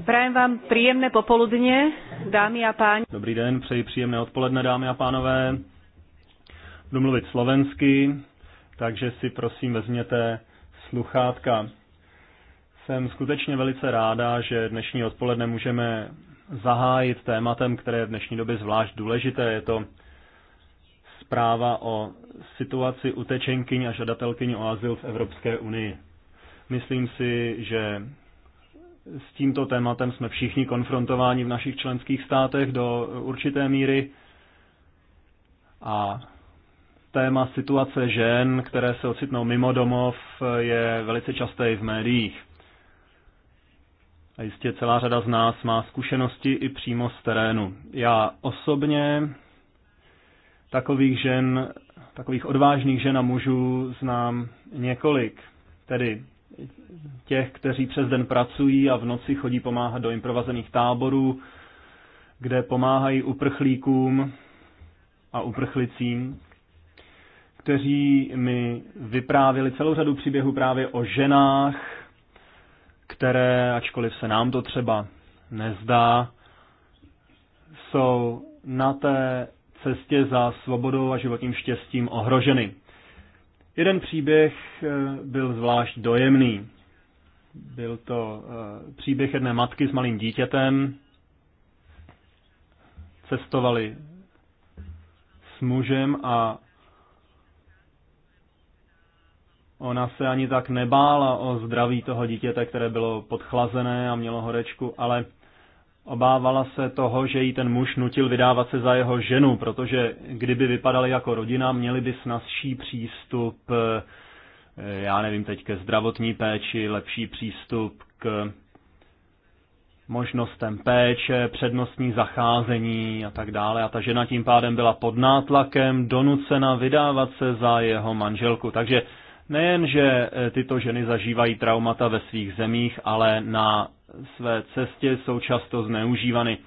Prajem vám příjemné popoludně, dámy a páni. Dobrý den, přeji příjemné odpoledne, dámy a pánové. Budu mluvit slovensky, takže si prosím vezměte sluchátka. Jsem skutečně velice ráda, že dnešní odpoledne můžeme zahájit tématem, které je v dnešní době zvlášť důležité. Je to zpráva o situaci utečenkyň a žadatelkyň o azyl v Evropské unii. Myslím si, že s tímto tématem jsme všichni konfrontováni v našich členských státech do určité míry. A téma situace žen, které se ocitnou mimo domov, je velice časté i v médiích. A jistě celá řada z nás má zkušenosti i přímo z terénu. Já osobně takových žen, takových odvážných žen a mužů znám několik. Tedy těch, kteří přes den pracují a v noci chodí pomáhat do improvazených táborů, kde pomáhají uprchlíkům a uprchlicím, kteří mi vyprávěli celou řadu příběhů právě o ženách, které, ačkoliv se nám to třeba nezdá, jsou na té cestě za svobodou a životním štěstím ohroženy. Jeden příběh eh, byl zvlášť dojemný. Byl to eh, příběh jedné matky s malým dítětem. Cestovali s mužem a ona se ani tak nebála o zdraví toho dítěte, které bylo podchlazené a mělo horečku, ale Obávala se toho, že jí ten muž nutil vydávat se za jeho ženu, protože kdyby vypadali jako rodina, měli by snazší přístup, eh, já nevím teď, ke zdravotní péči, lepší přístup k možnostem péče, přednostní zacházení a tak dále. A ta žena tím pádem byla pod nátlakem, donucena vydávat se za jeho manželku. Takže Nejen, že eh, tyto ženy zažívají traumata ve svých zemích, ale na své cestě jsou často zneužívany.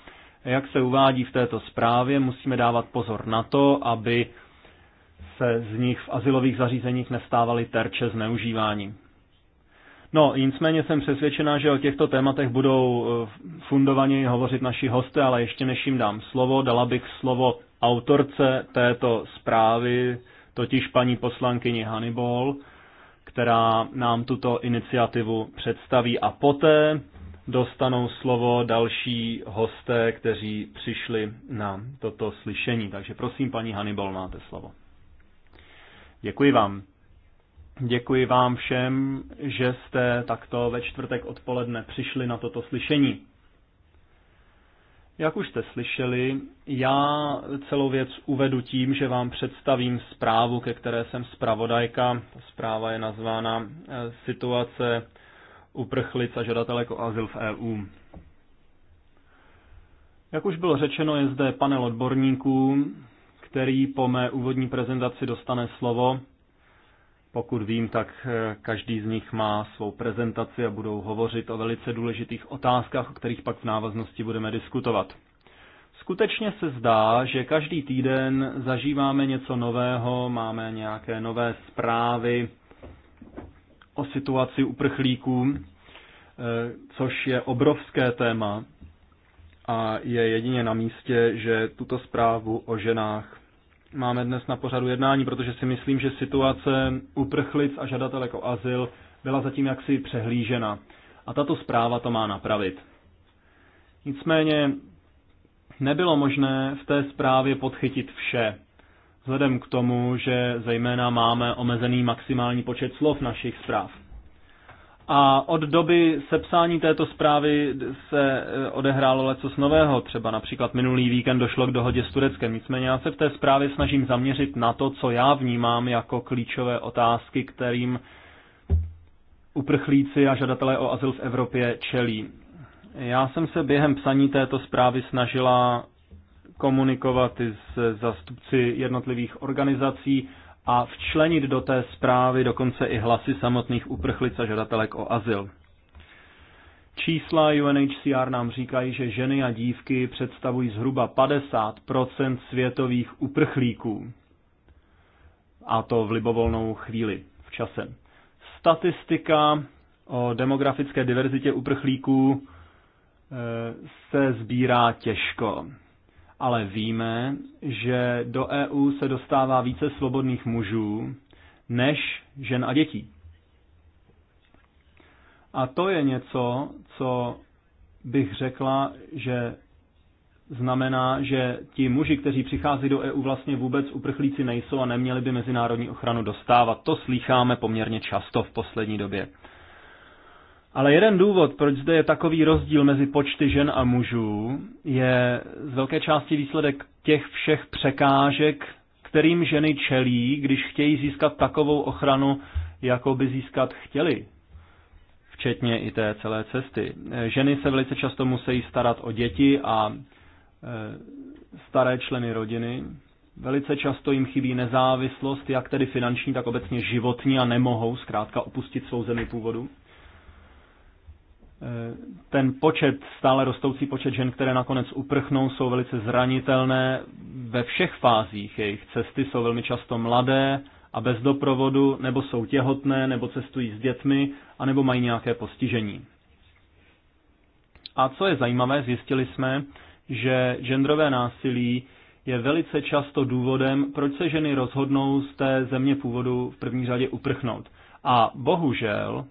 Jak se uvádí v této zprávě, musíme dávat pozor na to, aby se z nich v asilových zařízeních nestávaly terče zneužívání. No, nicméně jsem přesvědčená, že o těchto tématech budou eh, fundovaně hovořit naši hosté, ale ještě než jim dám slovo, dala bych slovo autorce této zprávy, totiž paní poslankyni Hannibal, která nám tuto iniciativu představí a poté dostanou slovo další hosté, kteří přišli na toto slyšení. Takže prosím, paní Hannibal, máte slovo. Děkuji vám. Děkuji vám všem, že jste takto ve čtvrtek odpoledne přišli na toto slyšení. Jak už jste slyšeli, já celou věc uvedu tím, že vám představím zprávu, ke které jsem zpravodajka. Ta zpráva je nazvána eh, Situace uprchlic a žadatelek o azyl v EU. Jak už bylo řečeno, je zde panel odborníků, který po mé úvodní prezentaci dostane slovo pokud vím, tak eh, každý z nich má svou prezentaci a budou hovořit o velice důležitých otázkách, o kterých pak v návaznosti budeme diskutovat. Skutečně se zdá, že každý týden zažíváme něco nového, máme nějaké nové zprávy o situaci uprchlíků, eh, což je obrovské téma a je jedině na místě, že tuto zprávu o ženách máme dnes na pořadu jednání, protože si myslím, že situace uprchlic a žadatelek o azyl byla zatím jaksi přehlížena. A tato zpráva to má napravit. Nicméně nebylo možné v té zprávě podchytit vše, vzhledem k tomu, že zejména máme omezený maximální počet slov našich zpráv. A od doby sepsání této zprávy se eh, odehrálo z nového, třeba například minulý víkend došlo k dohodě s Tureckem. Nicméně já se v té zprávě snažím zaměřit na to, co já vnímám jako klíčové otázky, kterým uprchlíci a žadatelé o azyl v Evropě čelí. Já jsem se během psaní této zprávy snažila komunikovat i s zastupci jednotlivých organizací, a včlenit do té zprávy dokonce i hlasy samotných uprchlic a žadatelek o azyl. Čísla UNHCR nám říkají, že ženy a dívky představují zhruba 50 světových uprchlíků. A to v libovolnou chvíli, v čase. Statistika o demografické diverzitě uprchlíků eh, se sbírá těžko ale víme, že do EU se dostává více svobodných mužů než žen a dětí. A to je něco, co bych řekla, že znamená, že ti muži, kteří přichází do EU, vlastně vůbec uprchlíci nejsou a neměli by mezinárodní ochranu dostávat. To slýcháme poměrně často v poslední době. Ale jeden důvod, proč zde je takový rozdíl mezi počty žen a mužů, je z velké části výsledek těch všech překážek, kterým ženy čelí, když chtějí získat takovou ochranu, jakou by získat chtěli. Včetně i té celé cesty. Ženy se velice často musí starat o děti a e, staré členy rodiny. Velice často jim chybí nezávislost, jak tedy finanční, tak obecně životní a nemohou zkrátka opustit svou zemi původu. Eh, ten počet, stále rostoucí počet žen, které nakonec uprchnou, jsou velice zranitelné ve všech fázích. Jejich cesty jsou velmi často mladé a bez doprovodu, nebo jsou těhotné, nebo cestují s dětmi, anebo mají nějaké postižení. A co je zajímavé, zjistili jsme, že genderové násilí je velice často důvodem, proč se ženy rozhodnou z té země původu v první řadě uprchnout. A bohužel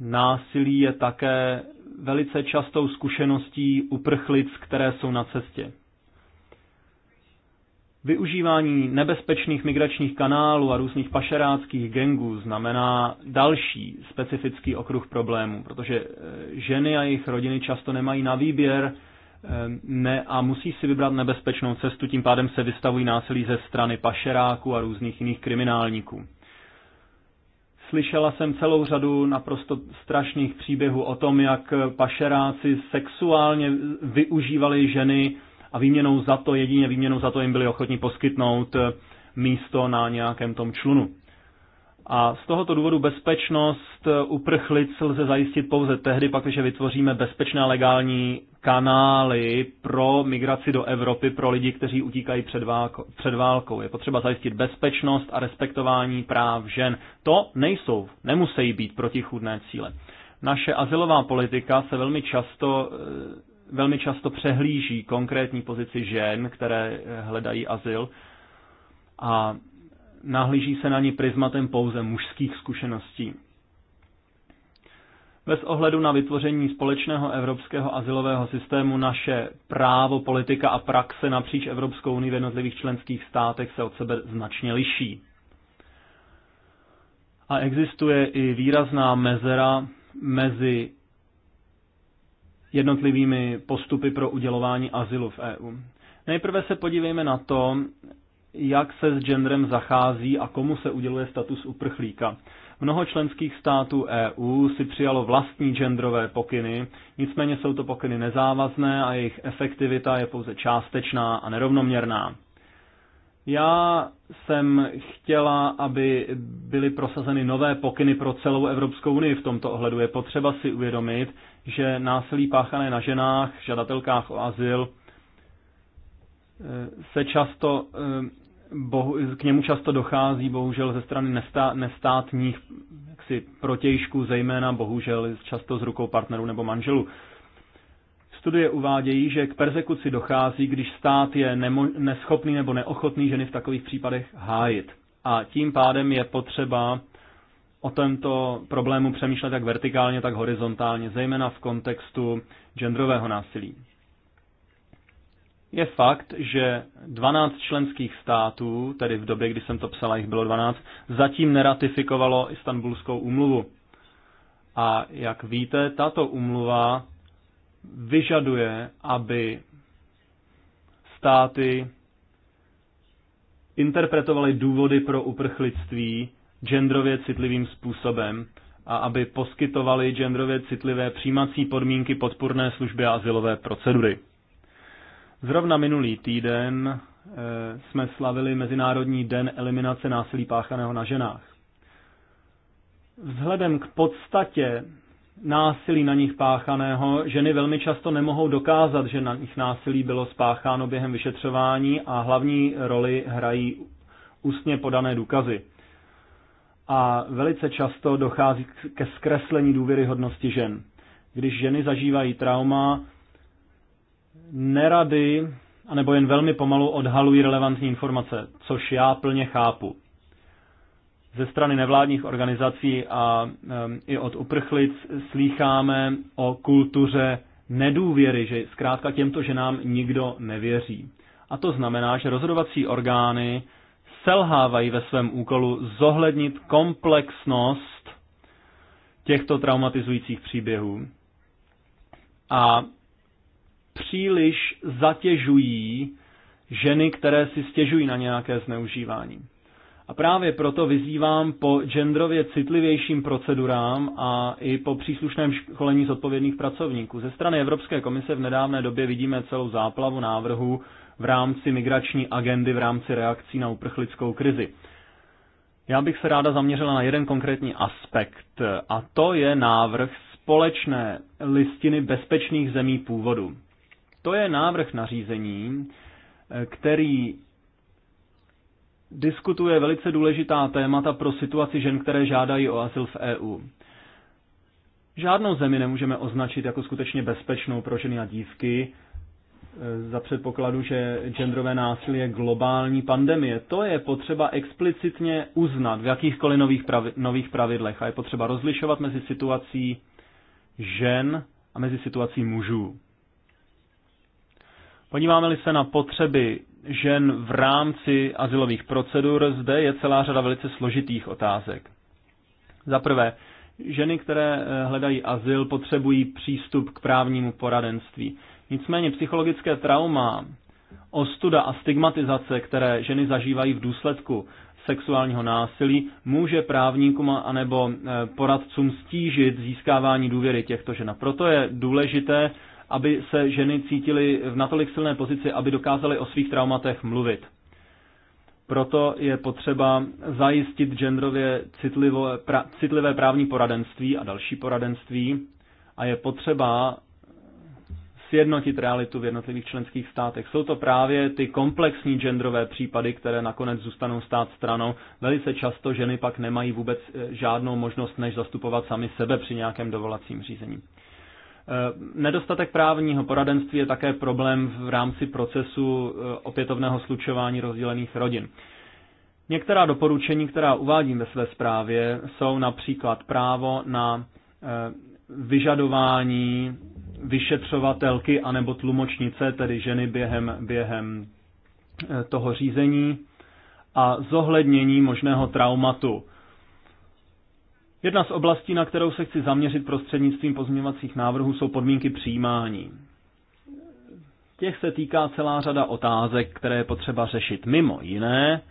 Násilí je také velice častou zkušeností uprchlic, které jsou na cestě. Využívání nebezpečných migračních kanálů a různých pašeráckých gengů znamená další specifický okruh problémů, protože eh, ženy a jejich rodiny často nemají na výběr eh, ne, a musí si vybrat nebezpečnou cestu, tím pádem se vystavují násilí ze strany pašeráků a různých jiných kriminálníků. Slyšela jsem celou řadu naprosto strašných příběhů o tom, jak pašeráci sexuálně využívali ženy a výměnou za to, jedině výměnou za to jim byli ochotni poskytnout místo na nějakém tom člunu. A z tohoto důvodu bezpečnost eh, uprchlic lze zajistit pouze tehdy, pak když vytvoříme bezpečné legální kanály pro migraci do Evropy pro lidi, kteří utíkají před, válko, před válkou. Je potřeba zajistit bezpečnost a respektování práv žen. To nejsou, nemusí být protichůdné cíle. Naše asilová politika se velmi často eh, velmi často přehlíží konkrétní pozici žen, které eh, hledají azyl. A nahlíží se na ní prismatem pouze mužských zkušeností. Bez ohledu na vytvoření společného evropského asilového systému naše právo, politika a praxe napříč Evropskou unii v jednotlivých členských státech se od sebe značně liší. A existuje i výrazná mezera mezi jednotlivými postupy pro udělování azylu v EU. Nejprve se podívejme na to, jak se s genderem zachází a komu se uděluje status uprchlíka. Mnoho členských států EU si přijalo vlastní genderové pokyny, nicméně jsou to pokyny nezávazné a jejich efektivita je pouze částečná a nerovnoměrná. Já jsem chtěla, aby byly prosazeny nové pokyny pro celou Evropskou unii v tomto ohledu. Je potřeba si uvědomit, že násilí páchané na ženách, žadatelkách o azyl, eh, se často eh, bohu, k němu často dochází bohužel ze strany nestá, nestátních jaksi, protějšků, zejména bohužel často z rukou partnerů nebo manželů. Studie uvádějí, že k persekuci dochází, když stát je nemo, neschopný nebo neochotný ženy v takových případech hájit. A tím pádem je potřeba o tomto problému přemýšlet jak vertikálně, tak horizontálně, zejména v kontextu genderového násilí je fakt, že 12 členských států, tedy v době, kdy jsem to psala, jich bylo 12, zatím neratifikovalo Istanbulskou umluvu. A jak víte, tato umluva vyžaduje, aby státy interpretovaly důvody pro uprchlictví genderově citlivým způsobem a aby poskytovali genderově citlivé přijímací podmínky podporné služby a asilové procedury. Zrovna minulý týden eh, jsme slavili Mezinárodní den eliminace násilí páchaného na ženách. Vzhledem k podstatě násilí na nich páchaného, ženy velmi často nemohou dokázat, že na nich násilí bylo spácháno během vyšetřování a hlavní roli hrají ústně podané důkazy. A velice často dochází ke zkreslení důvěryhodnosti žen. Když ženy zažívají trauma, nerady anebo jen velmi pomalu odhalují relevantní informace, což já plně chápu. Ze strany nevládních organizací a e, i od uprchlic slýcháme o kultuře nedůvěry, že zkrátka těmto ženám nikdo nevěří. A to znamená, že rozhodovací orgány selhávají ve svém úkolu zohlednit komplexnost těchto traumatizujících příběhů. A příliš zatěžují ženy, které si stěžují na nějaké zneužívání. A právě proto vyzývám po genderově citlivějším procedurám a i po příslušném školení zodpovědných pracovníků. Ze strany Evropské komise v nedávné době vidíme celou záplavu návrhů v rámci migrační agendy, v rámci reakcí na uprchlickou krizi. Já bych se ráda zaměřila na jeden konkrétní aspekt, a to je návrh společné listiny bezpečných zemí původu. To je návrh nařízení, eh, který diskutuje velice důležitá témata pro situaci žen, které žádají o azyl v EU. Žádnou zemi nemůžeme označit jako skutečně bezpečnou pro ženy a dívky eh, za předpokladu, že genderové násilí je globální pandemie. To je potřeba explicitně uznat v jakýchkoliv nových, pravi, nových pravidlech a je potřeba rozlišovat mezi situací žen a mezi situací mužů. Podíváme-li se na potřeby žen v rámci asilových procedur, zde je celá řada velice složitých otázek. Za prvé, ženy, které eh, hledají azyl, potřebují přístup k právnímu poradenství. Nicméně psychologické trauma, ostuda a stigmatizace, které ženy zažívají v důsledku sexuálního násilí, může právníkům anebo eh, poradcům stížit získávání důvěry těchto žen. Proto je důležité aby se ženy cítily v natolik silné pozici, aby dokázaly o svých traumatech mluvit. Proto je potřeba zajistit genderově citlivé, právní poradenství a další poradenství a je potřeba sjednotit realitu v jednotlivých členských státech. Jsou to právě ty komplexní genderové případy, které nakonec zůstanou stát stranou. Velice často ženy pak nemají vůbec eh, žádnou možnost, než zastupovat sami sebe při nějakém dovolacím řízení. Eh, nedostatek právního poradenství je také problém v rámci procesu eh, opětovného slučování rozdělených rodin. Některá doporučení, která uvádím ve své zprávě, jsou například právo na eh, vyžadování vyšetřovatelky anebo tlumočnice, tedy ženy během, během toho řízení a zohlednění možného traumatu Jedna z oblastí, na kterou se chci zaměřit prostřednictvím pozměňovacích návrhů, jsou podmínky přijímání. Těch se týká celá řada otázek, které je potřeba řešit. Mimo jiné,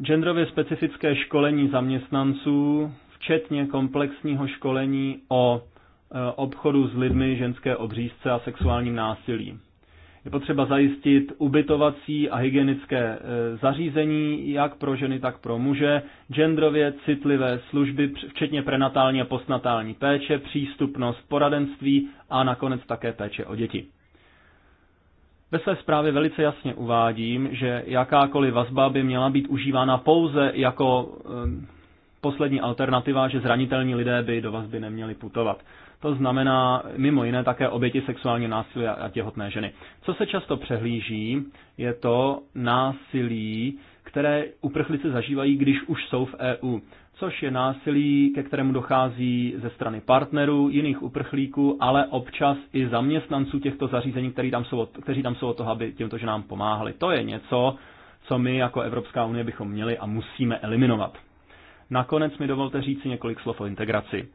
genderově specifické školení zaměstnanců, včetně komplexního školení o e, obchodu s lidmi, ženské obřízce a sexuálním násilí. Je potřeba zajistit ubytovací a hygienické e, zařízení, jak pro ženy, tak pro muže, genderově citlivé služby, včetně prenatální a postnatální péče, přístupnost poradenství a nakonec také péče o děti. Ve své zprávě velice jasně uvádím, že jakákoliv vazba by měla být užívána pouze jako e, poslední alternativa, že zranitelní lidé by do vazby neměli putovat. To znamená mimo jiné také oběti sexuálního násilí a těhotné ženy. Co se často přehlíží, je to násilí, které uprchlíci zažívají, když už jsou v EU, což je násilí, ke kterému dochází ze strany partnerů, jiných uprchlíků, ale občas i zaměstnanců těchto zařízení, kteří tam jsou, kteří tam jsou od toho, aby těmto ženám pomáhali. To je něco, co my jako Evropská unie bychom měli a musíme eliminovat. Nakonec mi dovolte říci několik slov o integraci.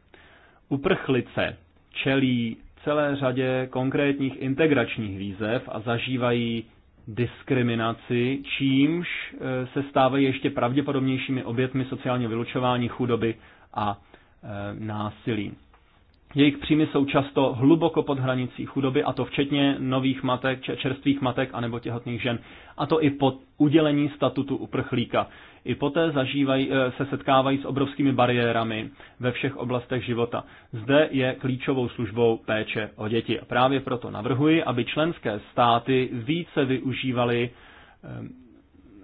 Uprchlice čelí celé řadě konkrétních integračních výzev a zažívají diskriminaci, čímž e, se stávají ještě pravděpodobnějšími obětmi sociálně vylučování, chudoby a e, násilí. Jejich příjmy jsou často hluboko pod hranicí chudoby, a to včetně nových matek, čerstvých matek anebo těhotných žen. A to i po udělení statutu uprchlíka. I poté zažívají, eh, se setkávají s obrovskými bariérami ve všech oblastech života. Zde je klíčovou službou péče o děti. A právě proto navrhuji, aby členské státy více využívaly eh,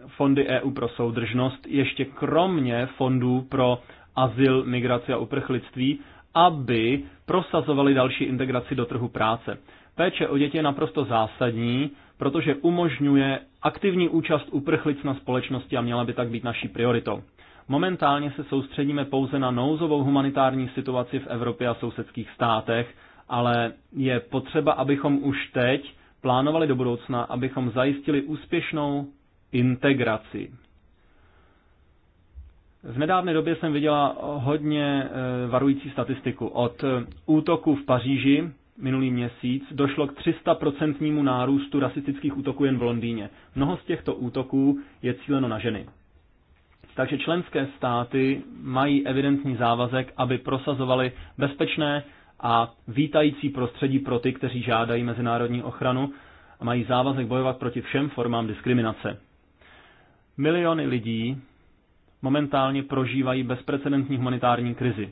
fondy EU pro soudržnost, ještě kromě fondů pro azyl, migraci a uprchlictví, aby prosazovali další integraci do trhu práce. Péče o děti je naprosto zásadní, protože umožňuje aktivní účast uprchlic na společnosti a měla by tak být naší prioritou. Momentálně se soustředíme pouze na nouzovou humanitární situaci v Evropě a sousedských státech, ale je potřeba, abychom už teď plánovali do budoucna, abychom zajistili úspěšnou integraci v nedávné době jsem viděla hodně e, varující statistiku. Od e, útoku v Paříži minulý měsíc došlo k 300% nárůstu rasistických útoků jen v Londýně. Mnoho z těchto útoků je cíleno na ženy. Takže členské státy mají evidentní závazek, aby prosazovali bezpečné a vítající prostředí pro ty, kteří žádají mezinárodní ochranu a mají závazek bojovat proti všem formám diskriminace. Miliony lidí momentálně prožívají bezprecedentní humanitární krizi.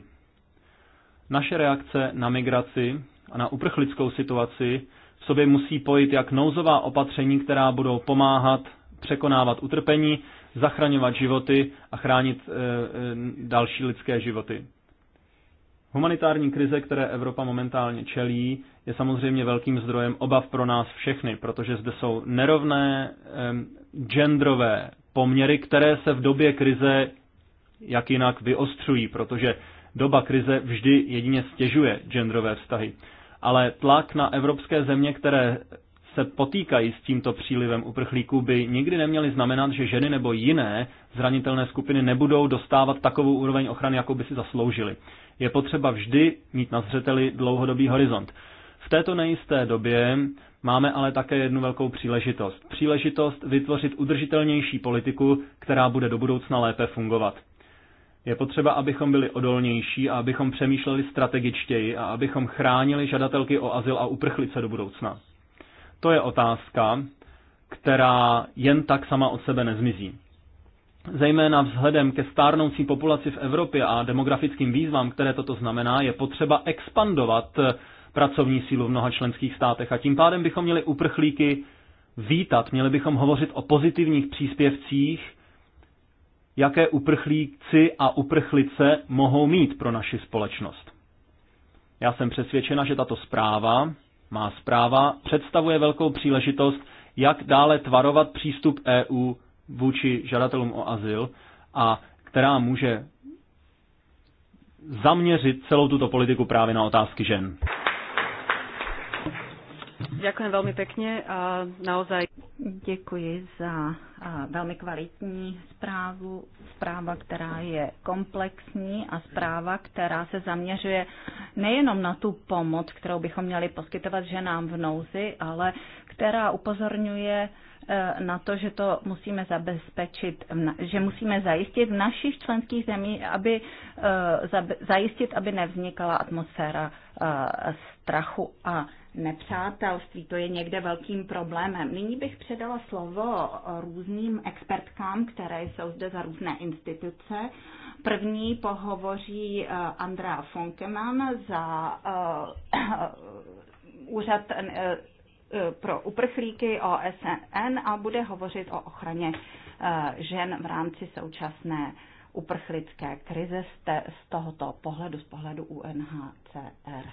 Naše reakce na migraci a na uprchlickou situaci v sobě musí pojít jak nouzová opatření, která budou pomáhat překonávat utrpení, zachraňovat životy a chránit e, e, další lidské životy. Humanitární krize, které Evropa momentálně čelí, je samozřejmě velkým zdrojem obav pro nás všechny, protože zde jsou nerovné e, genderové poměry, které se v době krize jak jinak vyostřují, protože doba krize vždy jedině stěžuje genderové vztahy. Ale tlak na evropské země, které se potýkají s tímto přílivem uprchlíků, by nikdy neměly znamenat, že ženy nebo jiné zranitelné skupiny nebudou dostávat takovou úroveň ochrany, jakou by si zasloužili. Je potřeba vždy mít na zřeteli dlouhodobý horizont. V této nejisté době Máme ale také jednu velkou příležitost. Příležitost vytvořit udržitelnější politiku, která bude do budoucna lépe fungovat. Je potřeba, abychom byli odolnější a abychom přemýšleli strategičtěji a abychom chránili žadatelky o azyl a uprchlice do budoucna. To je otázka, která jen tak sama od sebe nezmizí. Zejména vzhledem ke stárnoucí populaci v Evropě a demografickým výzvám, které toto znamená, je potřeba expandovat pracovní sílu v mnoha členských státech. A tím pádem bychom měli uprchlíky vítat, měli bychom hovořit o pozitivních příspěvcích, jaké uprchlíci a uprchlice mohou mít pro naši společnost. Já jsem přesvědčena, že tato zpráva, má zpráva, představuje velkou příležitost, jak dále tvarovat přístup EU vůči žadatelům o azyl a která může zaměřit celou tuto politiku právě na otázky žen. Ďakujem veľmi pekne a naozaj... Děkuji za velmi kvalitní zprávu, zpráva, která je komplexní a zpráva, která se zaměřuje nejenom na tu pomoc, kterou bychom měli poskytovat ženám v nouzi, ale která upozorňuje e, na to, že to musíme zabezpečit, že musíme zajistit v našich členských zemích, aby e, zajistit, aby nevznikala atmosféra e, strachu a nepřátelství. To je někde velkým problémem. Nyní bych předala slovo různým expertkám, které jsou zde za různé instituce. První pohovoří eh, Andrea Fonkeman za eh, úřad eh, pro uprchlíky OSN a bude hovořit o ochraně žen v rámci současné uprchlické krize z tohoto pohledu, z pohledu UNHCR.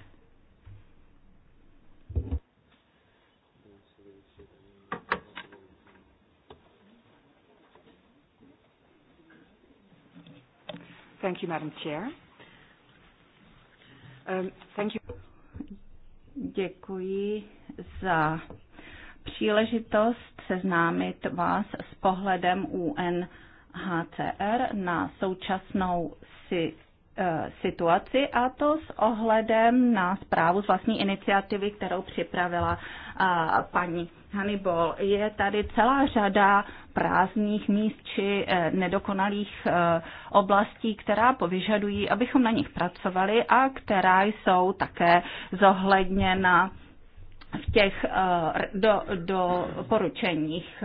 Thank you, Madam Chair. Um, thank you. Děkuji za příležitost seznámit vás s pohledem UNHCR na současnou Eh, situaci a to s ohledem na zprávu z vlastní iniciativy, kterou připravila eh, paní Hannibal. Je tady celá řada prázdných míst či eh, nedokonalých oblastí, která povyžadují, abychom na nich pracovali a která jsou také zohledněna v těch do, do poručeních.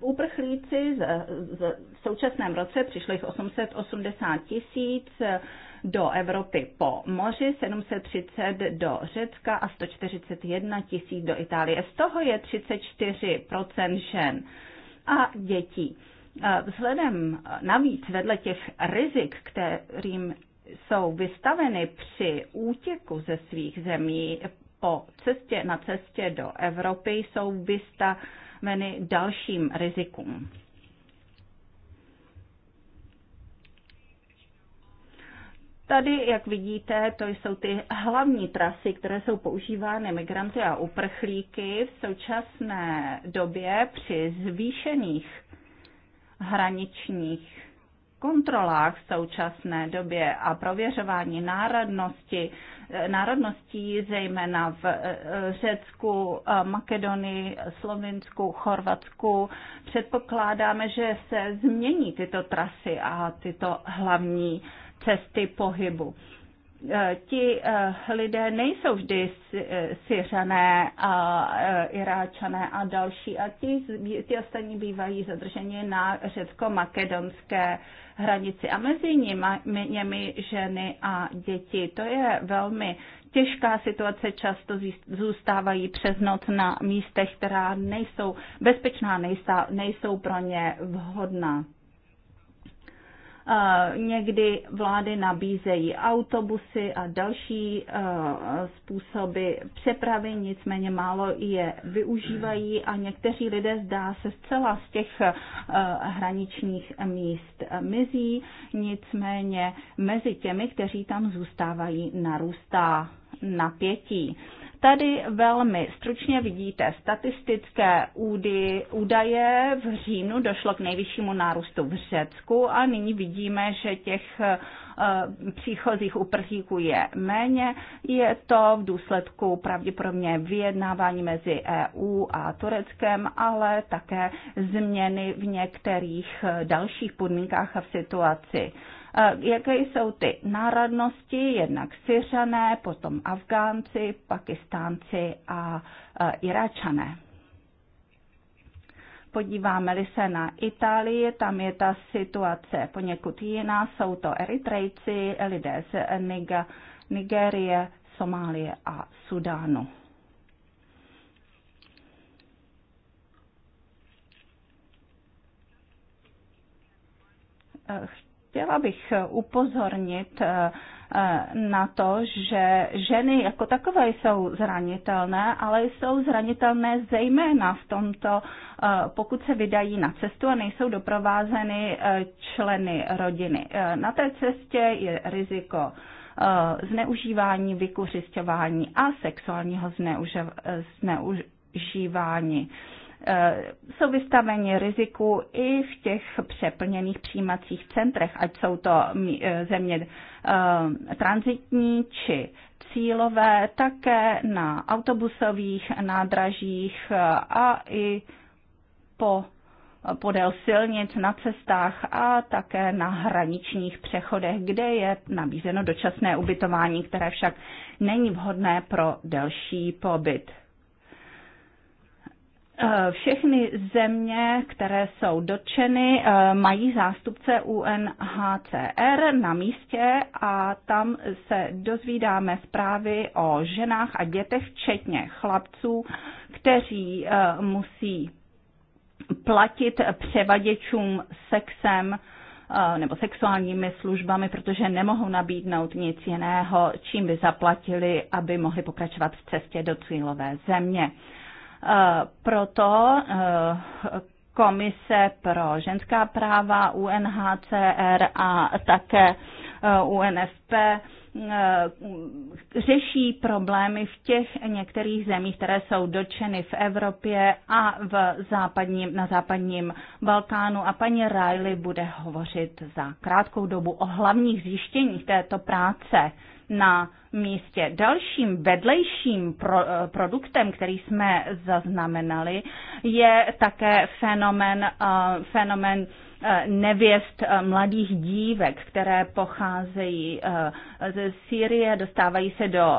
Uprchlíci z, z současném roce přišlo jich 880 tisíc eh, do Evropy po moři, 730 do Řecka a 141 tisíc do Itálie. Z toho je 34% žen a dětí. Eh, vzhledem eh, navíc vedle těch rizik, kterým jsou vystaveny při útěku ze svých zemí po cestě na cestě do Evropy, jsou vystaveny dalším rizikům. Tady, jak vidíte, to jsou ty hlavní trasy, které jsou používány migranty a uprchlíky v současné době při zvýšených hraničních kontrolách v současné době a prověřování národnosti, národností zejména v eh, Řecku, eh, Makedonii, Slovinsku, Chorvatsku. Předpokládáme, že se změní tyto trasy a tyto hlavní cesty pohybu e, ti e, lidé nejsou vždy e, Syřané a Iráčané a další a ti, ti ostatní bývají zadrženi na řecko-makedonské hranici a mezi nimi, nimi ženy a děti. To je velmi těžká situace, často zůstávají přes noc na místech, která nejsou bezpečná, nejsou pro ně vhodná. Eh, někdy vlády nabízejí autobusy a další eh, způsoby přepravy, nicméně málo je využívají a někteří lidé zdá se zcela z těch eh, hraničních míst mizí, nicméně mezi těmi, kteří tam zůstávají, narůstá napětí. Tady velmi stručně vidíte statistické údy, údaje. V říjnu došlo k nejvyššímu nárůstu v Řecku a nyní vidíme, že těch eh, příchozích uprchlíků je méně. Je to v důsledku pravděpodobně vyjednávání mezi EU a Tureckem, ale také změny v některých eh, dalších podmínkách a v situaci jaké jsou ty národnosti, jednak Syřané, potom Afgánci, Pakistánci a Iračané podíváme-li se na Itálii, tam je ta situace poněkud jiná. Jsou to Eritrejci, lidé z Niga, Nigérie, Somálie a Sudánu. Chtěla bych eh, upozornit eh, eh, na to, že ženy jako takové jsou zranitelné, ale jsou zranitelné zejména v tomto, pokud se vydají na cestu a nejsou doprovázeny členy rodiny. Na té cestě je riziko zneužívání, vykuřišťování a sexuálního zneužívání. Eh, jsou vystaveni riziku i v těch přeplněných přijímacích centrech, ať jsou to eh, země eh, transitní či cílové, také na autobusových nádražích a i po podél silnic, na cestách a také na hraničních přechodech, kde je nabízeno dočasné ubytování, které však není vhodné pro delší pobyt. Eh, všechny země, které jsou dotčeny, eh, mají zástupce UNHCR na místě a tam se dozvídáme zprávy o ženách a dětech, včetně chlapců, kteří eh, musí platit převaděčům sexem nebo sexuálními službami, protože nemohou nabídnout nic jiného, čím by zaplatili, aby mohli pokračovat v cestě do cílové země. Eh, proto eh, Komise pro ženská práva, UNHCR a také eh, UNFP řeší problémy v těch některých zemích, které jsou dočeny v Evropě a v západním, na západním Balkánu. A paní Riley bude hovořit za krátkou dobu o hlavních zjištěních této práce na místě. Dalším vedlejším pro, eh, produktem, který jsme zaznamenali, je také fenomen, eh, fenomen eh, nevěst mladých dívek, které pocházejí ze Sýrie, dostávají se do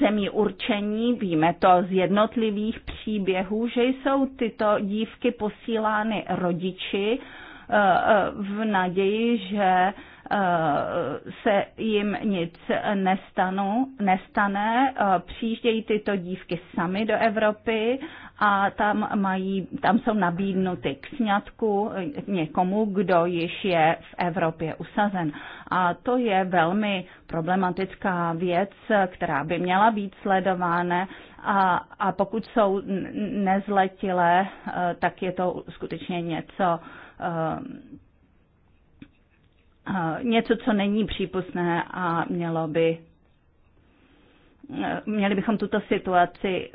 zemí určení, víme to z jednotlivých příběhů, že jsou tyto dívky posílány rodiči, v naději, že eh, se jim nic nestanu, nestane. Eh, přijíždějí tyto dívky sami do Evropy a tam, mají, tam jsou nabídnuty k sňatku eh, někomu, kdo již je v Evropě usazen. A to je velmi problematická věc, která by měla být sledována a, a pokud jsou nezletilé, tak je to skutečně něco, Ehm, ehm, něco, co není přípustné a mělo by ehm, měli bychom tuto situaci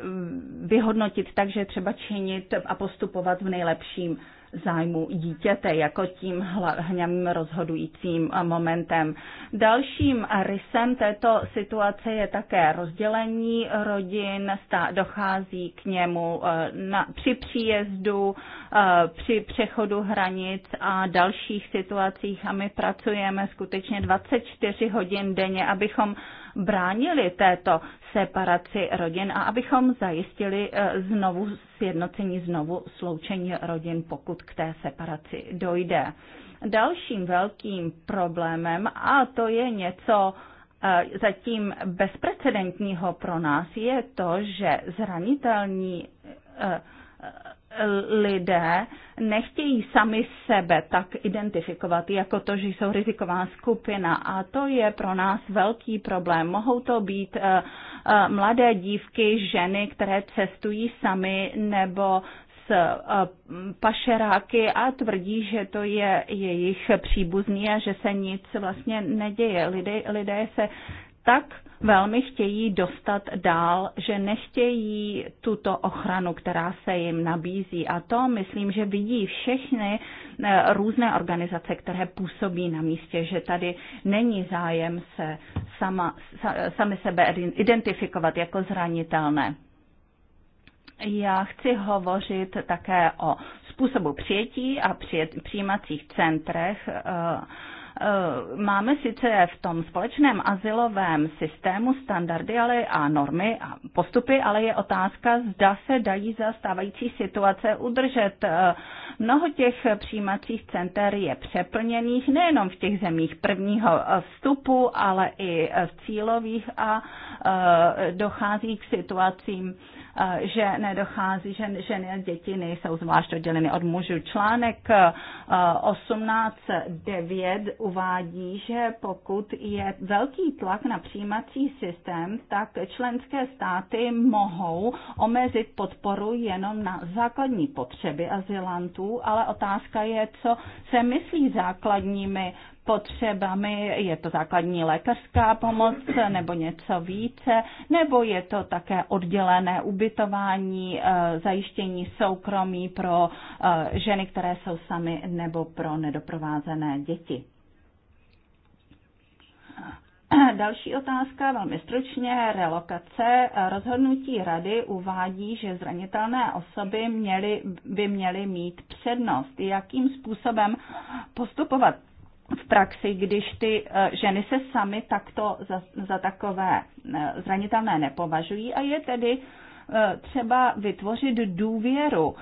vyhodnotit tak, že třeba činit a postupovat v nejlepším zájmu dítěte jako tím hlavním rozhodujícím momentem. Dalším rysem této situace je také rozdělení rodin, dochází k němu eh, na, při příjezdu, eh, při přechodu hranic a dalších situacích a my pracujeme skutečně 24 hodin denně, abychom bránili této separaci rodin a abychom zajistili eh, znovu sjednocení, znovu sloučení rodin, pokud k té separaci dojde. Dalším velkým problémem, a to je něco, eh, zatím bezprecedentního pro nás je to, že zranitelní eh, lidé nechtějí sami sebe tak identifikovat jako to, že jsou riziková skupina a to je pro nás velký problém. Mohou to být eh, eh, mladé dívky, ženy, které cestují sami nebo s eh, pašeráky a tvrdí, že to je jejich příbuzný a že se nic vlastně neděje. Lidé, lidé se tak velmi chtějí dostat dál, že nechtějí tuto ochranu, která se jim nabízí. A to myslím, že vidí všechny eh, různé organizace, které působí na místě, že tady není zájem se sama, sami sebe identifikovat jako zranitelné. Já chci hovořit také o způsobu přijetí a přijímacích centrech eh, Eh, máme sice v tom společném asilovém systému standardy ale a normy a postupy, ale je otázka, zda se dají za stávající situace udržet. Eh, mnoho těch přijímacích center je přeplněných nejenom v těch zemích prvního eh, vstupu, ale i v cílových a dochází k situacím, Eh, že nedochází, že ženy a děti nejsou zvlášť odděleny od mužů. Článek 18.9 eh, uvádí, že pokud je velký tlak na přijímací systém, tak členské státy mohou omezit podporu jenom na základní potřeby azylantů, ale otázka je, co se myslí základními potřebami, je to základní lékařská pomoc nebo něco více, nebo je to také oddělené ubytování, eh, zajištění soukromí pro eh, ženy, které jsou sami, nebo pro nedoprovázené děti. Další otázka, velmi stručně, relokace. Rozhodnutí rady uvádí, že zranitelné osoby měly, by měly mít přednost. Jakým způsobem postupovat v praxi, když ty eh, ženy se sami takto za, za takové eh, zranitelné nepovažují a je tedy eh, třeba vytvořit důvěru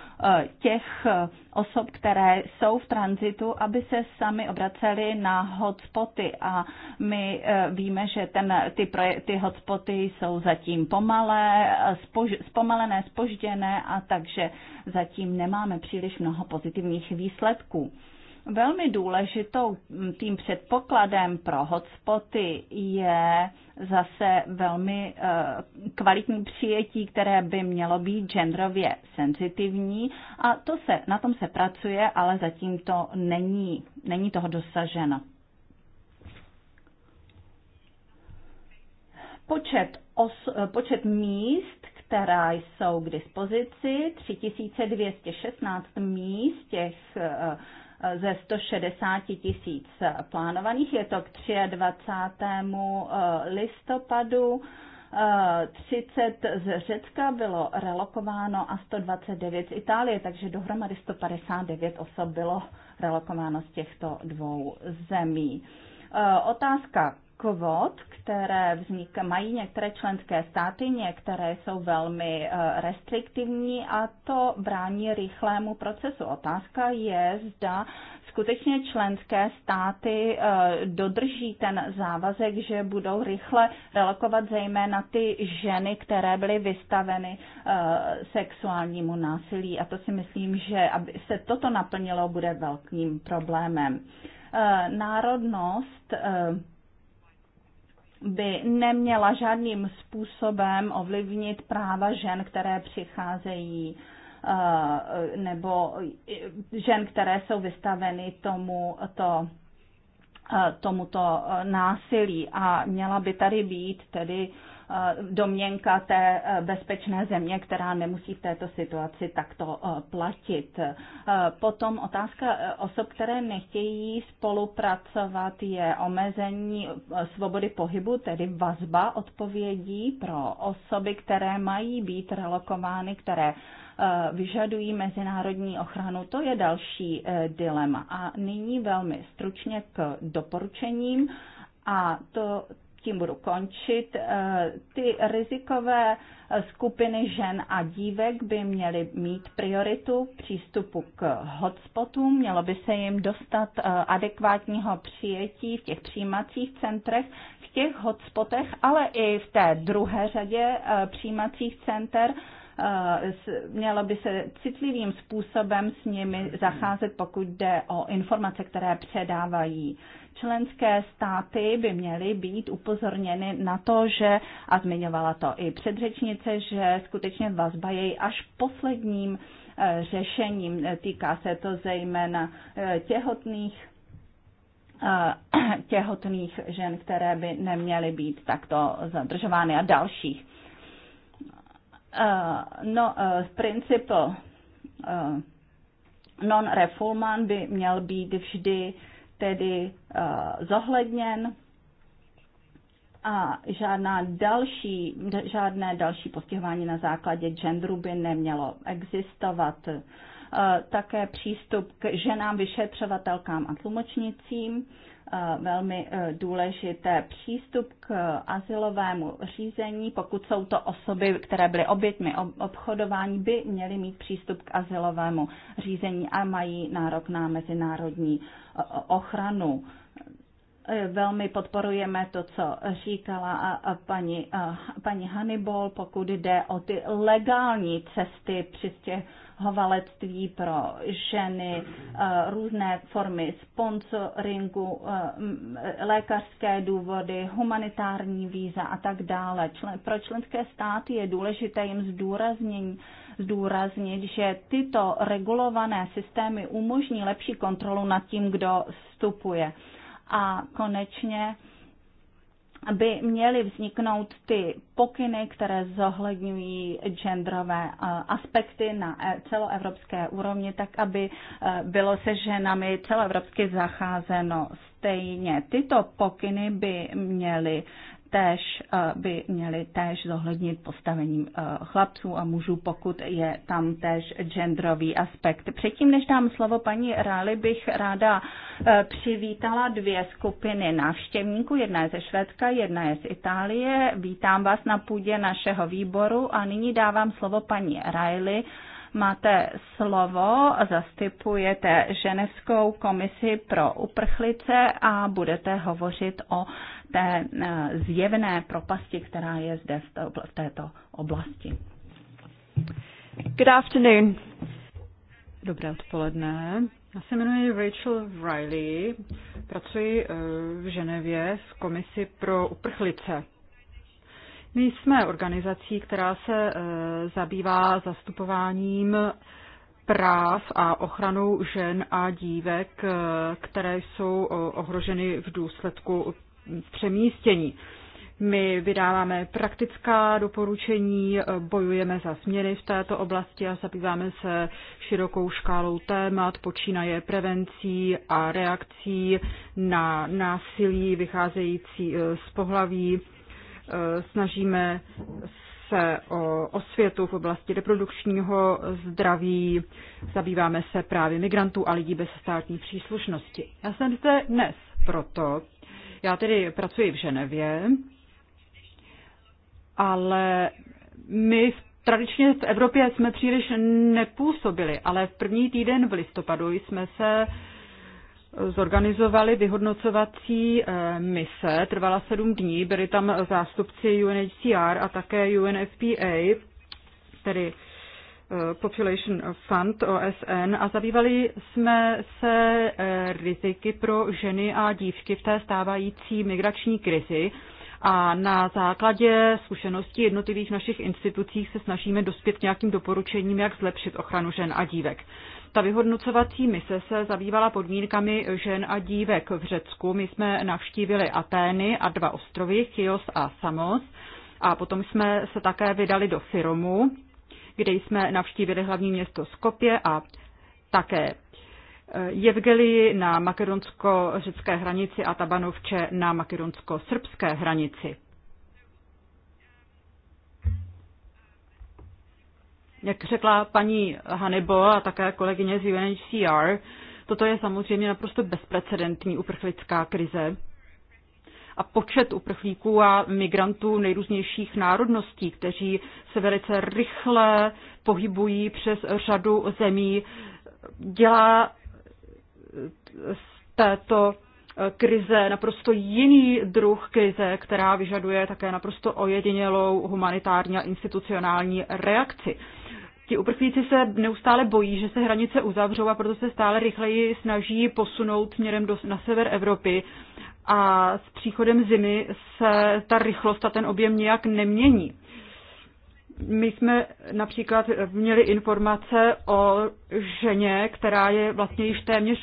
těch osob, které jsou v tranzitu, aby se sami obraceli na hotspoty. A my víme, že ten, ty, proje, ty hotspoty jsou zatím pomalé, spož, zpomalené, spožděné a takže zatím nemáme příliš mnoho pozitivních výsledků. Velmi důležitou tím předpokladem pro hotspoty je zase velmi e, kvalitní přijetí, které by mělo být genderově senzitivní a to se, na tom se pracuje, ale zatím to není, není toho dosaženo. Počet, os, počet míst, která jsou k dispozici, 3216 míst těch e, ze 160 tisíc plánovaných. Je to k 23. Eh, listopadu. 30 eh, z Řecka bylo relokováno a 129 z Itálie, takže dohromady 159 osob bylo relokováno z těchto dvou zemí. Eh, otázka kvot, které vznik, mají některé členské státy, některé jsou velmi eh, restriktivní a to brání rychlému procesu. Otázka je, zda skutečně členské státy eh, dodrží ten závazek, že budou rychle relokovat zejména ty ženy, které byly vystaveny eh, sexuálnímu násilí. A to si myslím, že aby se toto naplnilo, bude velkým problémem. Národnost by neměla žádným způsobem ovlivnit práva žen, které přicházejí eh, nebo žen, které jsou vystaveny tomu, to, eh, tomuto eh, násilí a měla by tady být tedy Eh, domněnka té eh, bezpečné země, která nemusí v této situaci takto eh, platit. Potom otázka osob, které nechtějí spolupracovat, je omezení svobody pohybu, tedy vazba odpovědí pro osoby, které mají být relokovány, které vyžadují mezinárodní ochranu. To je další dilema. A nyní velmi stručně k doporučením. A to tím budu končit, eh, ty rizikové eh, skupiny žen a dívek by měly mít prioritu přístupu k hotspotům, mělo by se jim dostat eh, adekvátního přijetí v těch přijímacích centrech, v těch hotspotech, ale i v té druhé řadě přijímacích center, Eh, mělo by se citlivým způsobem s nimi zacházet, pokud jde o informace, které předávají. Členské státy by měly být upozorněny na to, že, a zmiňovala to i předřečnice, že skutečně vazba je až posledním eh, řešením. Týká se to zejména eh, těhotných těhotných žen, které by neměly být takto zadržovány a dalších. Eh, no, eh, princip eh, non-refoulement by měl být vždy tedy zohledněn a žádná další, žádné další postihování na základě genderu by nemělo existovat. Také přístup k ženám, vyšetřovatelkám a tlumočnicím Eh, velmi eh, důležité přístup k asilovému řízení. Pokud jsou to osoby, které byly obětmi obchodování, by měly mít přístup k asilovému řízení a mají nárok na mezinárodní eh, ochranu. Eh, velmi podporujeme to, co říkala paní, paní Hannibal, pokud jde o ty legální cesty přistěhovalectví pro ženy, eh, různé formy sponsoringu, eh, lékařské důvody, humanitární víza a tak dále. Pro členské státy je důležité jim zdůraznění, zdůraznit, že tyto regulované systémy umožní lepší kontrolu nad tím, kdo vstupuje a konečně by měly vzniknout ty pokyny, které zohledňují genderové eh, aspekty na e, celoevropské úrovni, tak aby eh, bylo se ženami celoevropsky zacházeno stejně. Tyto pokyny by měly též eh, by měli též zohlednit postavením eh, chlapců a mužů, pokud je tam též genderový aspekt. Předtím, než dám slovo paní Rály, bych ráda eh, přivítala dvě skupiny návštěvníků. Jedna je ze Švédska, jedna je z Itálie. Vítám vás na půdě našeho výboru a nyní dávám slovo paní Riley, máte slovo, zastupujete Ženevskou komisi pro uprchlice a budete hovořit o té eh, zjevné propasti, která je zde v této oblasti. Good afternoon. Dobré odpoledne. Já se jmenuji Rachel Riley, pracuji eh, v Ženevě v Komisi pro uprchlice. My jsme organizací, která se eh, zabývá zastupováním práv a ochranou žen a dívek, které jsou ohroženy v důsledku přemístění. My vydáváme praktická doporučení, bojujeme za změny v této oblasti a zabýváme se širokou škálou témat, počínaje prevencí a reakcí na násilí vycházející e, z pohlaví. E, snažíme se o osvětu v oblasti reprodukčního zdraví, zabýváme se právě migrantů a lidí bez státní příslušnosti. Já jsem zde dnes proto, já tedy pracuji v Ženevě, ale my v Tradičně v Evropě jsme příliš nepůsobili, ale v první týden v listopadu jsme se zorganizovali vyhodnocovací eh, mise, trvala sedm dní, byli tam zástupci UNHCR a také UNFPA, tedy Eh, Population Fund OSN a zabývali jsme se eh, riziky pro ženy a dívky v té stávající migrační krizi a na základě zkušeností jednotlivých našich institucí se snažíme dospět k nějakým doporučením, jak zlepšit ochranu žen a dívek. Ta vyhodnocovací mise se zabývala podmínkami žen a dívek v Řecku. My jsme navštívili Atény a dva ostrovy, Chios a Samos. A potom jsme se také vydali do Firomu, kde jsme navštívili hlavní město Skopje a také e, Jevgelii na makedonsko-řecké hranici a Tabanovče na makedonsko-srbské hranici. Jak řekla paní Hanebo a také kolegyně z UNHCR, toto je samozřejmě naprosto bezprecedentní uprchlická krize, a počet uprchlíků a migrantů nejrůznějších národností, kteří se velice rychle pohybují přes řadu zemí, dělá eh, z této eh, krize naprosto jiný druh krize, která vyžaduje také naprosto ojedinělou humanitární a institucionální reakci. Ti uprchlíci se neustále bojí, že se hranice uzavřou a proto se stále rychleji snaží posunout směrem do, na sever Evropy a s příchodem zimy se ta rychlost a ten objem nějak nemění. My jsme například měli informace o ženě, která je vlastně již téměř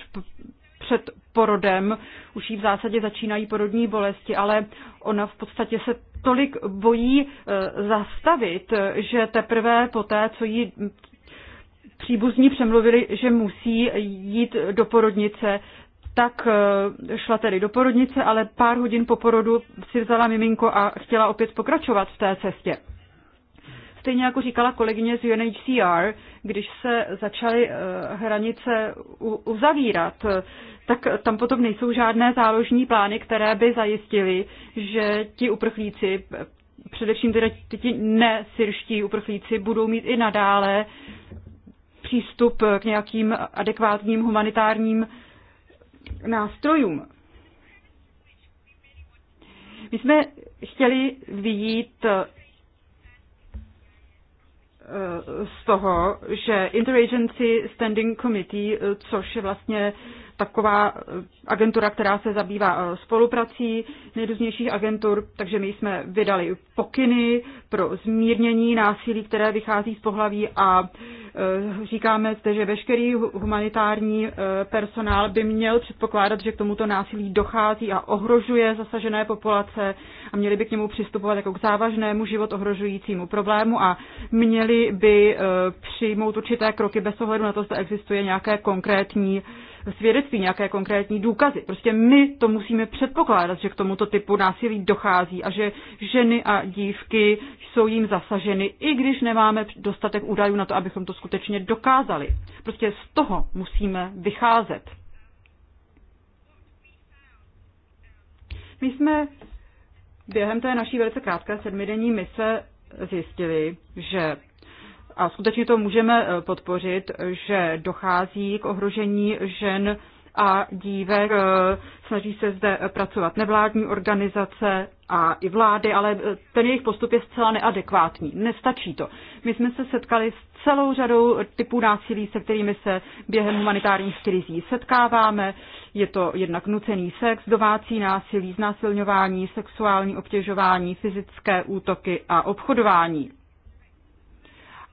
před porodem, už jí v zásadě začínají porodní bolesti, ale ona v podstatě se tolik bojí e, zastavit, že teprve poté, co jí příbuzní přemluvili, že musí jít do porodnice, tak eh, šla tedy do porodnice, ale pár hodin po porodu si vzala miminko a chtěla opět pokračovat v té cestě. Stejně jako říkala kolegyně z UNHCR, když se začaly eh, hranice uzavírat, eh, tak tam potom nejsou žádné záložní plány, které by zajistily, že ti uprchlíci, především teda ti nesyrští uprchlíci, budou mít i nadále přístup k nějakým adekvátním humanitárním nástrojům. My jsme chtěli vyjít eh, z toho, že Interagency Standing Committee, eh, což je vlastně taková eh, agentura, která se zabývá eh, spoluprací nejrůznějších agentur, takže my jsme vydali pokyny pro zmírnění násilí, které vychází z pohlaví a eh, říkáme zde, že veškerý humanitární personál by měl předpokládat, že k tomuto násilí dochází a ohrožuje zasažené populace a měli by k němu přistupovat jako k závažnému život ohrožujícímu problému a měli by přijmout určité kroky bez ohledu na to, zda existuje nějaké konkrétní svědectví, nějaké konkrétní důkazy. Prostě my to musíme předpokládat, že k tomuto typu násilí dochází a že ženy a dívky jsou jim zasaženy, i když nemáme dostatek údajů na to, abychom to skutečně dokázali. Prostě z toho musíme vycházet. My jsme během té naší velice krátké sedmidenní mise zjistili, že a skutečně to můžeme eh, podpořit, že dochází k ohrožení žen a dívek. Eh, snaží se zde pracovat nevládní organizace a i vlády, ale eh, ten jejich postup je zcela neadekvátní. Nestačí to. My jsme se setkali s celou řadou typů násilí, se kterými se během humanitárních krizí setkáváme. Je to jednak nucený sex, domácí násilí, znásilňování, sexuální obtěžování, fyzické útoky a obchodování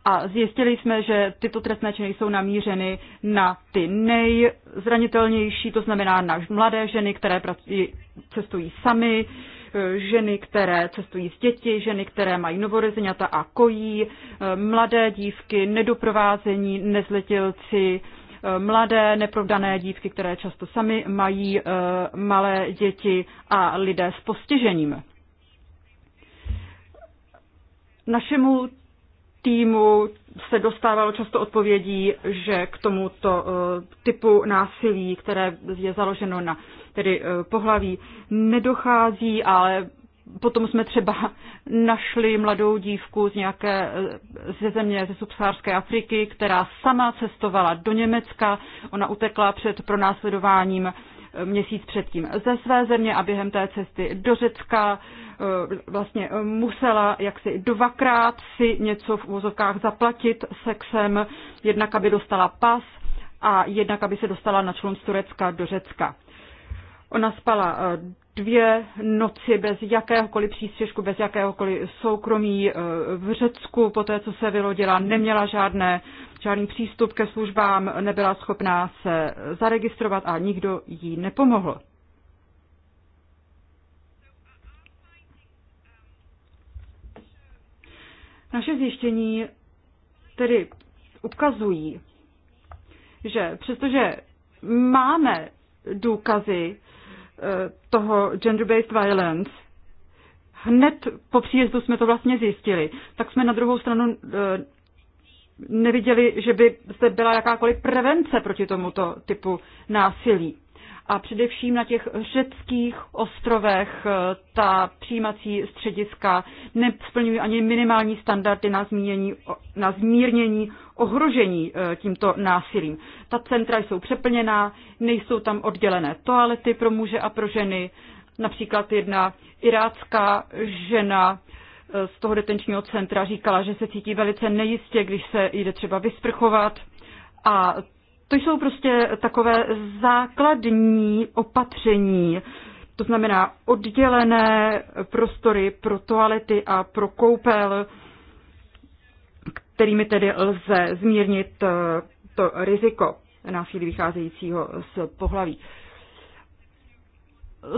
a zjistili jsme, že tyto trestné činy jsou namířeny na ty nejzranitelnější, to znamená na mladé ženy, které pracují, cestují sami, eh, ženy, které cestují s děti, ženy, které mají novorozeňata a kojí, eh, mladé dívky, nedoprovázení, nezletilci, eh, mladé neprovdané dívky, které často sami mají malé děti a lidé s postižením. Našemu týmu se dostávalo často odpovědí, že k tomuto eh, typu násilí, které je založeno na tedy eh, pohlaví, nedochází, ale potom jsme třeba našli mladou dívku z nějaké eh, ze země ze subsárské Afriky, která sama cestovala do Německa. Ona utekla před pronásledováním měsíc předtím ze své země a během té cesty do Řecka eh, vlastně eh, musela jaksi dvakrát si něco v uvozovkách zaplatit sexem, jednak aby dostala pas a jednak aby se dostala na člun z Turecka do Řecka. Ona spala eh, dvě noci bez jakéhokoliv přístřežku, bez jakéhokoliv soukromí v Řecku, po té, co se vylodila, neměla žádné žádný přístup ke službám, nebyla schopná se zaregistrovat a nikdo jí nepomohl. Naše zjištění tedy ukazují, že přestože máme důkazy eh, toho gender-based violence, hned po příjezdu jsme to vlastně zjistili, tak jsme na druhou stranu eh, neviděli, že by zde byla jakákoliv prevence proti tomuto typu násilí. A především na těch řeckých ostrovech eh, ta přijímací střediska nesplňují ani minimální standardy na, zmínění, na zmírnění ohrožení eh, tímto násilím. Ta centra jsou přeplněná, nejsou tam oddělené toalety pro muže a pro ženy. Například jedna irácká žena Eh, z toho detenčního centra říkala, že se cítí velice nejistě, když se jde třeba vysprchovat. A to jsou prostě takové základní opatření, to znamená oddělené prostory pro toalety a pro koupel, kterými tedy lze zmírnit eh, to riziko násilí vycházejícího z pohlaví.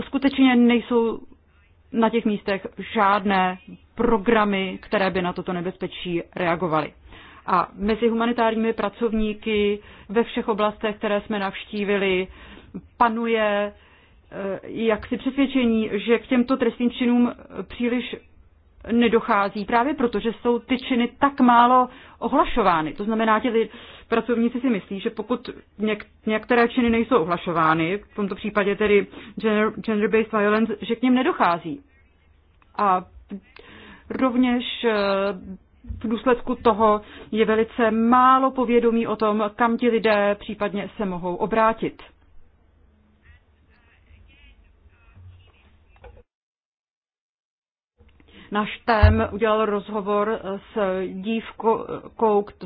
Skutečně nejsou na těch místech žádné programy, které by na toto nebezpečí reagovaly. A mezi humanitárními pracovníky ve všech oblastech, které jsme navštívili, panuje eh, jaksi přesvědčení, že k těmto trestným činům eh, příliš nedochází, právě proto, že jsou ty činy tak málo ohlašovány. To znamená, ty pracovníci si myslí, že pokud něk, některé činy nejsou ohlašovány, v tomto případě tedy gender-based gender violence, že k ním nedochází. A Rovněž eh, v důsledku toho je velice málo povědomí o tom, kam ti lidé případně se mohou obrátit. Náš tém udělal rozhovor s dívkou,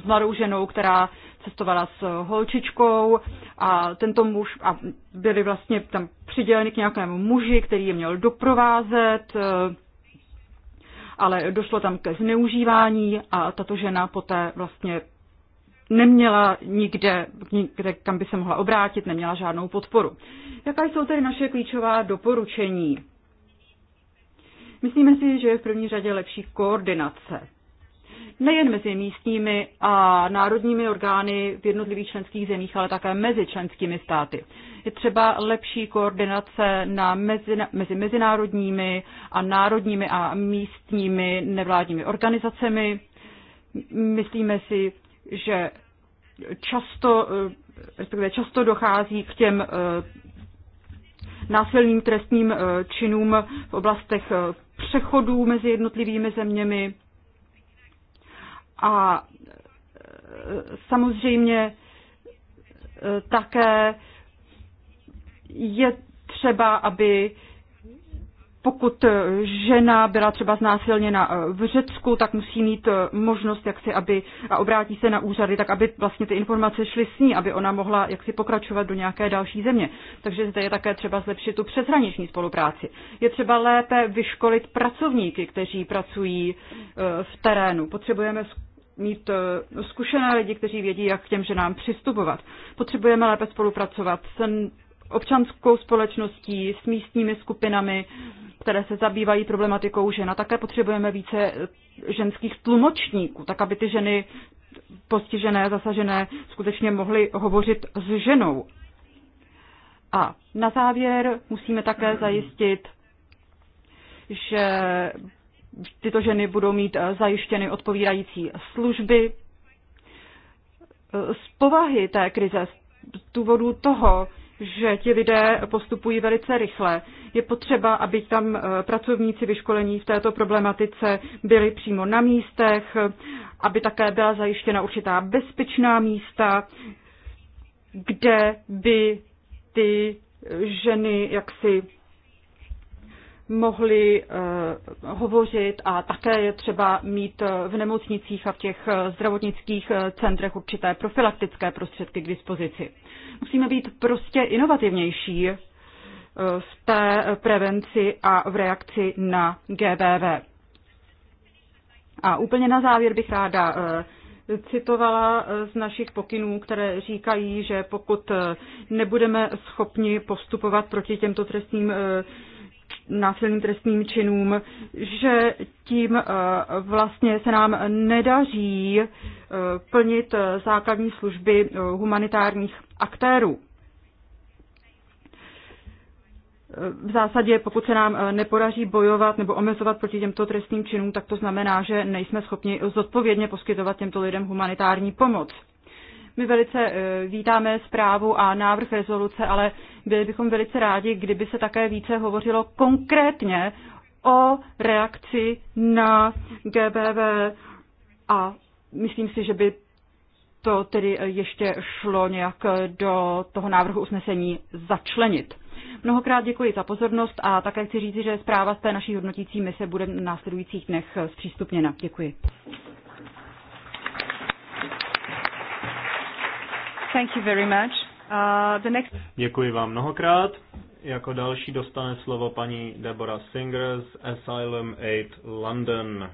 s mladou ženou, která cestovala s holčičkou a tento muž a byli vlastně tam přiděleni k nějakému muži, který je měl doprovázet eh, ale došlo tam ke zneužívání a tato žena poté vlastně neměla nikde, nikde, kam by se mohla obrátit, neměla žádnou podporu. Jaká jsou tedy naše klíčová doporučení? Myslíme si, že je v první řadě lepší koordinace nejen mezi místními a národními orgány v jednotlivých členských zemích, ale také mezi členskými státy. Je třeba lepší koordinace na mezi, mezi mezinárodními a národními a místními nevládními organizacemi. Myslíme si, že často, eh, respektive často dochází k těm eh, násilným trestním eh, činům v oblastech přechodů mezi jednotlivými zeměmi. A e, samozřejmě e, také je třeba, aby pokud žena byla třeba znásilněna e, v Řecku, tak musí mít možnost, jak si, aby, a obrátí se na úřady, tak aby vlastně ty informace šly s ní, aby ona mohla jak si pokračovat do nějaké další země. Takže zde je také třeba zlepšit tu přeshraniční spolupráci. Je třeba lépe vyškolit pracovníky, kteří pracují v terénu. Potřebujeme mít eh, zkušené lidi, kteří vědí, jak k těm ženám přistupovat. Potřebujeme lépe spolupracovat s občanskou společností, s místními skupinami, které se zabývají problematikou žen. A také potřebujeme více eh, ženských tlumočníků, tak aby ty ženy postižené, zasažené skutečně mohly hovořit s ženou. A na závěr musíme také zajistit, že tyto ženy budou mít eh, zajištěny odpovídající služby. Eh, z povahy té krize, z důvodu toho, že ti lidé postupují velice rychle. Je potřeba, aby tam eh, pracovníci vyškolení v této problematice byli přímo na místech, aby také byla zajištěna určitá bezpečná místa, kde by ty ženy jaksi mohli eh, hovořit a také je třeba mít eh, v nemocnicích a v těch eh, zdravotnických centrech určité profilaktické prostředky k dispozici. Musíme být prostě inovativnější v té prevenci a v reakci na GBV. A úplně na závěr bych ráda citovala z našich pokynů, které říkají, že pokud nebudeme schopni postupovat proti těmto trestním násilným trestným činům, že tím eh, vlastně se nám nedaří eh, plnit eh, základní služby humanitárních aktérů. V zásadě, pokud se nám nepodaří bojovat nebo omezovat proti těmto trestným činům, tak to znamená, že nejsme schopni zodpovědně poskytovat těmto lidem humanitární pomoc. My velice eh, vítáme zprávu a návrh rezoluce, ale byli bychom velice rádi, kdyby se také více hovořilo konkrétně o reakci na GBV a myslím si, že by to tedy ještě šlo nějak do toho návrhu usnesení začlenit. Mnohokrát děkuji za pozornost a také chci říci, že zpráva z té naší hodnotící mise bude v následujících dnech zpřístupněna. Děkuji. Thank you very much. Uh, the next... Děkuji vám mnohokrát. Jako další dostane slovo paní Deborah Singer z Asylum Aid London.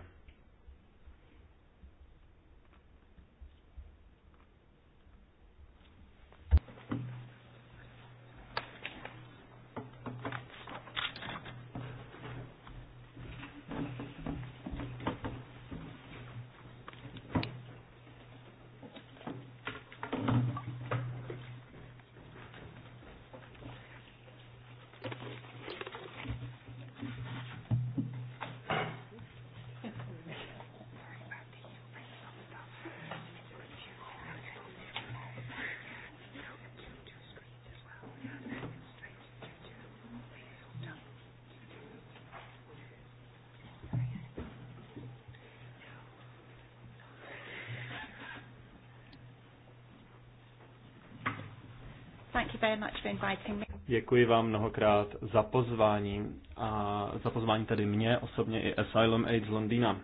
Děkuji vám mnohokrát za pozvání a za pozvání tedy mě osobně i Asylum Aid z Londýna.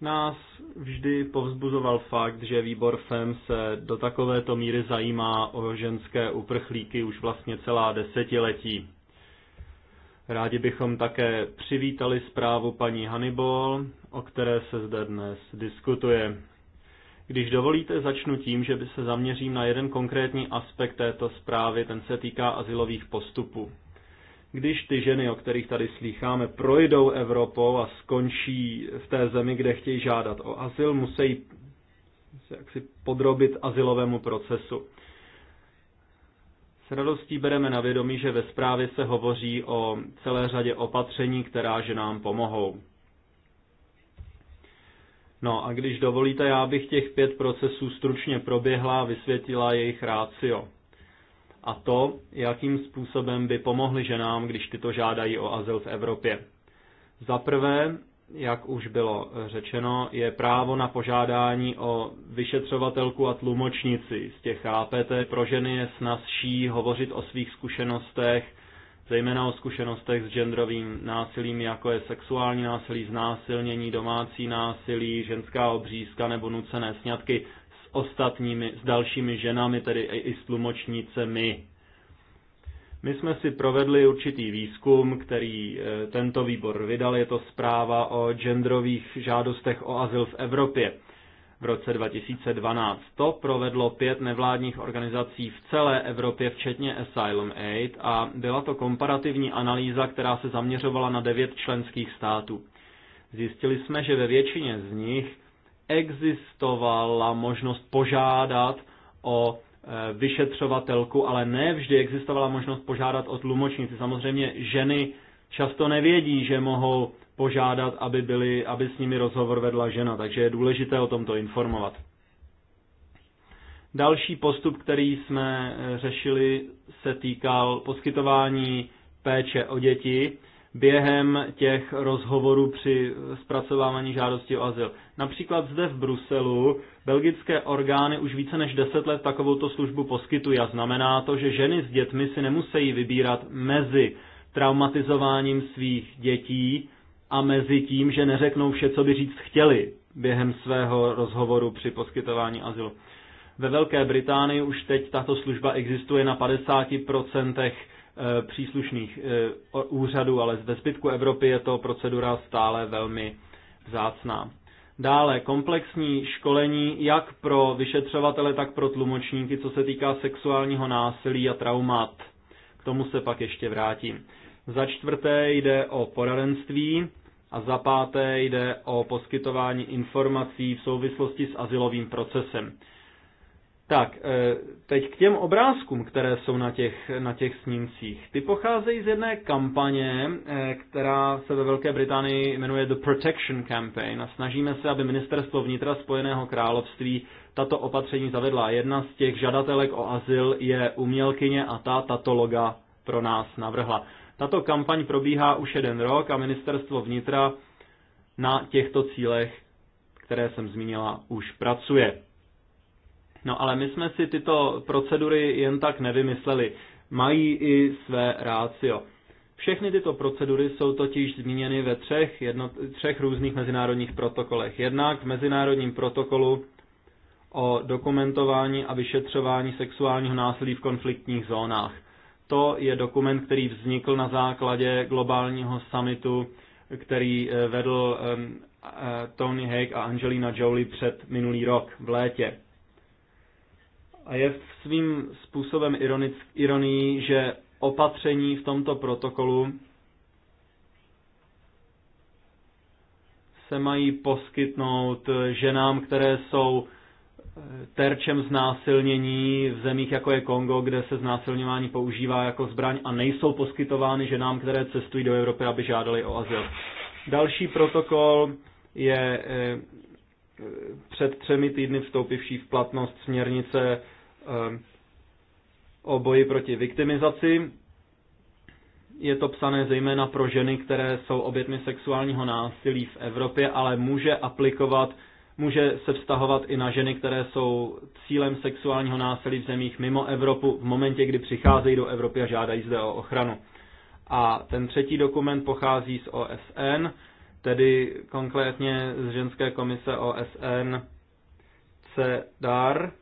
Nás vždy povzbuzoval fakt, že výbor FEM se do takovéto míry zajímá o ženské uprchlíky už vlastně celá desetiletí. Rádi bychom také přivítali zprávu paní Hannibal, o které se zde dnes diskutuje. Když dovolíte, začnu tím, že by se zaměřím na jeden konkrétní aspekt této zprávy, ten se týká asilových postupů. Když ty ženy, o kterých tady slýcháme, projdou Evropou a skončí v té zemi, kde chtějí žádat o azyl, musí se jaksi podrobit asilovému procesu. S radostí bereme na vědomí, že ve zprávě se hovoří o celé řadě opatření, která ženám pomohou. No a když dovolíte, já bych těch pět procesů stručně proběhla a vysvětlila jejich rácio. A to, jakým způsobem by pomohly ženám, když tyto žádají o azyl v Evropě. Za prvé, jak už bylo řečeno, je právo na požádání o vyšetřovatelku a tlumočnici. Z těch APT pro ženy je snazší hovořit o svých zkušenostech zejména o zkušenostech s genderovým násilím, jako je sexuální násilí, znásilnění, domácí násilí, ženská obřízka nebo nucené sňatky s ostatními, s dalšími ženami, tedy i s tlumočnicemi. My jsme si provedli určitý výzkum, který e, tento výbor vydal. Je to zpráva o genderových žádostech o azyl v Evropě v roce 2012. To provedlo pět nevládních organizací v celé Evropě, včetně Asylum Aid, a byla to komparativní analýza, která se zaměřovala na devět členských států. Zjistili jsme, že ve většině z nich existovala možnost požádat o e, vyšetřovatelku, ale ne vždy existovala možnost požádat o tlumočnici. Samozřejmě ženy často nevědí, že mohou požádat, aby, byli, aby s nimi rozhovor vedla žena, takže je důležité o tomto informovat. Další postup, který jsme eh, řešili, se týkal poskytování péče o děti během těch rozhovorů při zpracovávání žádosti o azyl. Například zde v Bruselu belgické orgány už více než 10 let takovouto službu poskytují a znamená to, že ženy s dětmi si nemusí vybírat mezi traumatizováním svých dětí a mezi tím, že neřeknou vše, co by říct chtěli během svého rozhovoru při poskytování azylu. Ve Velké Británii už teď tato služba existuje na 50% eh, příslušných eh, úřadů, ale ve zbytku Evropy je to procedura stále velmi vzácná. Dále komplexní školení jak pro vyšetřovatele, tak pro tlumočníky, co se týká sexuálního násilí a traumat. K tomu se pak ještě vrátím. Za čtvrté jde o poradenství. A za páté jde o poskytování informací v souvislosti s asilovým procesem. Tak, e, teď k těm obrázkům, které jsou na těch, na těch snímcích. Ty pocházejí z jedné kampaně, e, která se ve Velké Británii jmenuje The Protection Campaign a snažíme se, aby ministerstvo vnitra Spojeného království tato opatření zavedla. Jedna z těch žadatelek o azyl je umělkyně a ta tato loga pro nás navrhla. Tato kampaň probíhá už jeden rok a ministerstvo vnitra na těchto cílech, které jsem zmínila, už pracuje. No ale my jsme si tyto procedury jen tak nevymysleli. Mají i své rácio. Všechny tyto procedury jsou totiž zmíněny ve třech, jedno, třech různých mezinárodních protokolech. Jednak v mezinárodním protokolu o dokumentování a vyšetřování sexuálního násilí v konfliktních zónách. To je dokument, který vznikl na základě globálního summitu, který eh, vedl eh, Tony Hague a Angelina Jolie před minulý rok v létě. A je svým způsobem ironick, ironií, že opatření v tomto protokolu se mají poskytnout eh, ženám, které jsou terčem znásilnění v zemích jako je Kongo, kde se znásilňování používá jako zbraň a nejsou poskytovány ženám, které cestují do Evropy, aby žádali o azyl. Další protokol je eh, eh, před třemi týdny vstoupivší v platnost směrnice eh, o boji proti viktimizaci. Je to psané zejména pro ženy, které jsou obětmi sexuálního násilí v Evropě, ale může aplikovat může se vztahovat i na ženy, které jsou cílem sexuálního násilí v zemích mimo Evropu v momentě, kdy přicházejí do Evropy a žádají zde o ochranu. A ten třetí dokument pochází z OSN, tedy konkrétně z ženské komise OSN CEDAR,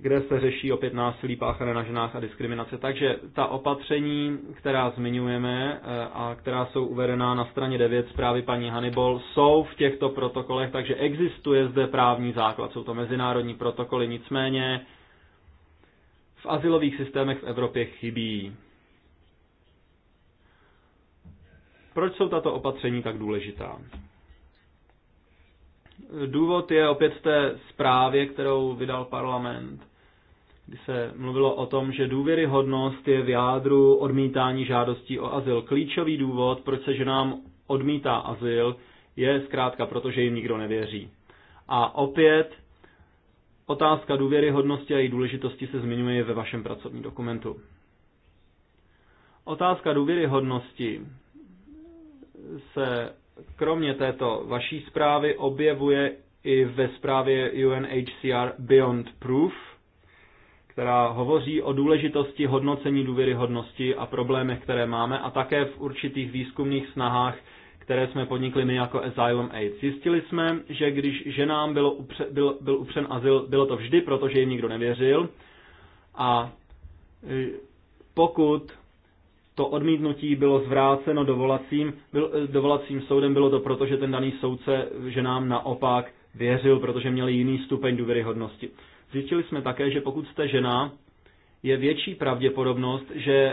kde se řeší opět násilí páchané na ženách a diskriminace. Takže ta opatření, která zmiňujeme eh, a která jsou uvedená na straně 9 zprávy paní Hannibal, jsou v těchto protokolech, takže existuje zde právní základ, jsou to mezinárodní protokoly, nicméně v asilových systémech v Evropě chybí. Proč jsou tato opatření tak důležitá? Důvod je opět v té zprávě, kterou vydal parlament, kdy se mluvilo o tom, že důvěryhodnost je v jádru odmítání žádostí o azyl. Klíčový důvod, proč se ženám odmítá azyl, je zkrátka protože jim nikdo nevěří. A opět otázka důvěryhodnosti a její důležitosti se zmiňuje ve vašem pracovním dokumentu. Otázka důvěryhodnosti se kromě této vaší zprávy objevuje i ve zprávě UNHCR Beyond Proof, která hovoří o důležitosti hodnocení důvěryhodnosti a problémech, které máme, a také v určitých výzkumných snahách, které jsme podnikli my jako Asylum Aid. Zjistili jsme, že když ženám bylo upře, byl, byl upřen azyl, bylo to vždy, protože jim nikdo nevěřil. A e, pokud to odmítnutí bylo zvráceno dovolacím, byl, eh, dovolacím soudem, bylo to proto, že ten daný soudce, že nám naopak věřil, protože měli jiný stupeň důvěryhodnosti. Zjistili jsme také, že pokud jste žena, je větší pravděpodobnost, že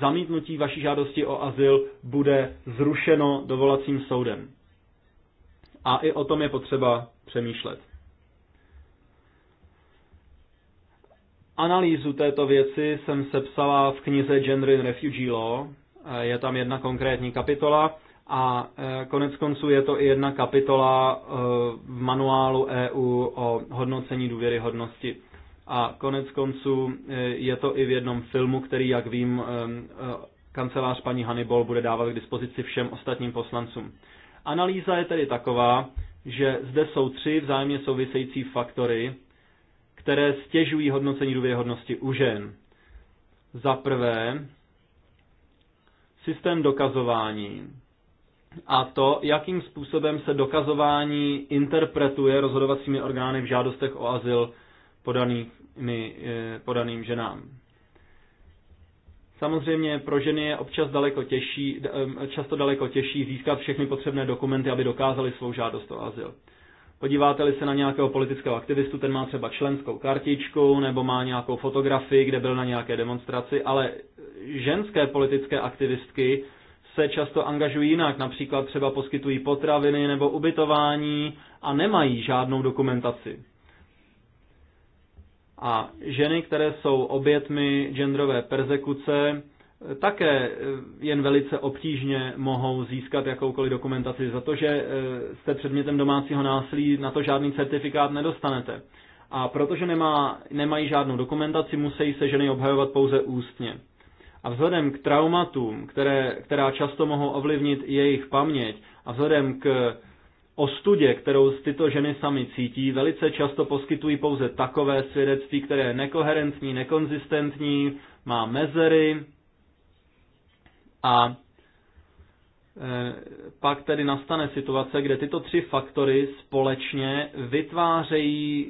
zamítnutí vaší žádosti o azyl bude zrušeno dovolacím soudem. A i o tom je potřeba přemýšlet. Analýzu této věci jsem sepsala v knize Gender in Refugee Law. Eh, je tam jedna konkrétní kapitola a eh, konec konců je to i jedna kapitola eh, v manuálu EU o hodnocení důvěryhodnosti. A konec konců je to i v jednom filmu, který, jak vím, kancelář paní Hannibal bude dávat k dispozici všem ostatním poslancům. Analýza je tedy taková, že zde jsou tři vzájemně související faktory, které stěžují hodnocení důvěryhodnosti u žen. Za prvé, systém dokazování. A to, jakým způsobem se dokazování interpretuje rozhodovacími orgány v žádostech o azyl podanými, eh, podaným ženám. Samozřejmě pro ženy je občas daleko těžší, eh, často daleko těžší získat všechny potřebné dokumenty, aby dokázali svou žádost o azyl. Podíváte-li se na nějakého politického aktivistu, ten má třeba členskou kartičku nebo má nějakou fotografii, kde byl na nějaké demonstraci, ale ženské politické aktivistky se často angažují jinak, například třeba poskytují potraviny nebo ubytování a nemají žádnou dokumentaci. A ženy, které jsou obětmi genderové persekuce, také eh, jen velice obtížně mohou získat jakoukoliv dokumentaci za to, že eh, jste předmětem domácího násilí, na to žádný certifikát nedostanete. A protože nemá, nemají žádnou dokumentaci, musí se ženy obhajovat pouze ústně. A vzhledem k traumatům, které, která často mohou ovlivnit jejich paměť, a vzhledem k ostudě, kterou tyto ženy sami cítí, velice často poskytují pouze takové svědectví, které je nekoherentní, nekonzistentní, má mezery, a e, pak tedy nastane situace, kde tyto tři faktory společně vytvářejí e,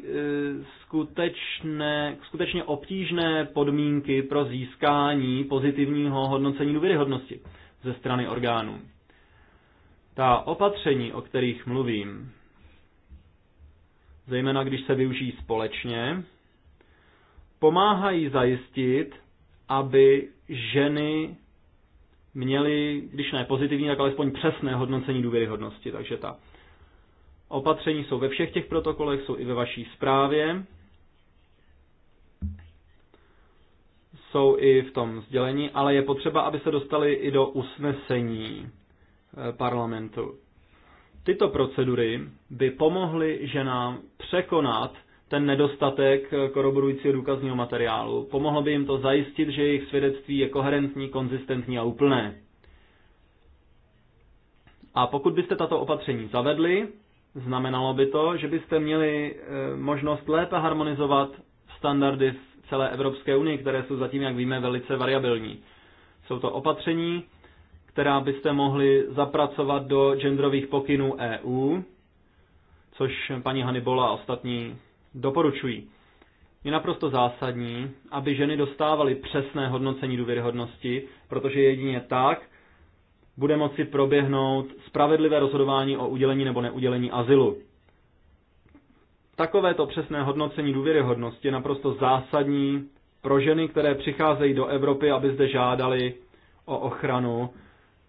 skutečné, skutečně obtížné podmínky pro získání pozitivního hodnocení důvěryhodnosti ze strany orgánů. Ta opatření, o kterých mluvím, zejména když se využijí společně, pomáhají zajistit, aby ženy měli, když ne pozitivní, tak alespoň přesné hodnocení důvěryhodnosti. Takže ta opatření jsou ve všech těch protokolech, jsou i ve vaší zprávě, jsou i v tom sdělení, ale je potřeba, aby se dostali i do usnesení eh, parlamentu. Tyto procedury by pomohly ženám překonat ten nedostatek koroborujícího důkazního materiálu. Pomohlo by jim to zajistit, že jejich svědectví je koherentní, konzistentní a úplné. A pokud byste tato opatření zavedli, znamenalo by to, že byste měli e, možnost lépe harmonizovat standardy v celé Evropské unii, které jsou zatím, jak víme, velice variabilní. Jsou to opatření, která byste mohli zapracovat do genderových pokynů EU, což paní Hannibola a ostatní doporučují. Je naprosto zásadní, aby ženy dostávaly přesné hodnocení důvěryhodnosti, protože jedině tak bude moci proběhnout spravedlivé rozhodování o udělení nebo neudělení azylu. Takovéto přesné hodnocení důvěryhodnosti je naprosto zásadní pro ženy, které přicházejí do Evropy, aby zde žádali o ochranu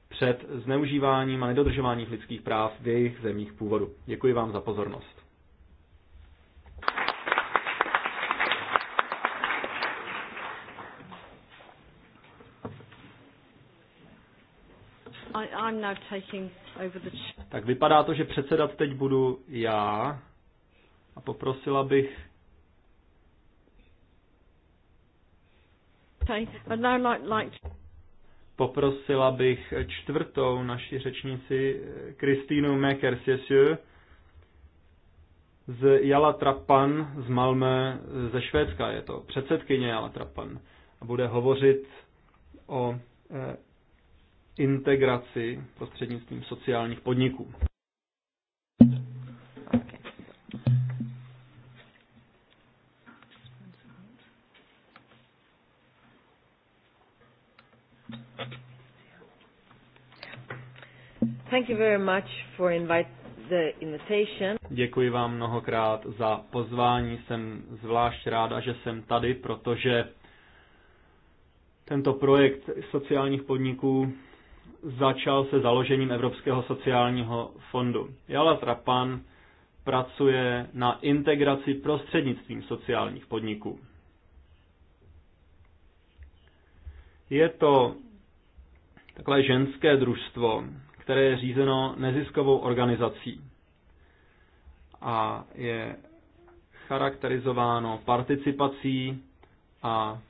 před zneužíváním a nedodržováním lidských práv v jejich zemích původu. Děkuji vám za pozornost. I'm now taking over the... Tak vypadá to, že předsedat teď budu já a poprosila bych Poprosila bych čtvrtou naši řečnici Kristýnu Mekersjesjö z Jala Trapan z Malmö ze Švédska. Je to předsedkyně Jala Trapan a bude hovořit o eh, integraci prostřednictvím sociálních podniků. Thank you very much for invite the invitation. Děkuji vám mnohokrát za pozvání. Jsem zvlášť ráda, že jsem tady, protože tento projekt sociálních podniků začal se založením Evropského sociálního fondu. Jala Trapan pracuje na integraci prostřednictvím sociálních podniků. Je to takové ženské družstvo, které je řízeno neziskovou organizací a je charakterizováno participací a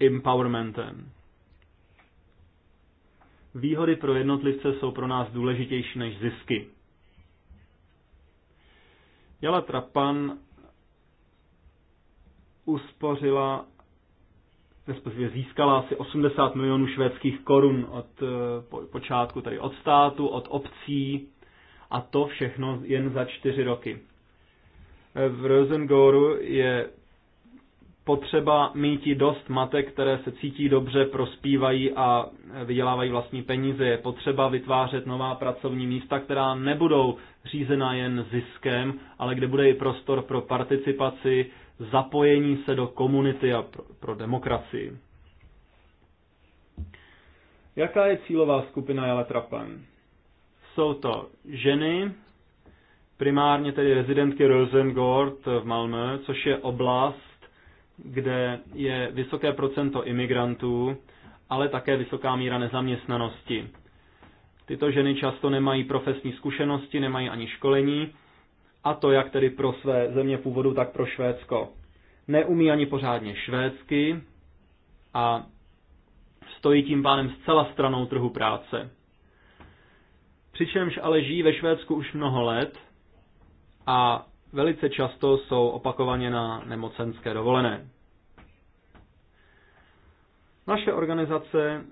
empowermentem. Výhody pro jednotlivce jsou pro nás důležitější než zisky. Jala Trapan uspořila, respektive získala asi 80 milionů švédských korun od eh, počátku, tedy od státu, od obcí a to všechno jen za čtyři roky. V Rosengoru je potřeba mít dost matek, které se cítí dobře, prospívají a vydělávají vlastní peníze. Je potřeba vytvářet nová pracovní místa, která nebudou řízena jen ziskem, ale kde bude i prostor pro participaci, zapojení se do komunity a pro, pro demokracii. Jaká je cílová skupina Trapan? Jsou to ženy, primárně tedy rezidentky Rosengord v Malmö, což je oblast, kde je vysoké procento imigrantů, ale také vysoká míra nezaměstnanosti. Tyto ženy často nemají profesní zkušenosti, nemají ani školení, a to jak tedy pro své země původu, tak pro Švédsko. Neumí ani pořádně švédsky a stojí tím pádem zcela stranou trhu práce. Přičemž ale žijí ve Švédsku už mnoho let a velice často jsou opakovaně na nemocenské dovolené. Naše organizace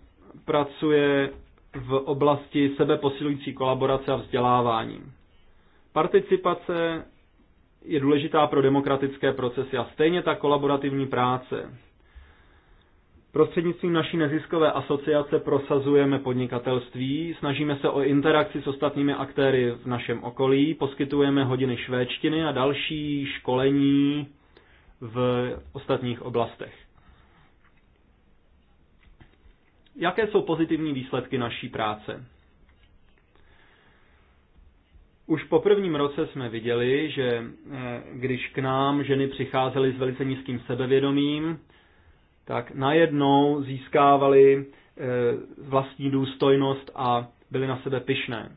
pracuje v oblasti sebeposilující kolaborace a vzdělávání. Participace je důležitá pro demokratické procesy a stejně ta kolaborativní práce. Prostřednictvím naší neziskové asociace prosazujeme podnikatelství, snažíme se o interakci s ostatními aktéry v našem okolí, poskytujeme hodiny švédštiny a další školení v ostatních oblastech. Jaké jsou pozitivní výsledky naší práce? Už po prvním roce jsme viděli, že eh, když k nám ženy přicházely s velice nízkým sebevědomím, tak najednou získávali eh, vlastní důstojnost a byli na sebe pyšné.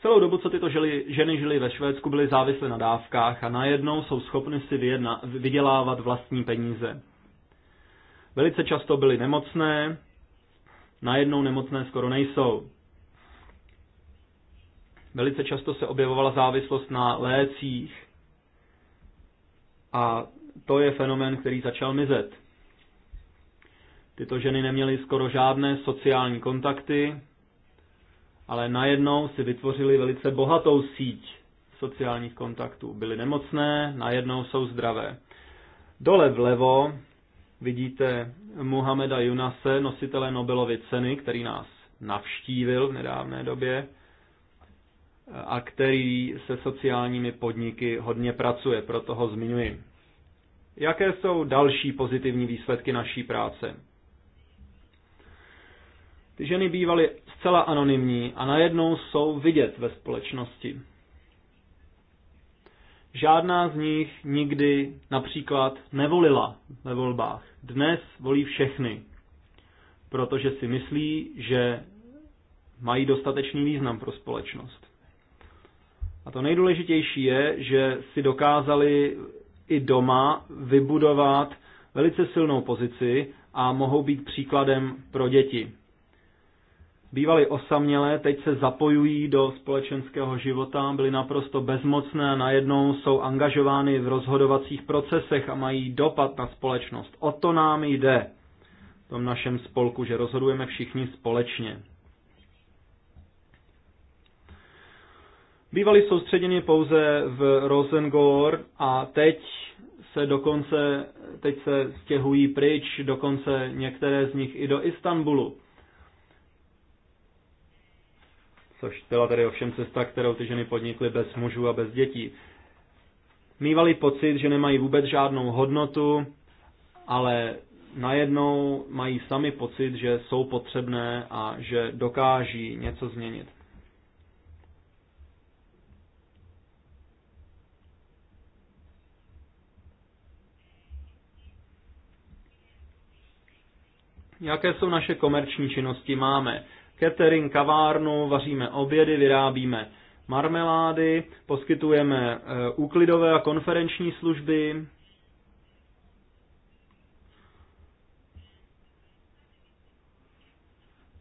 Celou dobu, co tyto žili, ženy žily ve Švédsku, byly závislé na dávkách a najednou jsou schopny si vyjedna, vydělávat vlastní peníze. Velice často byly nemocné, najednou nemocné skoro nejsou. Velice často se objevovala závislost na lécích a to je fenomén, který začal mizet. Tyto ženy neměly skoro žádné sociální kontakty, ale najednou si vytvořili velice bohatou síť sociálních kontaktů. Byly nemocné, najednou jsou zdravé. Dole vlevo vidíte Muhameda Junase, nositele Nobelovy ceny, který nás navštívil v nedávné době a který se sociálními podniky hodně pracuje, proto ho zmiňuji. Jaké jsou další pozitivní výsledky naší práce? Ty ženy bývaly zcela anonymní a najednou jsou vidět ve společnosti. Žádná z nich nikdy například nevolila ve volbách. Dnes volí všechny, protože si myslí, že mají dostatečný význam pro společnost. A to nejdůležitější je, že si dokázali i doma vybudovat velice silnou pozici a mohou být příkladem pro děti. Bývali osamělé, teď se zapojují do společenského života, byly naprosto bezmocné a najednou jsou angažovány v rozhodovacích procesech a mají dopad na společnost. O to nám jde v tom našem spolku, že rozhodujeme všichni společně. Bývali soustředěni pouze v Rosengor a teď se dokonce, teď se stěhují pryč, dokonce některé z nich i do Istanbulu. Což byla tedy ovšem cesta, kterou ty ženy podnikly bez mužů a bez dětí. Mývali pocit, že nemají vůbec žádnou hodnotu, ale najednou mají sami pocit, že jsou potřebné a že dokáží něco změnit. Jaké jsou naše komerční činnosti? Máme catering, kavárnu, vaříme obědy, vyrábíme marmelády, poskytujeme eh, úklidové a konferenční služby,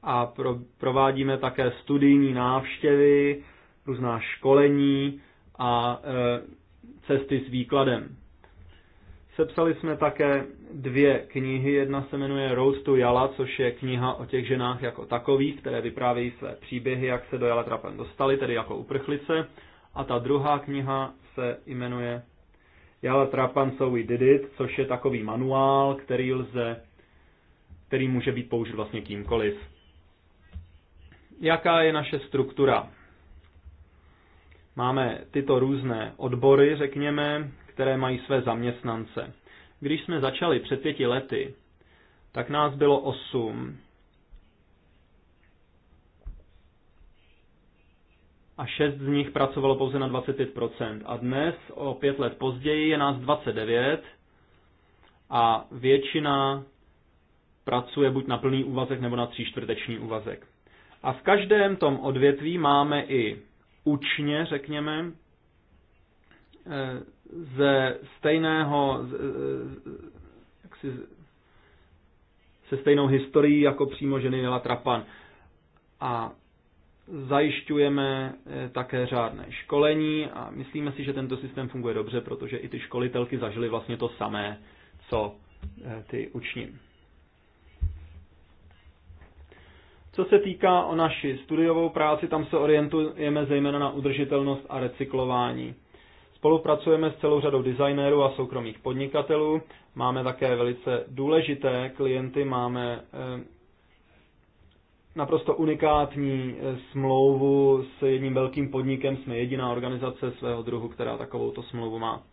a pro, provádíme také studijní návštěvy, různá školení a e, cesty s výkladem. Sepsali jsme také dvě knihy. Jedna se jmenuje Road to Jala, což je kniha o těch ženách jako takových, které vyprávějí své příběhy, jak se do Jala trapem dostali, tedy jako uprchlice. A ta druhá kniha se jmenuje Jala Trapan So We Did It, což je takový manuál, který lze, který může být použit vlastně kýmkoliv. Jaká je naše struktura? Máme tyto různé odbory, řekněme, které mají své zaměstnance. Když jsme začali před pěti lety, tak nás bylo osm. A šest z nich pracovalo pouze na 25%. A dnes, o pět let později, je nás 29 a většina pracuje buď na plný úvazek nebo na tříčtvrteční úvazek. A v každém tom odvětví máme i učně, řekněme, eh, ze stejného, jaksi, se stejnou historií jako přímo ženy Nela Trapan. A zajišťujeme eh, také řádné školení a myslíme si, že tento systém funguje dobře, protože i ty školitelky zažily vlastně to samé, co eh, ty uční. Co se týká o naši studiovou práci, tam se orientujeme zejména na udržitelnost a recyklování. Spolupracujeme s celou řadou designérů a soukromých podnikatelů. Máme také velice důležité klienty, máme eh, naprosto unikátní eh, smlouvu s jedním velkým podnikem. Jsme jediná organizace svého druhu, která takovouto smlouvu má.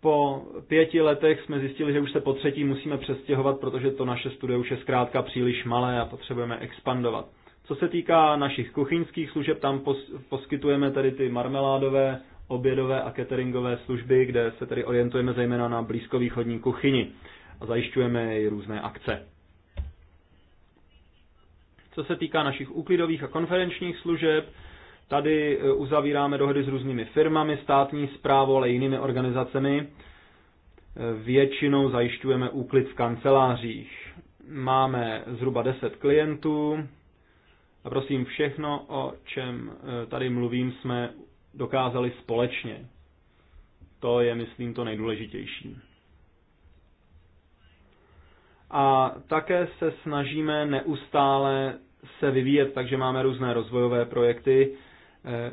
Po pěti letech jsme zjistili, že už se po třetí musíme přestěhovat, protože to naše studio už je zkrátka příliš malé a potřebujeme expandovat. Co se týká našich kuchyňských služeb, tam poskytujeme tady ty marmeládové, obědové a cateringové služby, kde se tedy orientujeme zejména na blízkovýchodní kuchyni a zajišťujeme i různé akce. Co se týká našich úklidových a konferenčních služeb, tady e, uzavíráme dohody s různými firmami, státní zprávou, ale i jinými organizacemi. E, většinou zajišťujeme úklid v kancelářích. Máme zhruba 10 klientů, a prosím, všechno, o čem e, tady mluvím, jsme dokázali společně. To je, myslím, to nejdůležitější. A také se snažíme neustále se vyvíjet, takže máme různé rozvojové projekty. E,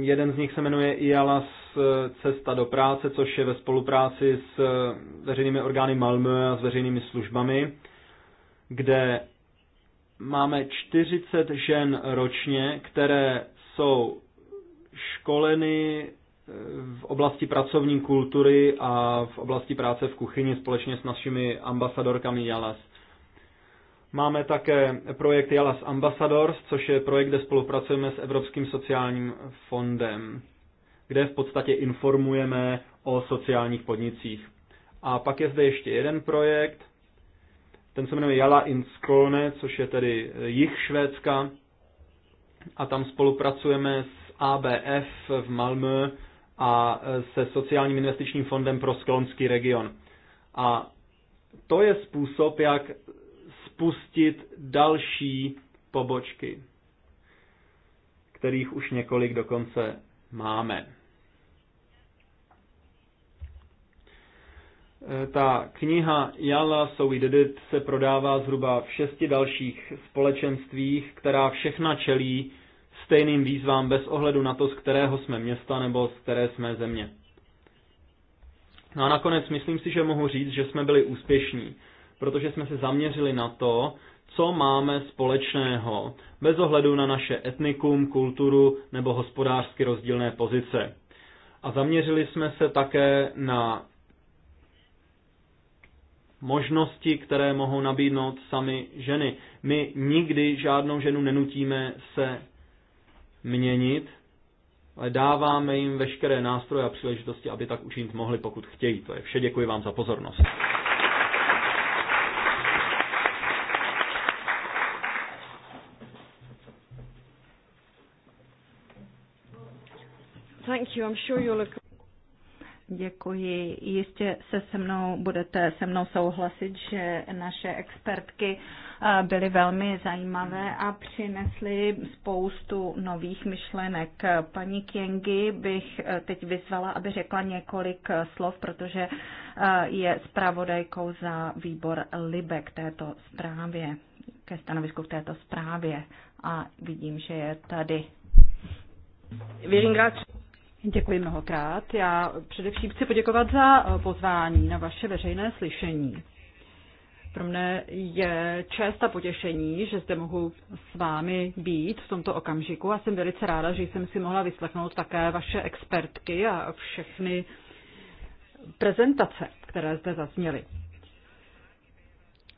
jeden z nich se jmenuje IALAS e, Cesta do práce, což je ve spolupráci s veřejnými orgány Malmö a s veřejnými službami, kde máme 40 žen ročně, které jsou školeny eh, v oblasti pracovní kultury a v oblasti práce v kuchyni společně s našimi ambasadorkami Jalas. Máme také projekt Jalas Ambassadors, což je projekt, kde spolupracujeme s Evropským sociálním fondem, kde v podstatě informujeme o sociálních podnicích. A pak je zde ještě jeden projekt, ten se jmenuje Jala in Skolne, což je tedy eh, jich Švédska. A tam spolupracujeme s ABF v Malmö a eh, se sociálním investičním fondem pro sklonský region. A to je způsob, jak spustit další pobočky, kterých už několik dokonce máme. Eh, ta kniha Jala So We Did It se prodává zhruba v šesti dalších společenstvích, která všechna čelí stejným výzvám bez ohledu na to, z kterého jsme města nebo z které jsme země. No a nakonec myslím si, že mohu říct, že jsme byli úspěšní, protože jsme se zaměřili na to, co máme společného, bez ohledu na naše etnikum, kulturu nebo hospodářsky rozdílné pozice. A zaměřili jsme se také na možnosti, které mohou nabídnout sami ženy. My nikdy žádnou ženu nenutíme se měnit, ale dáváme jim veškeré nástroje a příležitosti, aby tak učinit mohli, pokud chtějí. To je vše. Děkuji vám za pozornost. Thank you. I'm sure you'll look Děkuji. Jistě se se mnou budete se mnou souhlasit, že naše expertky eh, byly velmi zajímavé a přinesly spoustu nových myšlenek. Paní Kiengi bych eh, teď vyzvala, aby řekla několik eh, slov, protože je zpravodajkou za výbor LIBE k této zprávě, ke stanovisku k této zprávě a vidím, že je tady. Věřím, Děkuji mnohokrát. Já především chci poděkovat za eh, pozvání na vaše veřejné slyšení. Pro mne je čest a potěšení, že zde mohu s vámi být v tomto okamžiku a jsem velice ráda, že jsem si mohla vyslechnout také vaše expertky a všechny prezentace, které zde zazněly.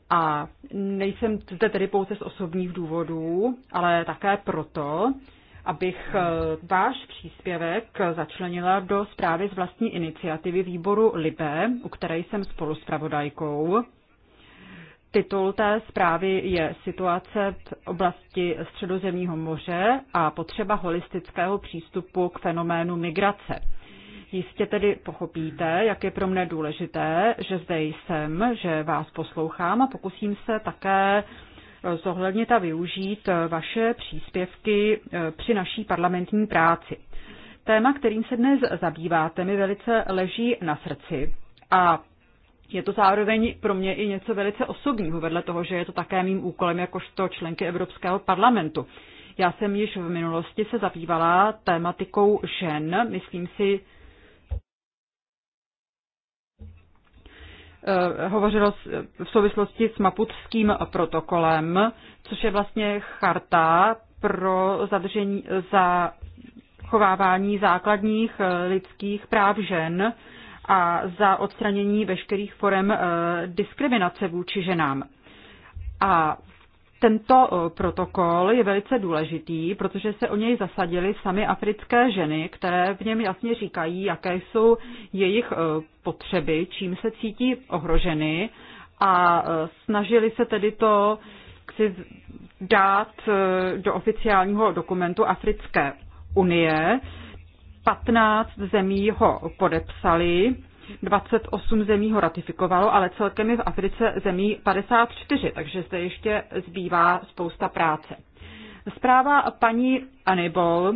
A nejsem zde tedy pouze z osobních důvodů, ale také proto, abych eh, váš příspěvek začlenila do zprávy z vlastní iniciativy výboru LIBE, u které jsem spolu s pravodajkou. Titul té zprávy je Situace v oblasti Středozemního moře a potřeba holistického přístupu k fenoménu migrace. Jistě tedy pochopíte, jak je pro mne důležité, že zde jsem, že vás poslouchám a pokusím se také zohlednit a využít eh, vaše příspěvky eh, při naší parlamentní práci. Téma, kterým se dnes zabýváte, mi velice leží na srdci a je to zároveň pro mě i něco velice osobního, vedle toho, že je to také mým úkolem jakožto členky Evropského parlamentu. Já jsem již v minulosti se zabývala tématikou žen, myslím si, Eh, hovořilo v souvislosti s maputským protokolem, což je vlastně charta pro zadržení, za chovávání základních eh, lidských práv žen a za odstranění veškerých forem eh, diskriminace vůči ženám. A tento eh, protokol je velice důležitý, protože se o něj zasadily sami africké ženy, které v něm jasně říkají, jaké jsou jejich eh, potřeby, čím se cítí ohroženy a eh, snažili se tedy to chci dát do oficiálního dokumentu Africké unie. 15 zemí ho podepsali 28 zemí ho ratifikovalo, ale celkem je v Africe zemí 54, takže zde ještě zbývá spousta práce. Zpráva paní Anibol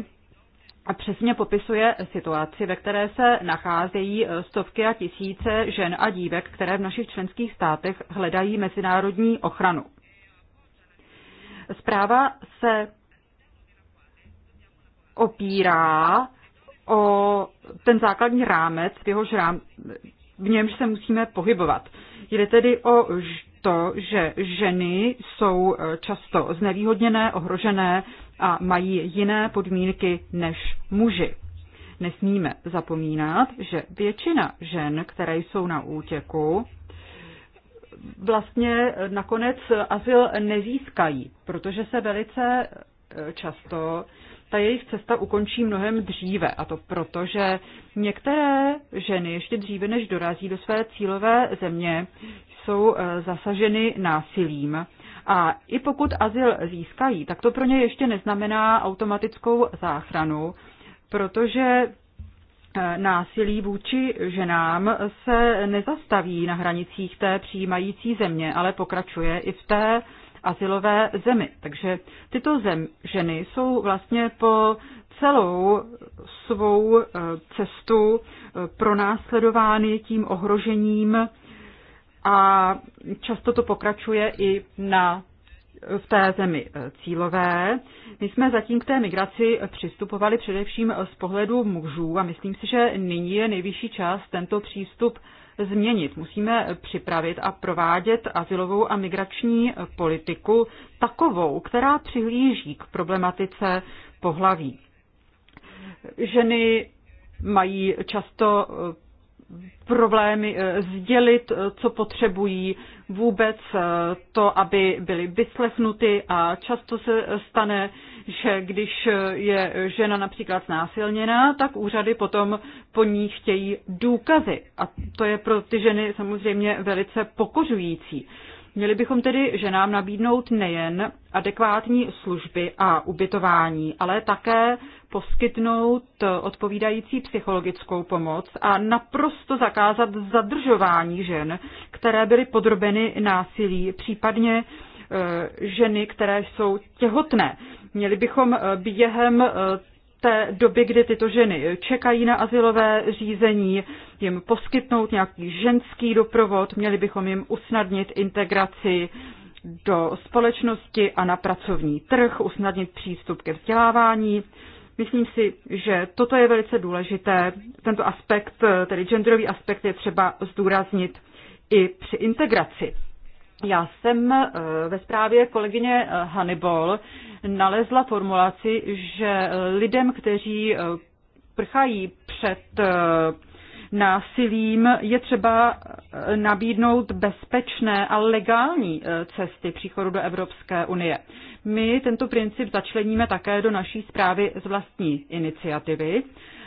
přesně popisuje situaci, ve které se nacházejí stovky a tisíce žen a dívek, které v našich členských státech hledají mezinárodní ochranu. Zpráva se opírá o ten základní rámec, v jehož rám, v němž se musíme pohybovat. Jde tedy o to, že ženy jsou e, často znevýhodněné, ohrožené a mají jiné podmínky než muži. Nesmíme zapomínat, že většina žen, které jsou na útěku, vlastně e, nakonec azyl nezískají, protože se velice e, často ta jejich cesta ukončí mnohem dříve. A to proto, že některé ženy ještě dříve, než dorazí do své cílové země, jsou eh, zasaženy násilím. A i pokud azyl získají, tak to pro ně ještě neznamená automatickou záchranu, protože eh, násilí vůči ženám se nezastaví na hranicích té přijímající země, ale pokračuje i v té asilové zemi. Takže tyto zem, ženy jsou vlastně po celou svou eh, cestu eh, pronásledovány tím ohrožením a často to pokračuje i na eh, v té zemi cílové. My jsme zatím k té migraci přistupovali především z pohledu mužů a myslím si, že nyní je nejvyšší čas tento přístup změnit. Musíme připravit a provádět asilovou a migrační politiku takovou, která přihlíží k problematice pohlaví. Ženy mají často eh, problémy eh, sdělit, eh, co potřebují, vůbec to, aby byly vyslechnuty a často se stane, že když je žena například znásilněná, tak úřady potom po ní chtějí důkazy. A to je pro ty ženy samozřejmě velice pokořující. Měli bychom tedy ženám nabídnout nejen adekvátní služby a ubytování, ale také poskytnout odpovídající psychologickou pomoc a naprosto zakázat zadržování žen, které byly podrobeny násilí, případně Eh, ženy, které jsou těhotné. Měli bychom eh, během eh, té doby, kdy tyto ženy čekají na asilové řízení, jim poskytnout nějaký ženský doprovod, měli bychom jim usnadnit integraci do společnosti a na pracovní trh, usnadnit přístup ke vzdělávání. Myslím si, že toto je velice důležité. Tento aspekt, tedy genderový aspekt, je třeba zdůraznit i při integraci. Já jsem eh, ve zprávě kolegyně eh, Hannibal nalezla formulaci, že eh, lidem, kteří prchají před násilím, je třeba nabídnout bezpečné a legální cesty příchodu do Evropské unie. My tento princip začleníme také do naší zprávy z vlastní iniciativy.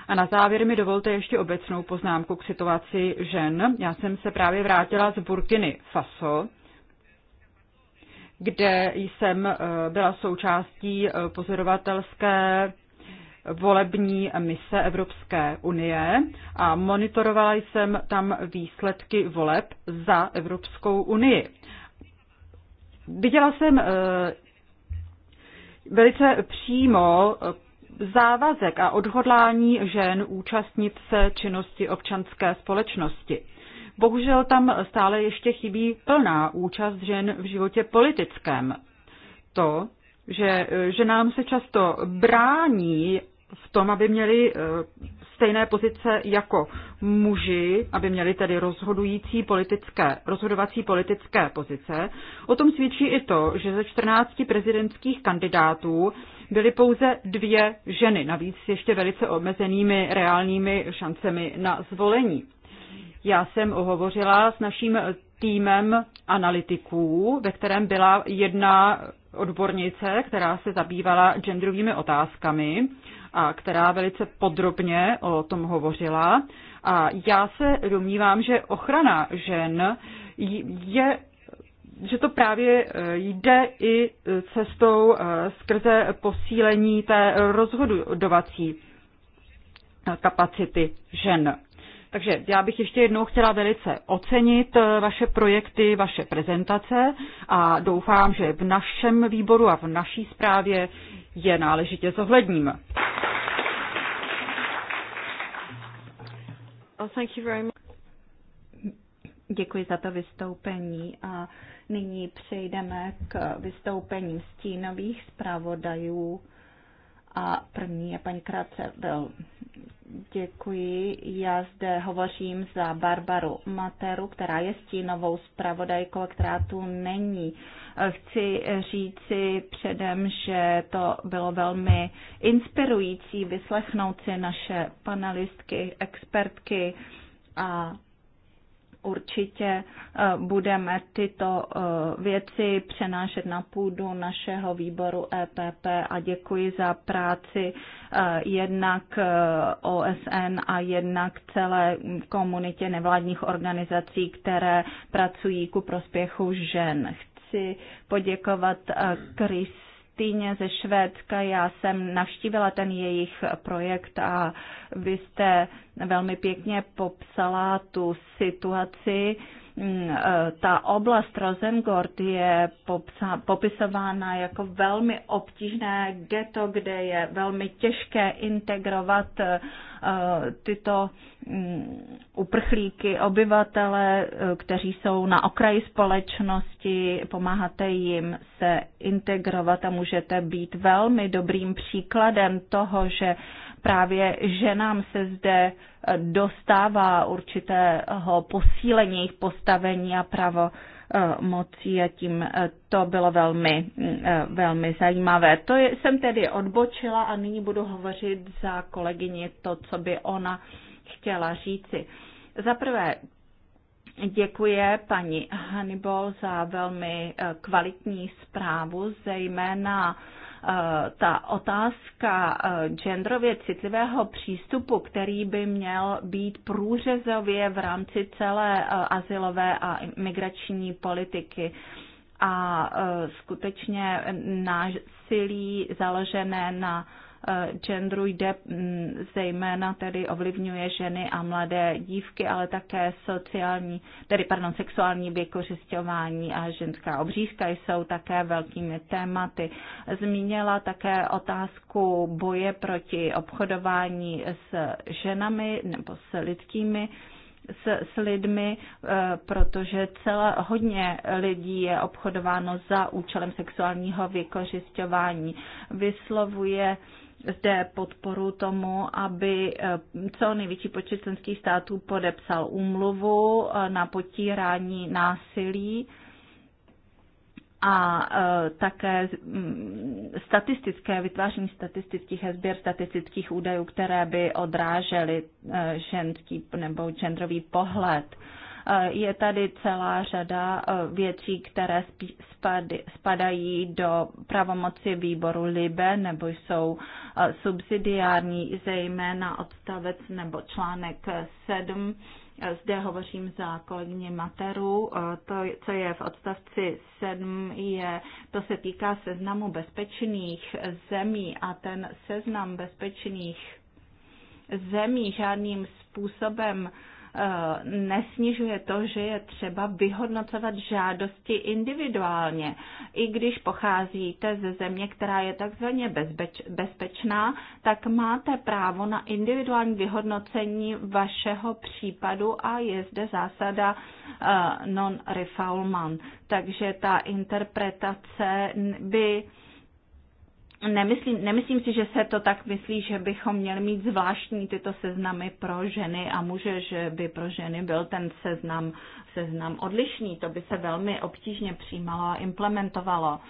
A na závěr mi dovolte ještě obecnou poznámku k situaci žen. Já jsem se právě vrátila z Burkiny Faso kde jsem eh, byla součástí eh, pozorovatelské volební mise Evropské unie a monitorovala jsem tam výsledky voleb za Evropskou unii. Viděla jsem eh, velice přímo závazek a odhodlání žen účastnit se činnosti občanské společnosti. Bohužel tam stále ještě chybí plná účast žen v životě politickém. To, že, že nám se často brání v tom, aby měli eh, stejné pozice jako muži, aby měli tedy rozhodující politické, rozhodovací politické pozice. O tom svědčí i to, že ze 14 prezidentských kandidátů byly pouze dvě ženy, navíc ještě velice omezenými reálnými šancemi na zvolení. Já jsem hovořila s naším týmem analytiků, ve kterém byla jedna odbornice, která se zabývala genderovými otázkami a která velice podrobně o tom hovořila. A já se domnívám, že ochrana žen je že to právě eh, jde i eh, cestou eh, skrze posílení té rozhodovací kapacity žen. Takže já bych ještě jednou chtěla velice ocenit eh, vaše projekty, vaše prezentace a doufám, že v našem výboru a v naší zprávě je náležitě zohledním. Děkuji za to vystoupení a nyní přejdeme k vystoupením stínových zpravodajů a první je paní krátce, byl. Děkuji. Já zde hovořím za Barbaru Materu, která je stínovou zpravodajkou, která tu není. Chci říci předem, že to bylo velmi inspirující vyslechnout si naše panelistky, expertky a určitě eh, budeme tyto eh, věci přenášet na půdu našeho výboru EPP a děkuji za práci eh, jednak OSN a jednak celé komunitě nevládních organizací, které pracují ku prospěchu žen. Chci poděkovat Chris Kristýně ze Švédska, já jsem navštívila ten jejich projekt a vy jste velmi pěkně popsala tu situaci, Mm, e, ta oblast Rosengord je popsa, popisována jako velmi obtížné ghetto, kde je velmi těžké integrovat e, tyto mm, uprchlíky, obyvatele, e, kteří jsou na okraji společnosti, pomáháte jim se integrovat a můžete být velmi dobrým příkladem toho, že právě ženám se zde eh, dostává určitého posílení jejich postavení a právo mocí a tím eh, to bylo velmi, mm, eh, velmi zajímavé. To jsem tedy odbočila a nyní budu hovořit za kolegyni to, co by ona chtěla říci. Za prvé, děkuji paní Hannibal za velmi kvalitní zprávu, zejména Eh, ta otázka eh, genderově citlivého přístupu, který by měl být průřezově v rámci celé eh, asilové a migrační politiky a skutečně násilí založené na genderu jde mm, zejména tedy ovlivňuje ženy a mladé dívky, ale také sociální, tedy pardon, sexuální vykořišťování a ženská obřízka jsou také velkými tématy. Zmínila také otázku boje proti obchodování s ženami nebo s lidskými s, s lidmi, eh, protože celé, hodně lidí je obchodováno za účelem sexuálního vykořišťování. Vyslovuje zde podporu tomu, aby eh, co největší počet členských států podepsal úmluvu eh, na potírání násilí a eh, také mm, statistické, vytváření statistických a sběr statistických údajů, které by odrážely ženský nebo genderový pohled. Eh, je tady celá řada eh, věcí, které spadají do pravomoci výboru LIBE nebo jsou eh, subsidiární, zejména odstavec nebo článek 7 zde hovořím za kolegyně Materu. To, co je v odstavci 7, je, to se týká seznamu bezpečných zemí a ten seznam bezpečných zemí žádným způsobem uh, Eh, nesnižuje to, že je třeba vyhodnocovat žádosti individuálně. I když pocházíte ze země, která je takzvaně bezpečná, tak máte právo na individuální vyhodnocení vašeho případu a je zde zásada eh, non-refoulement. Takže ta interpretace by Nemyslím, nemyslím si, že se to tak myslí, že bychom měli mít zvláštní tyto seznamy pro ženy a muže, že by pro ženy byl ten seznam, seznam odlišný. To by se velmi obtížně přijímalo a implementovalo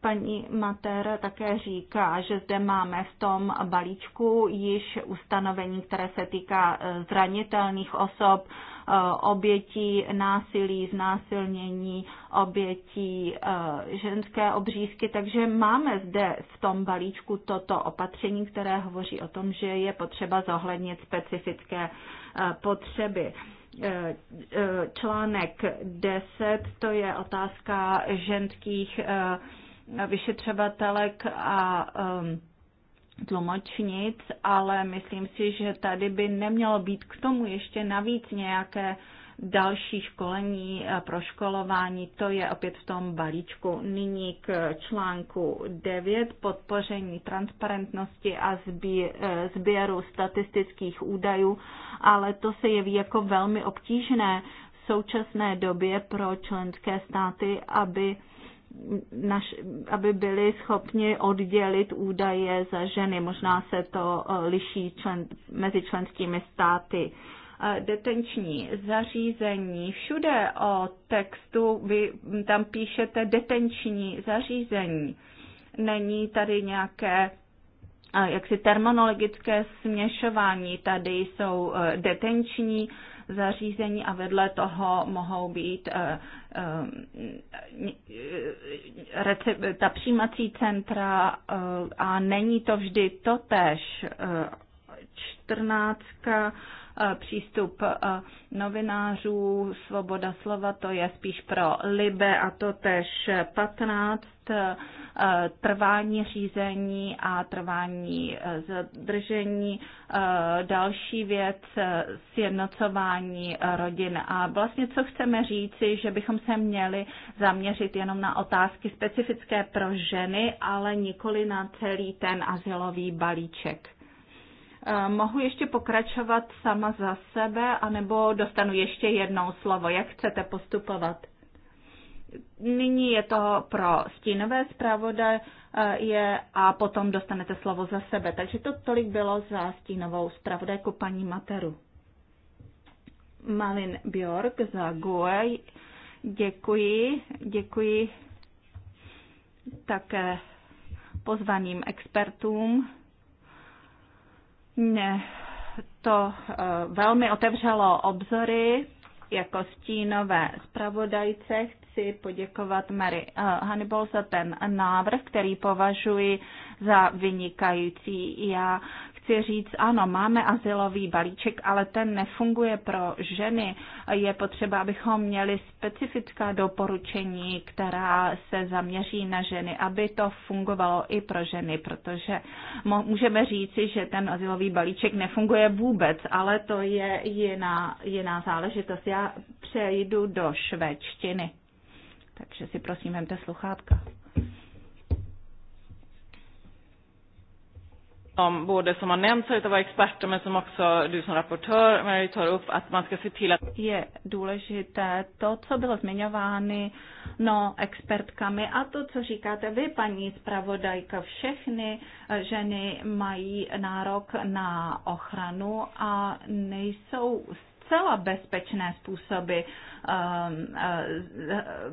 paní Mater také říká, že zde máme v tom balíčku již ustanovení, které se týká eh, zranitelných osob, Eh, obětí násilí, znásilnění, obětí eh, ženské obřízky. Takže máme zde v tom balíčku toto opatření, které hovoří o tom, že je potřeba zohlednit specifické eh, potřeby článek 10, to je otázka ženských vyšetřovatelek a ehm, tlumočnic, ale myslím si, že tady by nemělo být k tomu ještě navíc nějaké další školení, eh, proškolování, to je opět v tom balíčku. Nyní k článku 9, podpoření transparentnosti a eh, sběru statistických údajů, ale to se jeví jako velmi obtížné v současné době pro členské státy, aby naš, aby byli schopni oddělit údaje za ženy. Možná se to eh, liší člen, mezi členskými státy eh, detenční zařízení. Všude o textu vy tam píšete detenční zařízení. Není tady nějaké eh, jaksi terminologické směšování. Tady jsou detenční zařízení a vedle toho mohou být eh, eh, eh, ta přijímací centra a není to vždy totéž. 14 Eh, přístup eh, novinářů, svoboda slova, to je spíš pro Libe a to tež 15 eh, trvání řízení a trvání zadržení. Další věc, sjednocování rodin. A vlastně co chceme říci, že bychom se měli zaměřit jenom na otázky specifické pro ženy, ale nikoli na celý ten azylový balíček. Eh, mohu ještě pokračovat sama za sebe, anebo dostanu ještě jednou slovo, jak chcete postupovat. Nyní je to pro stínové zpravodaje eh, je a potom dostanete slovo za sebe. Takže to tolik bylo za stínovou zpravodajku paní Materu. Malin Bjork za GUE. Děkuji, děkuji také pozvaným expertům mně to eh, velmi otevřelo obzory. Jako stínové zpravodajce chci poděkovat Mary eh, Hannibal za ten návrh, který považuji za vynikající. Já chci říct, ano, máme asilový balíček, ale ten nefunguje pro ženy. Je potřeba, abychom měli specifická doporučení, která se zaměří na ženy, aby to fungovalo i pro ženy, protože můžeme říci, že ten asilový balíček nefunguje vůbec, ale to je jiná, jiná záležitost. Já přejdu do švédštiny. Takže si prosím, vemte sluchátka. som både som har nämnts av våra experter men som också du som rapportör Mary tar upp att man ska se till att je důležité to, co bylo zmiňovány no expertkami a to, co říkáte vy, paní zpravodajka, všechny ženy mají nárok na ochranu a nejsou zcela bezpečné způsoby um,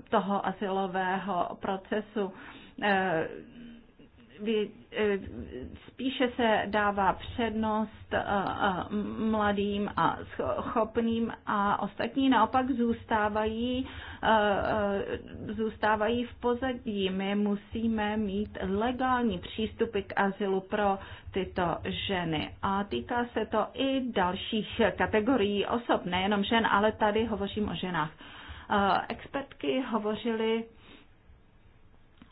toho asilového procesu eh, Eh, spíše se dává přednost eh, eh, mladým a schopným a ostatní naopak zůstávají, zůstávají v pozadí. My musíme mít legální přístupy k azylu pro tyto ženy. A týká se to i dalších kategorií osob, nejenom žen, ale tady hovořím o ženách. Expertky hovořily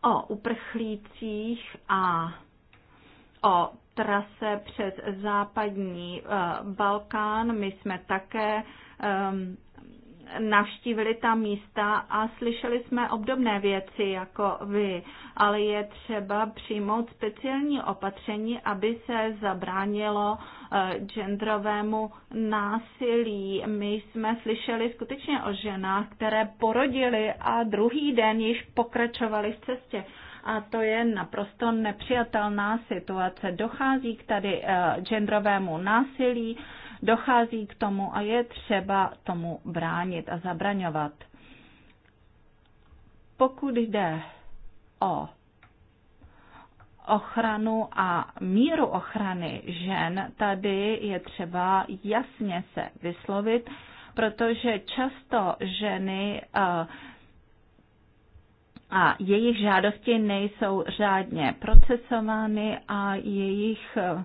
o uprchlících a o trase přes západní eh, Balkán. My jsme také eh, navštívili ta místa a slyšeli jsme obdobné věci jako vy, ale je třeba přijmout speciální opatření, aby se zabránilo eh, genderovému násilí. My jsme slyšeli skutečně o ženách, které porodili a druhý den již pokračovali v cestě a to je naprosto nepřijatelná situace. Dochází k tady eh, genderovému násilí, dochází k tomu a je třeba tomu bránit a zabraňovat. Pokud jde o ochranu a míru ochrany žen, tady je třeba jasně se vyslovit, protože často ženy eh, a jejich žádosti nejsou řádně procesovány a jejich eh,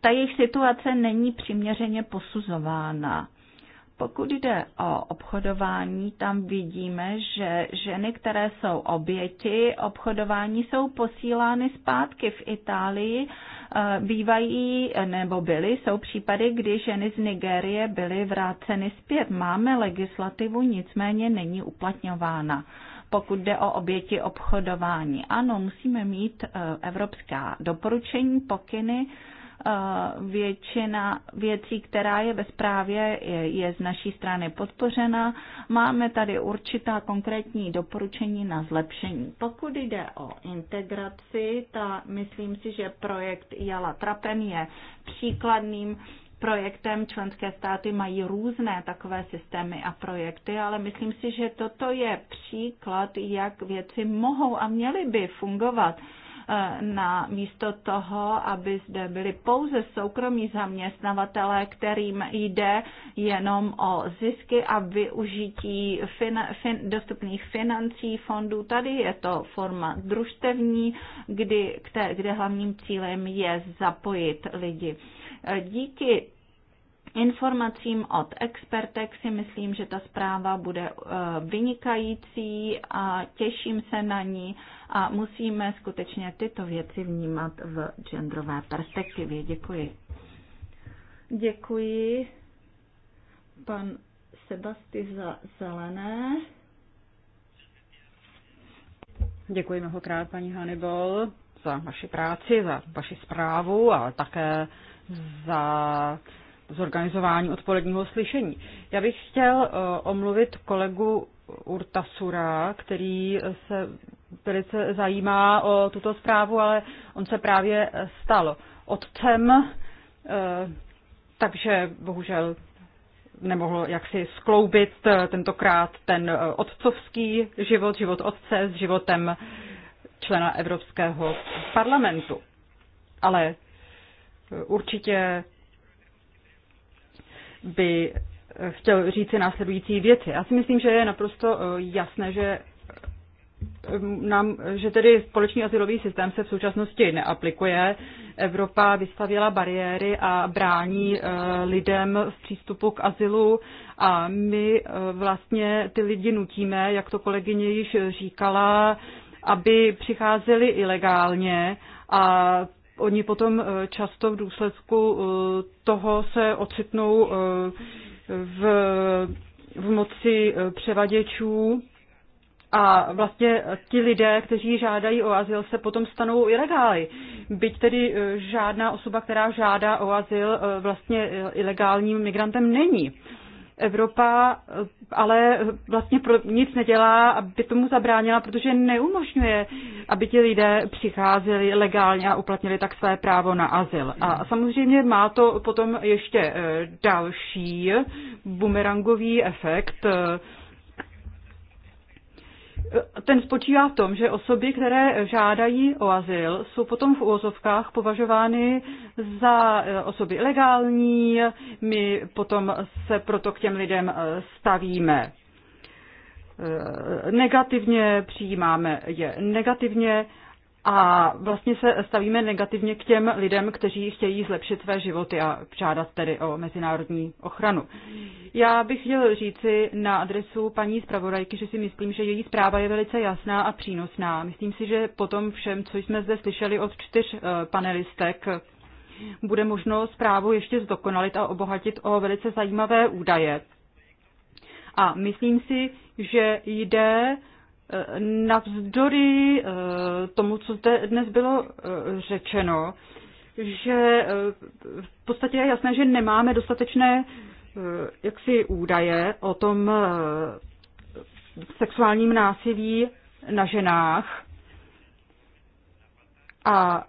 ta jejich situace není přiměřeně posuzována. Pokud jde o obchodování, tam vidíme, že ženy, které jsou oběti obchodování, jsou posílány zpátky v Itálii. Eh, bývají nebo byly, jsou případy, kdy ženy z Nigérie byly vráceny zpět. Máme legislativu, nicméně není uplatňována. Pokud jde o oběti obchodování, ano, musíme mít eh, evropská doporučení, pokyny, Eh, většina věcí, která je ve zprávě, je, je z naší strany podpořena. Máme tady určitá konkrétní doporučení na zlepšení. Pokud jde o integraci, ta myslím si, že projekt Jala Trapen je příkladným projektem. Členské státy mají různé takové systémy a projekty, ale myslím si, že toto je příklad, jak věci mohou a měly by fungovat E, na místo toho, aby zde byli pouze soukromí zaměstnavatelé, kterým jde jenom o zisky a využití fin, fin, dostupných financí fondů. Tady je to forma družstevní, kdy, kde, kde hlavním cílem je zapojit lidi. E, díky informacím od expertek si myslím, že ta zpráva bude eh, vynikající a těším se na ní a musíme skutečně tyto věci vnímat v genderové perspektivě. Děkuji. Děkuji pan Sebasti za zelené. Děkuji mnohokrát, paní Hannibal, za vaši práci, za vaši zprávu a také za zorganizování odpoledního slyšení. Já bych chtěl eh, omluvit kolegu Urtasura, který se velice zajímá o tuto zprávu, ale on se právě stal otcem, eh, takže bohužel nemohl jaksi skloubit eh, tentokrát ten otcovský život, život otce s životem člena Evropského parlamentu. Ale určitě by chtěl říci následující věci. Já si myslím, že je naprosto eh, jasné, že eh, nám, že tedy společný asilový systém se v současnosti neaplikuje. Evropa vystavila bariéry a brání eh, lidem v přístupu k asilu a my vlastně ty lidi nutíme, jak to kolegyně již říkala, aby přicházeli ilegálně a oni potom eh, často v důsledku eh, toho se ocitnou eh, v, v moci převaděčů a vlastně ti lidé, kteří žádají o azyl, se potom stanou ilegály. Byť tedy žádná osoba, která žádá o azyl, vlastně ilegálním migrantem není. Evropa ale vlastně nic nedělá, aby tomu zabránila, protože neumožňuje, aby ti lidé přicházeli legálně a uplatnili tak své právo na azyl. A samozřejmě má to potom ještě eh, další bumerangový efekt, eh, ten spočívá v tom, že osoby, které žádají o azyl, jsou potom v úvozovkách považovány za eh, osoby ilegální, my potom se proto k těm lidem eh, stavíme eh, negativně, přijímáme je negativně a vlastně se stavíme negativně k těm lidem, kteří chtějí zlepšit své životy a žádat tedy o mezinárodní ochranu. Já bych chtěl říci na adresu paní zpravodajky, že si myslím, že její zpráva je velice jasná a přínosná. Myslím si, že potom všem, co jsme zde slyšeli od čtyř eh, panelistek, bude možno zprávu ještě zdokonalit a obohatit o velice zajímavé údaje. A myslím si, že jde Eh, navzdory eh, tomu, co zde dnes bylo eh, řečeno, že v podstatě je jasné, že nemáme dostatečné jaksi údaje o tom sexuálním násilí na ženách. A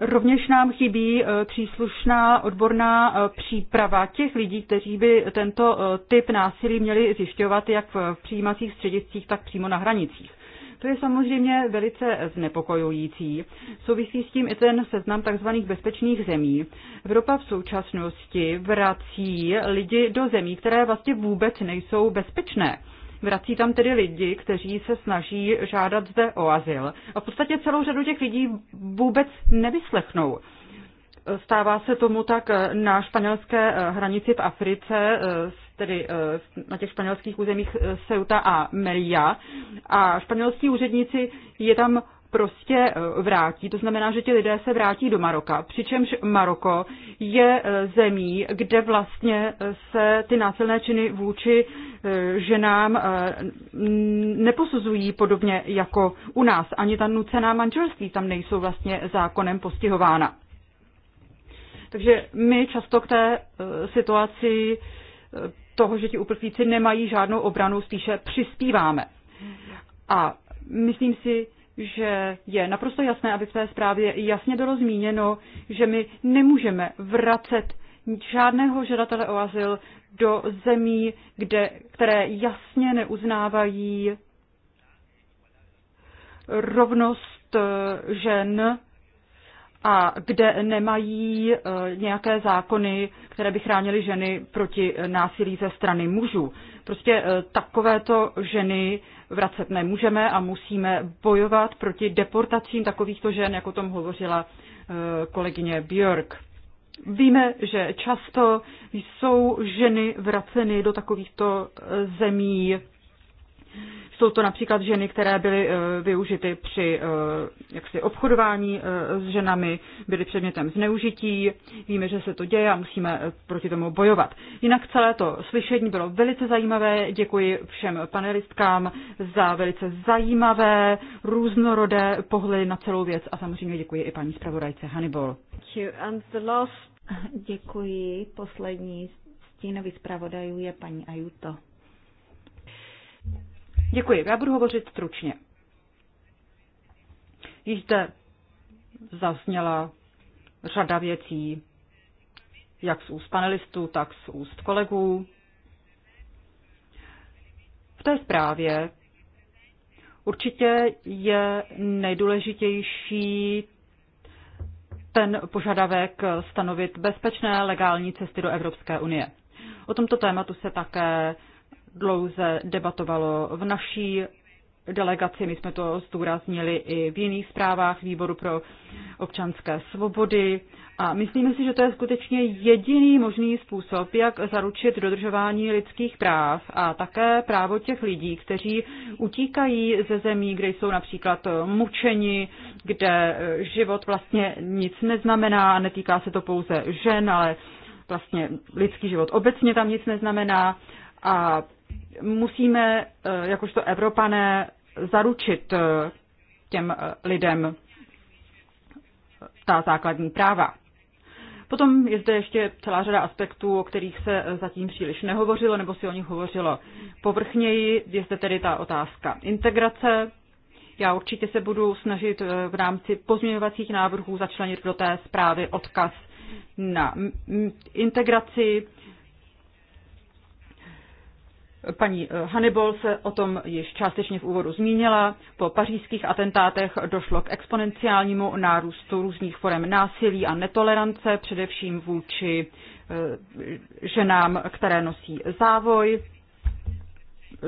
Rovněž nám chybí eh, příslušná odborná eh, příprava těch lidí, kteří by tento eh, typ násilí měli zjišťovat jak v přijímacích střediscích, tak přímo na hranicích. To je samozřejmě velice znepokojující. Souvisí s tím i ten seznam tzv. bezpečných zemí. Evropa v současnosti vrací lidi do zemí, které vlastně vůbec nejsou bezpečné. Vrací tam tedy lidi, kteří se snaží žádat zde o azyl. A v podstatě celou řadu těch lidí vůbec nevyslechnou. Stává se tomu tak na španělské eh, hranici v Africe, eh, tedy eh, na těch španělských územích Ceuta a Melilla. A španělští úředníci je tam prostě eh, vrátí. To znamená, že ti lidé se vrátí do Maroka, přičemž Maroko je eh, zemí, kde vlastně eh, se ty násilné činy vůči ženám neposuzují podobně jako u nás. Ani ta nucená manželství tam nejsou vlastně zákonem postihována. Takže my často k té situaci toho, že ti uprchlíci nemají žádnou obranu, spíše přispíváme. A myslím si, že je naprosto jasné, aby v té zprávě jasně bylo zmíněno, že my nemůžeme vracet žádného žadatele o azyl do zemí, kde, které jasně neuznávají rovnost eh, žen a kde nemají eh, nějaké zákony, které by chránily ženy proti eh, násilí ze strany mužů. Prostě eh, takovéto ženy vracet nemůžeme a musíme bojovat proti deportacím takovýchto žen, jako o tom hovořila kolegyně Björk. Víme, že často jsou ženy vraceny do takovýchto zemí jsou to například ženy, které byly eh, využity při eh, jaksi obchodování eh, s ženami, byly předmětem zneužití. Víme, že se to děje a musíme proti tomu bojovat. Jinak celé to slyšení bylo velice zajímavé. Děkuji všem panelistkám za velice zajímavé, různorodé pohledy na celou věc a samozřejmě děkuji i paní zpravodajce Hannibal. Děkuji. Poslední stínový zpravodajů je paní Ajuto. Děkuji. Já budu hovořit stručně. Již zde zazněla řada věcí, jak z úst panelistů, tak z úst kolegů. V té zprávě určitě je nejdůležitější ten požadavek stanovit bezpečné legální cesty do Evropské unie. O tomto tématu se také dlouze debatovalo v naší delegaci, my jsme to zdůraznili i v jiných zprávách Výboru pro občanské svobody a myslíme si, že to je skutečně jediný možný způsob, jak zaručit dodržování lidských práv a také právo těch lidí, kteří utíkají ze zemí, kde jsou například mučeni, kde život vlastně nic neznamená, netýká se to pouze žen, ale vlastně lidský život obecně tam nic neznamená a musíme eh, jakožto Evropané zaručit eh, těm eh, lidem ta základní práva. Potom je zde ještě celá řada aspektů, o kterých se zatím příliš nehovořilo, nebo si o nich hovořilo povrchněji. Je zde tedy ta otázka integrace. Já určitě se budu snažit v rámci pozměňovacích návrhů začlenit do té zprávy odkaz na integraci Paní eh, Hannibal se o tom již částečně v úvodu zmínila. Po pařížských atentátech došlo k exponenciálnímu nárůstu různých forem násilí a netolerance, především vůči eh, ženám, které nosí závoj.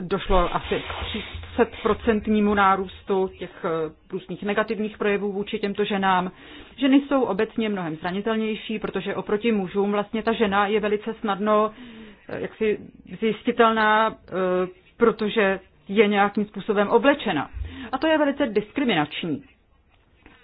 Došlo asi k 30% nárůstu těch eh, různých negativních projevů vůči těmto ženám. Ženy jsou obecně mnohem zranitelnější, protože oproti mužům vlastně ta žena je velice snadno jaksi zjistitelná, e, protože je nějakým způsobem oblečena. A to je velice diskriminační.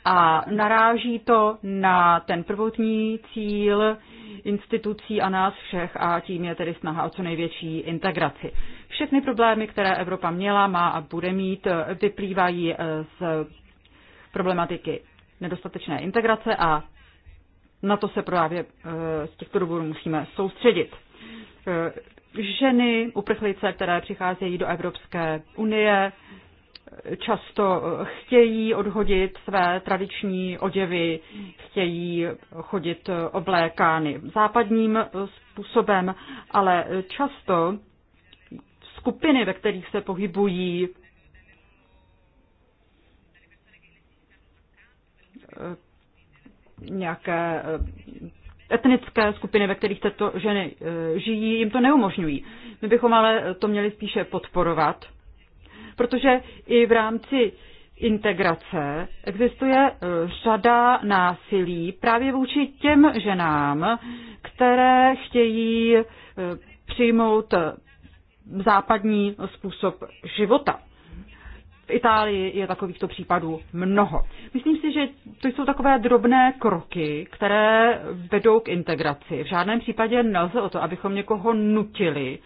A naráží to na ten prvotní cíl institucí a nás všech a tím je tedy snaha o co největší integraci. Všechny problémy, které Evropa měla, má a bude mít, vyplývají e, z problematiky nedostatečné integrace a na to se právě e, z těchto důvodů musíme soustředit. Eh, ženy, uprchlice, které přicházejí do Evropské unie, často chtějí odhodit své tradiční oděvy, chtějí chodit oblékány západním způsobem, ale často skupiny, ve kterých se pohybují, eh, nějaké eh, etnické skupiny, ve kterých tyto ženy e, žijí, jim to neumožňují. My bychom ale to měli spíše podporovat, protože i v rámci integrace existuje e, řada násilí právě vůči těm ženám, které chtějí e, přijmout západní způsob života. V Itálii je takovýchto případů mnoho. Myslím si, že to jsou takové drobné kroky, které vedou k integraci. V žádném případě nelze o to, abychom někoho nutili,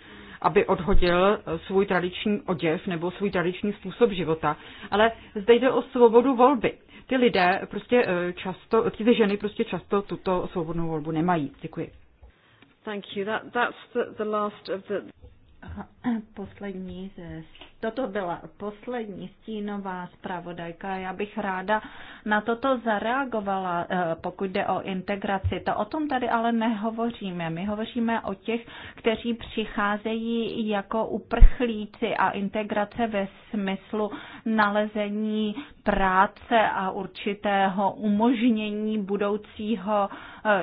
aby odhodil svůj tradiční oděv nebo svůj tradiční způsob života. Ale zde jde o svobodu volby. Ty lidé prostě eh, často, ty ženy prostě často tuto svobodnou volbu nemají. Děkuji. Thank you. That, that's the, the last of the... Poslední ze Toto byla poslední stínová zpravodajka. Já bych ráda na toto zareagovala, eh, pokud jde o integraci. To o tom tady ale nehovoříme. My hovoříme o těch, kteří přicházejí jako uprchlíci a integrace ve smyslu nalezení práce a určitého umožnění budoucího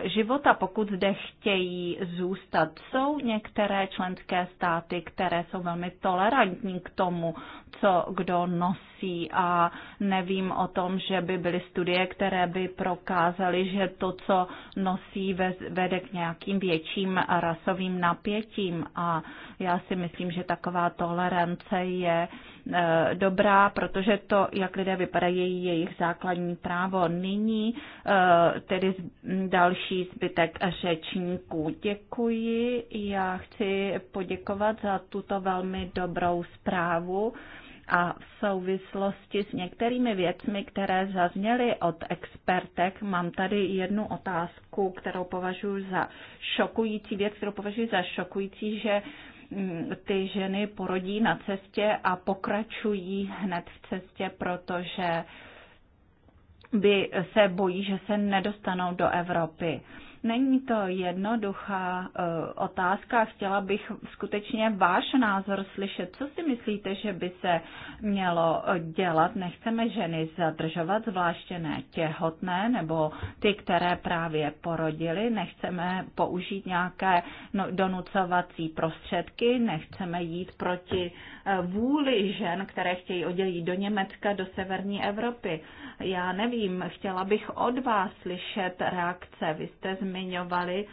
eh, života, pokud zde chtějí zůstat. Jsou některé členské státy, které jsou velmi tolerantní k tomu, tomu, co kdo nosí a nevím o tom, že by byly studie, které by prokázaly, že to, co nosí, vede k nějakým větším rasovým napětím a já si myslím, že taková tolerance je uh, Eh, dobrá, protože to, jak lidé vypadají, je jejich základní právo. Nyní eh, tedy další zbytek řečníků. Děkuji. Já chci poděkovat za tuto velmi dobrou zprávu a v souvislosti s některými věcmi, které zazněly od expertek, mám tady jednu otázku, kterou považuji za šokující, věc, kterou považuji za šokující, že uh, ty ženy porodí na cestě a pokračují hned v cestě, protože by se bojí, že se nedostanou do Evropy. Není to jednoduchá eh, otázka. Chtěla bych skutečně váš názor slyšet. Co si myslíte, že by se mělo eh, dělat? Nechceme ženy zadržovat, zvláště ne těhotné nebo ty, které právě porodily. Nechceme použít nějaké no, donucovací prostředky, nechceme jít proti eh, vůli žen, které chtějí odělit do Německa, do severní Evropy. Já nevím, chtěla bych od vás slyšet reakce. Vy jste z zmiňovali,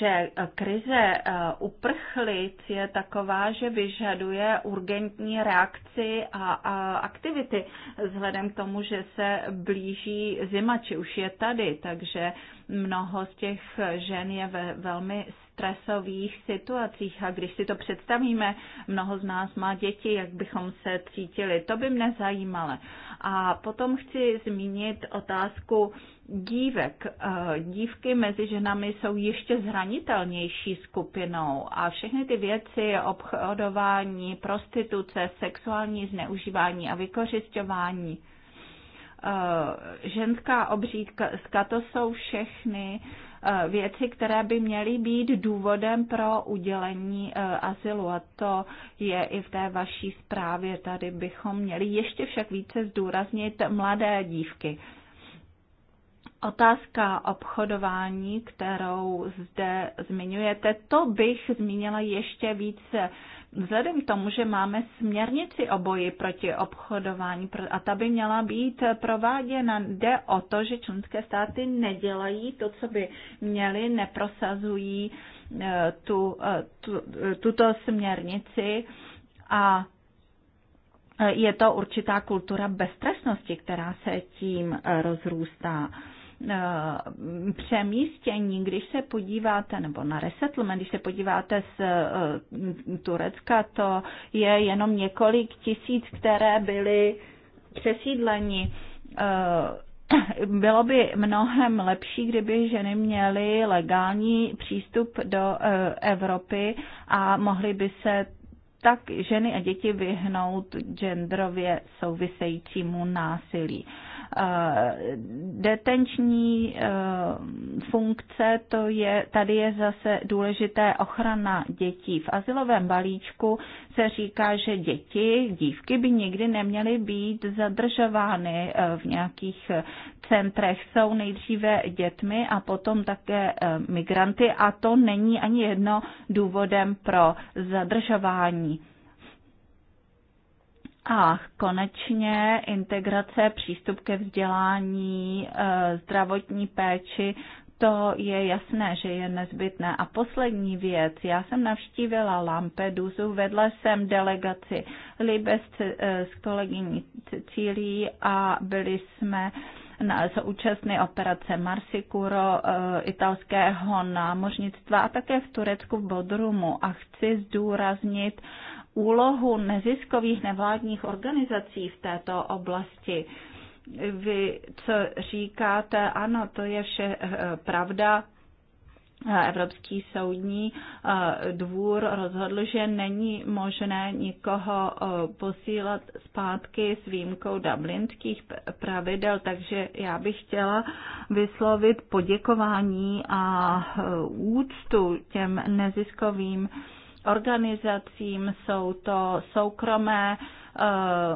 že krize eh, uprchlic je taková, že vyžaduje urgentní reakci a, a aktivity, vzhledem k tomu, že se blíží zima, či už je tady, takže Mnoho z těch žen je ve velmi stresových situacích a když si to představíme, mnoho z nás má děti, jak bychom se cítili, to by mne zajímalo. A potom chci zmínit otázku dívek. Eh, dívky mezi ženami jsou ještě zranitelnější skupinou a všechny ty věci, obchodování, prostituce, sexuální zneužívání a vykořišťování, Eh, ženská obřídka, to jsou všechny eh, věci, které by měly být důvodem pro udělení eh, azylu. A to je i v té vaší zprávě. Tady bychom měli ještě však více zdůraznit mladé dívky. Otázka obchodování, kterou zde zmiňujete, to bych zmínila ještě více Vzhledem k tomu, že máme směrnici o boji proti obchodování a ta by měla být prováděna, jde o to, že členské státy nedělají to, co by měly, neprosazují eh, tu, eh, tu, eh, tuto směrnici a je to určitá kultura beztrestnosti, která se tím rozrůstá. Eh, přemístění, když se podíváte, nebo na resettlement, když se podíváte z eh, Turecka, to je jenom několik tisíc, které byly přesídleni eh, bylo by mnohem lepší, kdyby ženy měly legální přístup do Evropy a mohly by se tak ženy a děti vyhnout genderově souvisejícímu násilí. Eh, detenční eh, funkce, to je, tady je zase důležité ochrana dětí. V asilovém balíčku se říká, že děti, dívky by nikdy neměly být zadržovány eh, v nějakých centrech. Jsou nejdříve dětmi a potom také migranty a to není ani jedno důvodem pro zadržování. A konečně integrace, přístup ke vzdělání, eh, zdravotní péči, to je jasné, že je nezbytné. A poslední věc, já jsem navštívila Lampedusu, vedla jsem delegaci Libes eh, s kolegyní Cecílí a byli jsme na účastny operace Marsikuro eh, italského námořnictva a také v Turecku v Bodrumu. A chci zdůraznit úlohu neziskových nevládních organizací v této oblasti. Vy, co říkáte, ano, to je vše eh, pravda, Evropský soudní eh, dvůr rozhodl, že není možné nikoho eh, posílat zpátky s výjimkou dublinských pravidel, takže já bych chtěla vyslovit poděkování a úctu těm neziskovým organizacím, jsou to soukromé eh,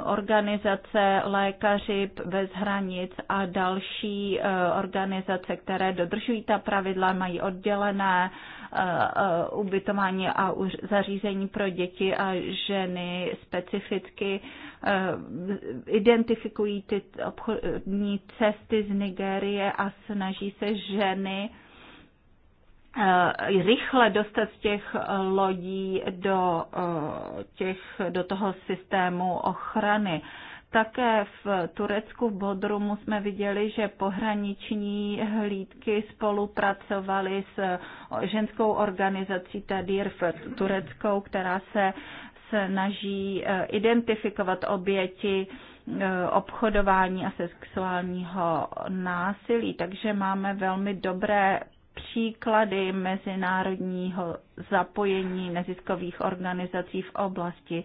organizace Lékaři bez hranic a další eh, organizace, které dodržují ta pravidla, mají oddělené eh, ubytování a zařízení pro děti a ženy specificky identifikují ty obchodní cesty z Nigérie a snaží se ženy Eh, rychle dostat z těch eh, lodí do, eh, těch, do toho systému ochrany. Také v Turecku v Bodrumu jsme viděli, že pohraniční hlídky spolupracovaly s ženskou organizací Tadir v Tureckou, která se snaží identifikovat oběti obchodování a sexuálního násilí. Takže máme velmi dobré příklady mezinárodního zapojení neziskových organizací v oblasti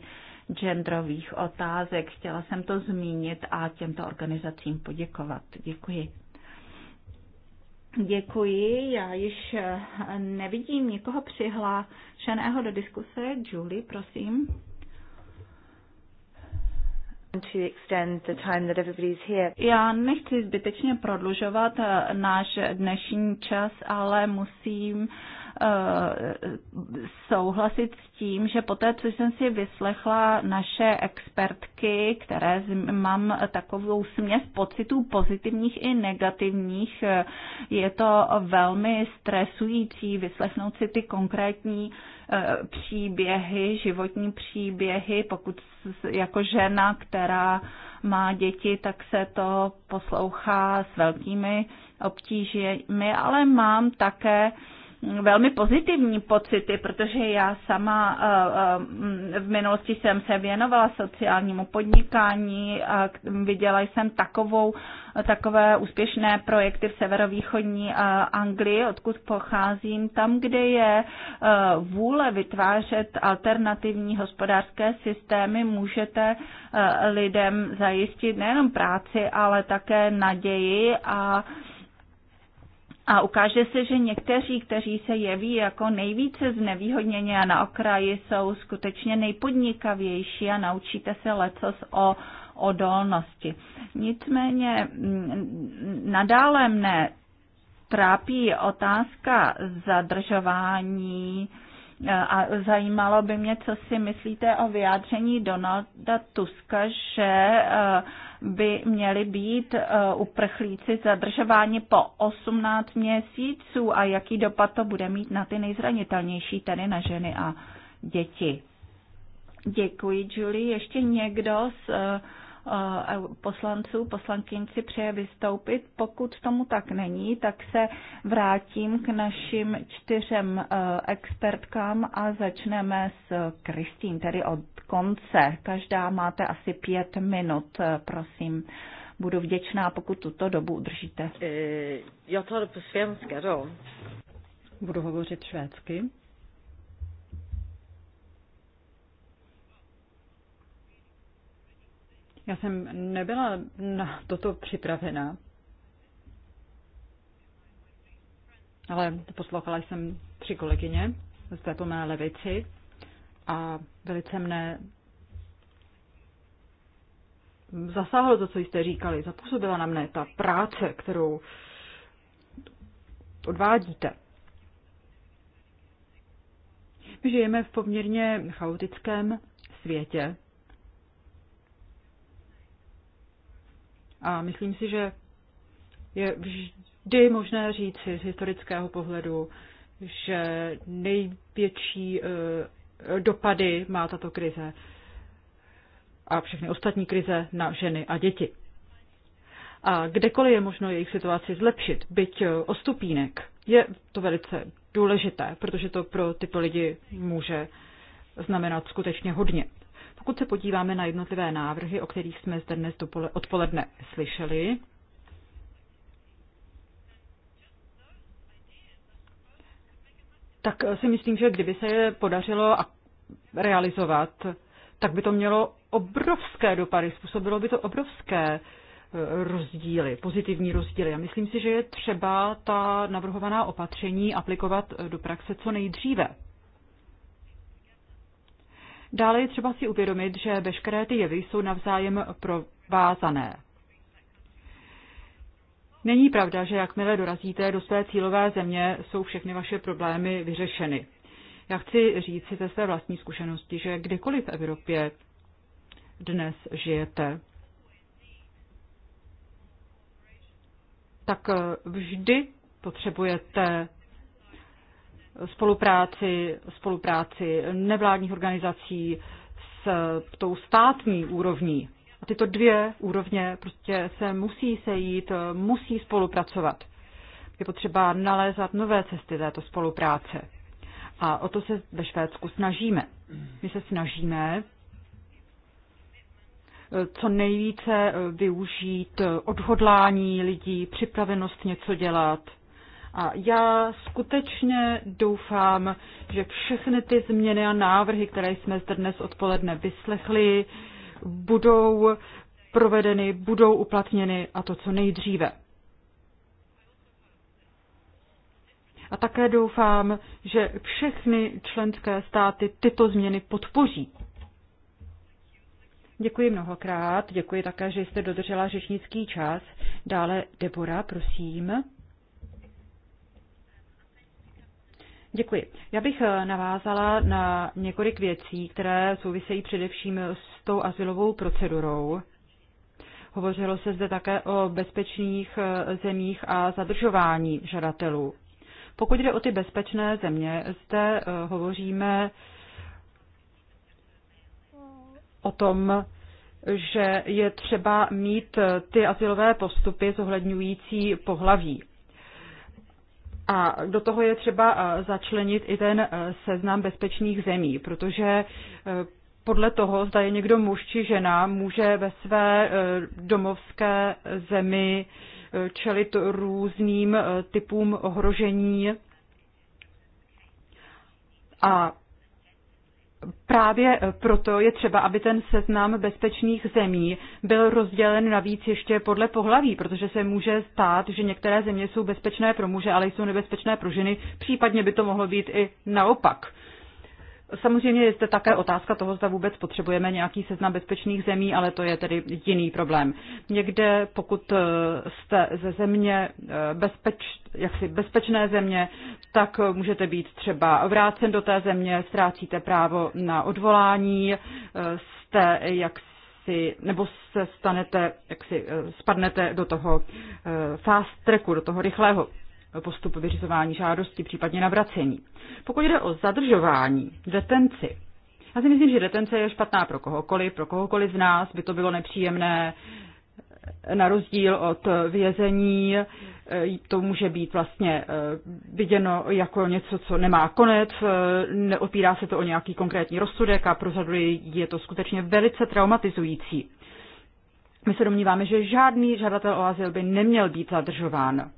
genderových otázek. Chtěla jsem to zmínit a těmto organizacím poděkovat. Děkuji. Děkuji. Já již eh, nevidím nikoho přihlášeného do diskuse. Julie, prosím. Já nechci zbytečně prodlužovat eh, náš dnešní čas, ale musím souhlasit s tím, že poté, co jsem si vyslechla naše expertky, které mám takovou směs pocitů pozitivních i negativních, je to velmi stresující vyslechnout si ty konkrétní eh, příběhy, životní příběhy, pokud jako žena, která má děti, tak se to poslouchá s velkými obtížemi, ale mám také uh, velmi pozitivní pocity, protože já sama eh, eh, v minulosti jsem se věnovala sociálnímu podnikání a viděla jsem takovou, takové úspěšné projekty v severovýchodní eh, Anglii, odkud pocházím, tam, kde je vůle vytvářet alternativní hospodářské systémy, můžete lidem zajistit nejenom práci, ale také naději a a ukáže se, že někteří, kteří se jeví jako nejvíce znevýhodněni a na okraji, jsou skutečně nejpodnikavější a naučíte se lecos o odolnosti. Nicméně mm, nadále mne trápí otázka zadržování e, a zajímalo by mě, co si myslíte o vyjádření Donalda Tuska, že e, by měli být eh, uprchlíci zadržováni po 18 měsíců a jaký dopad to bude mít na ty nejzranitelnější, tedy na ženy a děti. Děkuji, Julie. Ještě někdo z eh, Eh, poslanců, poslankyňci přeje vystoupit. Pokud tomu tak není, tak se vrátím k našim čtyřem eh, expertkám a začneme s Kristín, tedy od konce. Každá máte asi pět minut, eh, prosím. Budu vděčná, pokud tuto dobu udržíte. Já to do svenska, Budu hovořit švédsky. Já jsem nebyla na toto připravena, ale poslouchala jsem tři kolegyně zde této mé levici a velice mne zasáhlo to, co jste říkali, zapůsobila na mne ta práce, kterou odvádíte. My žijeme v poměrně chaotickém světě, A myslím si, že je vždy možné říci z historického pohledu, že největší eh, dopady má tato krize a všechny ostatní krize na ženy a děti. A kdekoliv je možno jejich situaci zlepšit, byť eh, o stupínek, je to velice důležité, protože to pro tyto lidi může znamenat skutečně hodně. Pokud se podíváme na jednotlivé návrhy, o kterých jsme zde dnes odpoledne slyšeli, tak si myslím, že kdyby se je podařilo realizovat, tak by to mělo obrovské dopady, způsobilo by to obrovské eh, rozdíly, pozitivní rozdíly. A myslím si, že je třeba ta navrhovaná opatření aplikovat eh, do praxe co nejdříve. Dále je třeba si uvědomit, že veškeré ty jevy jsou navzájem provázané. Není pravda, že jakmile dorazíte do své cílové země, jsou všechny vaše problémy vyřešeny. Já chci říct si ze své vlastní zkušenosti, že kdykoliv v Evropě dnes žijete, tak vždy potřebujete spolupráci, spolupráci nevládních organizací s tou státní úrovní. A tyto dvě úrovně prostě se musí sejít, musí spolupracovat. Je potřeba nalézat nové cesty této spolupráce. A o to se ve Švédsku snažíme. My se snažíme eh, co nejvíce eh, využít eh, odhodlání lidí, připravenost něco dělat, a já skutečně doufám, že všechny ty změny a návrhy, které jsme zde dnes odpoledne vyslechli, budou provedeny, budou uplatněny a to co nejdříve. A také doufám, že všechny členské státy tyto změny podpoří. Děkuji mnohokrát, děkuji také, že jste dodržela řečnický čas. Dále Debora, prosím. Děkuji. Já bych eh, navázala na několik věcí, které souvisejí především s tou asilovou procedurou. Hovořilo se zde také o bezpečných eh, zemích a zadržování žadatelů. Pokud jde o ty bezpečné země, zde eh, hovoříme o tom, že je třeba mít ty asilové postupy zohledňující pohlaví. A do toho je třeba eh, začlenit i ten eh, seznam bezpečných zemí, protože eh, podle toho, zda je někdo muž či žena, může ve své domovské zemi čelit různým typům ohrožení. A Právě eh, proto je třeba, aby ten seznam bezpečných zemí byl rozdělen navíc ještě podle pohlaví, protože se může stát, že některé země jsou bezpečné pro muže, ale jsou nebezpečné pro ženy, případně by to mohlo být i naopak. Samozřejmě je zde také otázka toho, zda vůbec potřebujeme nějaký seznam bezpečných zemí, ale to je tedy jiný problém. Někde, pokud eh, jste ze země eh, bezpeč, jaksi bezpečné země, tak můžete být třeba vrácen do té země, ztrácíte právo na odvolání, eh, jste jaksi, nebo se stanete, jaksi spadnete do toho fast tracku, do toho rychlého postup vyřizování žádosti, případně navracení. Pokud jde o zadržování, detenci, já si myslím, že detence je špatná pro kohokoliv, pro kohokoliv z nás by to bylo nepříjemné, na rozdíl od vězení, to může být vlastně eh, viděno jako něco, co nemá konec, eh, neopírá se to o nějaký konkrétní rozsudek a pro řadu je to skutečně velice traumatizující. My se domníváme, že žádný žadatel o azyl by neměl být zadržován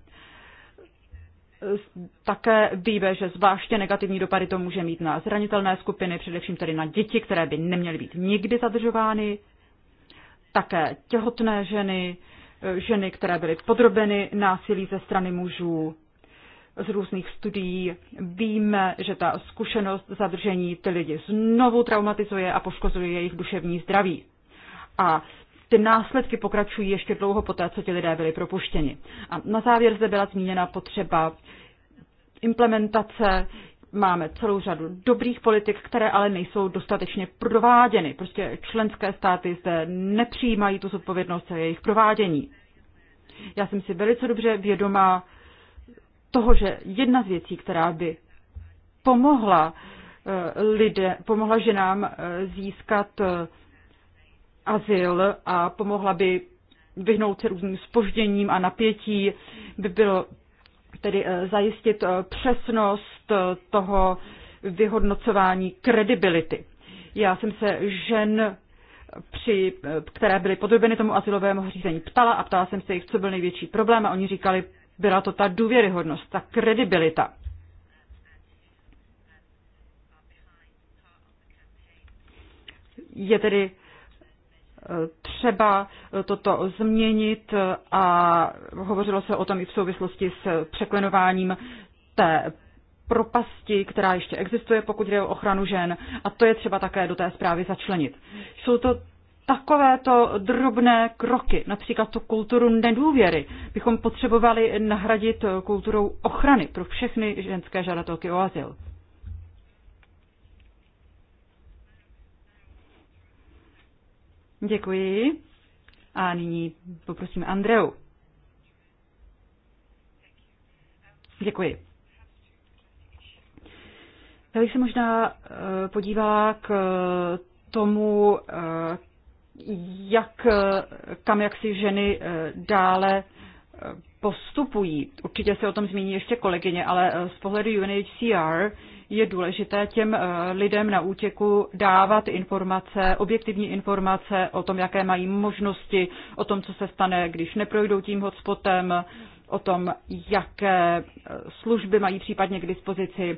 také víme, že zvláště negativní dopady to může mít na zranitelné skupiny, především tedy na děti, které by neměly být nikdy zadržovány, také těhotné ženy, e, ženy, které byly podrobeny násilí ze strany mužů. Z různých studií víme, že ta zkušenost zadržení ty lidi znovu traumatizuje a poškozuje jejich duševní zdraví. A ty následky pokračují ještě dlouho poté, co ti lidé byli propuštěni. A na závěr zde byla zmíněna potřeba implementace máme celou řadu dobrých politik, které ale nejsou dostatečně prováděny. Prostě členské státy zde nepřijímají tu zodpovědnost za jejich provádění. Já jsem si velice dobře vědomá toho, že jedna z věcí, která by pomohla eh, lidé, pomohla ženám eh, získat eh, azyl a pomohla by vyhnout se různým spožděním a napětí, by bylo tedy eh, zajistit eh, přesnost eh, toho vyhodnocování kredibility. Já jsem se žen, při, které byly podrobeny tomu asilovému řízení, ptala a ptala jsem se jich, co byl největší problém a oni říkali, byla to ta důvěryhodnost, ta kredibilita. Je tedy třeba toto změnit a hovořilo se o tom i v souvislosti s překlenováním té propasti, která ještě existuje, pokud jde o ochranu žen a to je třeba také do té zprávy začlenit. Jsou to takovéto drobné kroky, například tu kulturu nedůvěry, bychom potřebovali nahradit kulturou ochrany pro všechny ženské žadatelky o azyl. Děkuji. A nyní poprosím Andreu. Děkuji. Já bych se možná eh, podívala k eh, tomu, eh, jak, kam jak si ženy dále postupují. Určitě se o tom zmíní ještě kolegyně, ale z pohledu UNHCR je důležité těm eh, lidem na útěku dávat informace, objektivní informace o tom, jaké mají možnosti, o tom, co se stane, když neprojdou tím hotspotem, o tom, jaké eh, služby mají případně k dispozici.